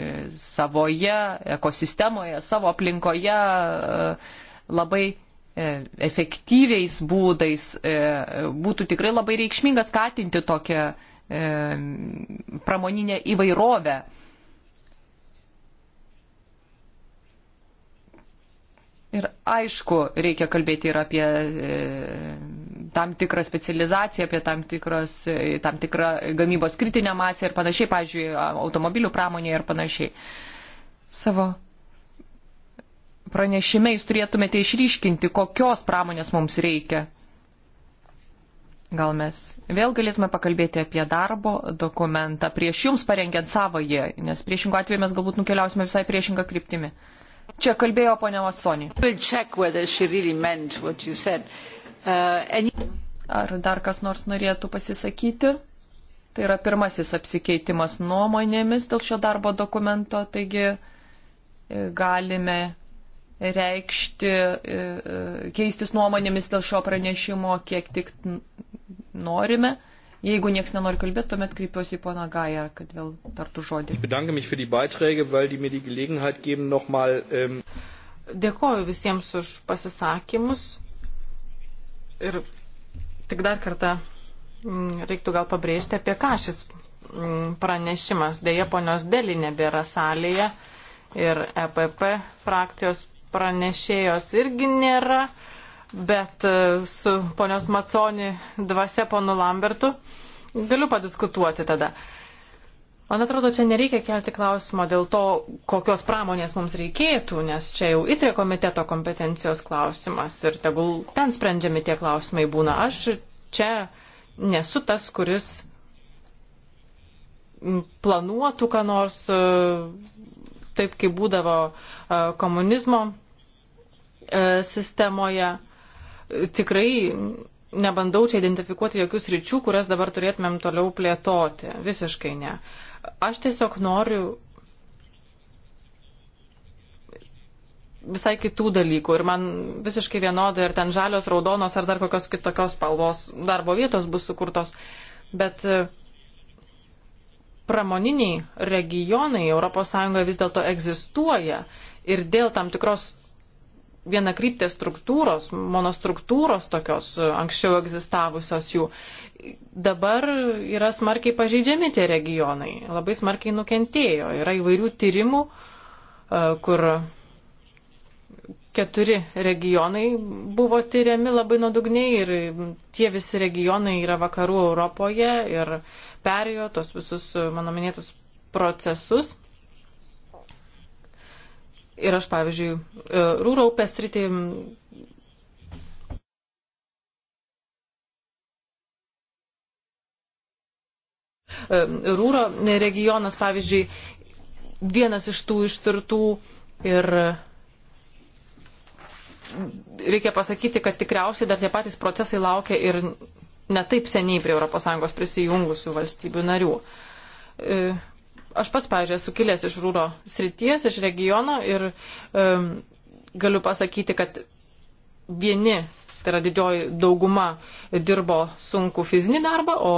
E, savoje ekosistemoje, savo aplinkoje e, labai e, efektyviais būdais būtų tikrai labai reikšminga skatinti tokią pramoninę įvairovę. Ir aišku, reikia kalbėti ir apie tam tikrą specializaciją, apie tam, tikros, e, tam tikrą gamybos kritinę masę ir panašiai, pavyzdžiui, automobilių pramonėje ir panašiai. Savo pranešime jūs turėtumėte išryškinti, kokios pramonės mums reikia. Gal mes vėl galėtume pakalbėti apie darbo dokumentą prieš jums parengiant savoje, nes priešingų atveju mes galbūt nukeliausime visai priešingą kryptimį. Čia kalbėjo ponia Vasonė. We'll Uh, any... Ar dar kas nors norėtų pasisakyti? Tai yra pirmasis apsikeitimas nuomonėmis dėl šio darbo dokumento, taigi e, galime reikšti, e, e, keistis nuomonėmis dėl šio pranešimo, kiek tik norime. Jeigu nieks nenori kalbėti, tuomet kreipiuosi į poną Gajar, kad vėl tartų žodį. Ähm, Dėkoju visiems už pasisakymus. Ir tik dar kartą mm, reiktų gal pabrėžti, apie ką šis mm, pranešimas. Deja, ponios dėlį nebėra salėje ir EPP frakcijos pranešėjos irgi nėra, bet e, su ponios Maconi dvasia ponu Lambertu galiu padiskutuoti tada. Uh, Man atrodo, čia nereikia kelti klausimo dėl to, kokios pramonės mums reikėtų, nes čia jau įtrė komiteto kompetencijos klausimas ir tegul ten sprendžiami tie klausimai būna. Aš čia nesu tas, kuris planuotų, ką nors e, taip, kaip būdavo e, komunizmo e, sistemoje. Tikrai nebandau čia identifikuoti jokių sričių, kurias dabar turėtumėm toliau plėtoti. Visiškai ne. Uh, Aš tiesiog noriu visai kitų dalykų ir man visiškai vienodai ir ten žalios, raudonos ar dar kokios kitokios spalvos darbo vietos bus sukurtos. Bet e, pramoniniai regionai ES vis dėlto egzistuoja ir dėl tam tikros vienakryptės struktūros, monostruktūros tokios e, anksčiau egzistavusios jų, dabar yra smarkiai pažeidžiami tie regionai, labai smarkiai nukentėjo. Yra įvairių tyrimų, e, kur keturi regionai buvo tyriami labai nuodugniai ir tie visi regionai yra vakarų Europoje ir perėjo tos visus mano minėtus procesus. Ir aš, pavyzdžiui, e, Rūro upės rytį. E, rūro regionas, pavyzdžiui, vienas iš tų ištirtų ir reikia pasakyti, kad tikriausiai dar tie patys procesai laukia ir netaip seniai prie ES prisijungusių valstybių narių. E, aš pats, pavyzdžiui, esu kilęs iš rūro srities, iš regiono ir um, galiu pasakyti, kad vieni, tai yra didžioji dauguma, dirbo sunku fizinį darbą, o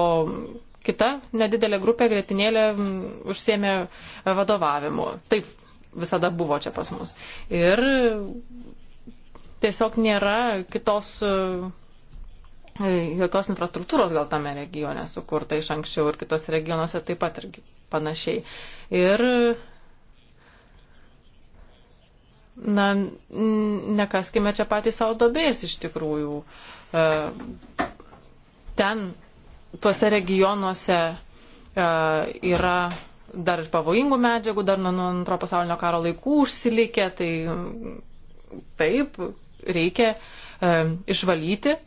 kita nedidelė grupė gretinėlė um, užsiemė vadovavimu. Taip visada buvo čia pas mus. Ir tiesiog nėra kitos. Uh, jokios infrastruktūros gal tame regione sukurta iš anksčiau ir kitose regionuose taip pat irgi panašiai. Ir na, nekaskime čia patys savo dobės iš tikrųjų. E, ten, tuose regionuose e, yra dar ir pavojingų medžiagų, dar nuo antro pasaulinio karo laikų užsilikę, tai taip, reikia e, išvalyti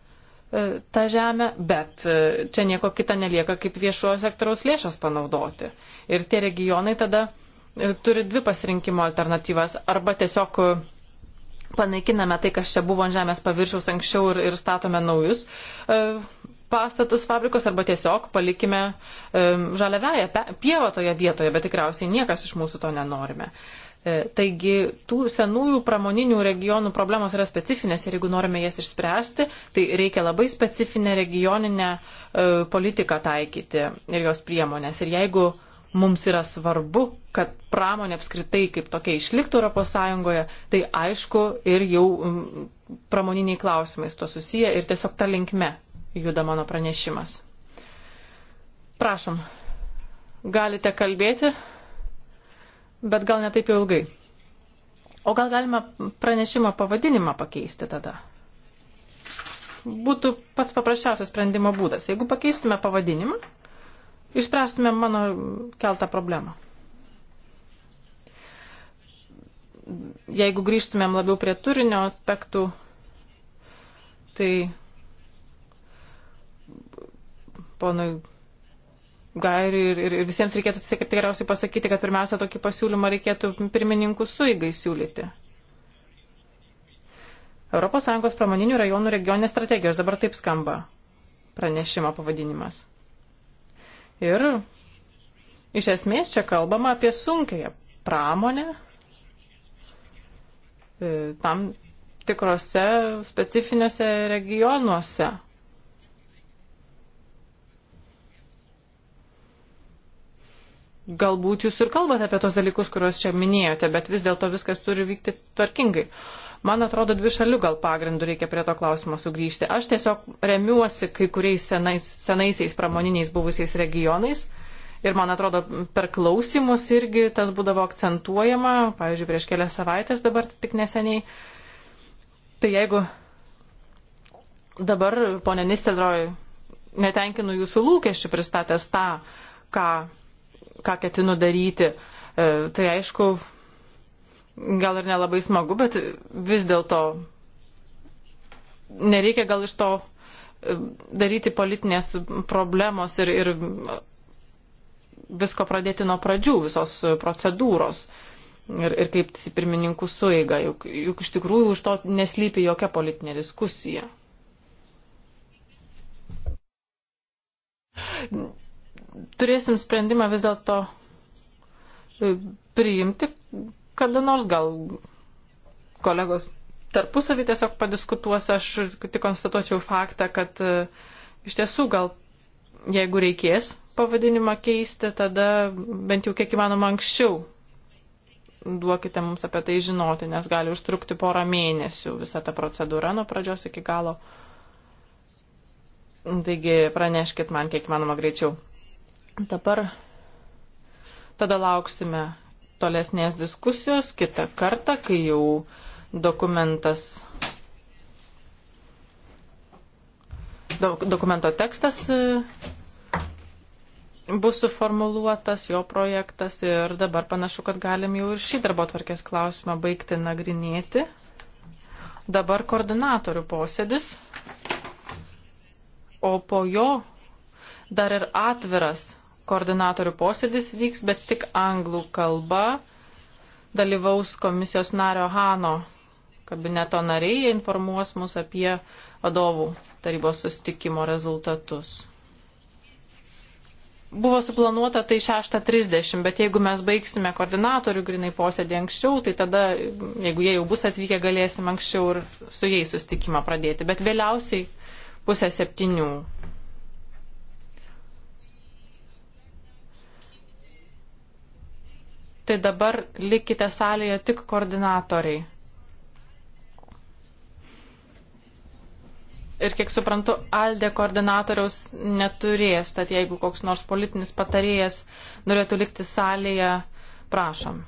E, tą žemę, bet e, čia nieko kita nelieka, kaip viešojo sektoriaus lėšas panaudoti. Ir tie regionai tada e, turi dvi pasirinkimo alternatyvas. Arba tiesiog panaikiname tai, kas čia buvo ant žemės paviršiaus anksčiau ir, ir statome naujus pastatus fabrikus, arba tiesiog palikime žaliavęją pievą toje vietoje, bet tikriausiai niekas iš mūsų to nenorime. Uh, E, taigi tų senųjų pramoninių regionų problemos yra specifinės ir jeigu norime jas išspręsti, tai reikia labai specifinę regioninę e, politiką taikyti ir jos priemonės. Ir jeigu mums yra svarbu, kad pramonė apskritai kaip tokia išliktų ES, tai aišku ir jau pramoniniai klausimai su to susiję ir tiesiog ta linkme juda mano pranešimas. Prašom, galite kalbėti bet gal netaip jau ilgai. O gal galima pranešimo pavadinimą pakeisti tada? Būtų pats paprasčiausias sprendimo būdas. Jeigu pakeistume pavadinimą, išspręstume mano keltą problemą. Jeigu grįžtumėm labiau prie turinio aspektų, tai ponui gairių ir, ir, ir visiems reikėtų tikriausiai pasakyti, kad pirmiausia tokį pasiūlymą reikėtų pirmininkų suigai siūlyti. ES pramoninių rajonų regioninės strategijos dabar taip skamba pranešimo pavadinimas. Ir iš esmės čia kalbama apie sunkiąją pramonę e, tam tikrose specifiniuose regionuose. galbūt jūs ir kalbate apie tos dalykus, kuriuos čia minėjote, bet vis dėlto viskas turi vykti tvarkingai. Man atrodo, dvi šalių gal pagrindų reikia prie to klausimo sugrįžti. Aš tiesiog remiuosi kai kuriais senais, senaisiais pramoniniais buvusiais regionais. Ir man atrodo, per klausimus irgi tas būdavo akcentuojama, pavyzdžiui, prieš kelias savaitės dabar tik neseniai. Tai jeigu dabar, ponė Nistelroj, netenkinu jūsų lūkesčių pristatęs tą, ką ką ketinu daryti. E, tai aišku, gal ir nelabai smagu, bet vis dėlto nereikia gal iš to e, daryti politinės problemos ir, ir visko pradėti nuo pradžių, visos procedūros ir, ir kaip pirmininkų suiga. Juk, juk iš tikrųjų už to neslypi jokia politinė diskusija turėsim sprendimą vis dėlto e, priimti, kada nors gal kolegos tarpusavį tiesiog padiskutuos, aš tik konstatuočiau faktą, kad e, iš tiesų gal jeigu reikės pavadinimą keisti, tada bent jau kiek įmanoma anksčiau duokite mums apie tai žinoti, nes gali užtrukti porą mėnesių visa ta procedūra nuo pradžios iki galo. Taigi praneškit man kiek įmanoma greičiau. Dabar tada lauksime tolesnės diskusijos kitą kartą, kai jau dokumentas. Dokumento tekstas e, bus suformuluotas jo projektas ir dabar panašu, kad galim jau ir šį darbo tvarkės klausimą baigti nagrinėti. Dabar koordinatorių posėdis, o po jo dar ir atviras koordinatorių posėdis vyks, bet tik anglų kalba. Dalyvaus komisijos nario Hano kabineto nariai informuos mus apie vadovų tarybos sustikimo rezultatus. Buvo suplanuota tai 6.30, bet jeigu mes baigsime koordinatorių grinai posėdį anksčiau, tai tada, jeigu jie jau bus atvykę, galėsim anksčiau ir su jais sustikimą pradėti, bet vėliausiai pusę septynių. tai dabar likite salėje tik koordinatoriai. Ir kiek suprantu, Aldė koordinatoriaus neturės, tad jeigu koks nors politinis patarėjas norėtų likti salėje, prašom.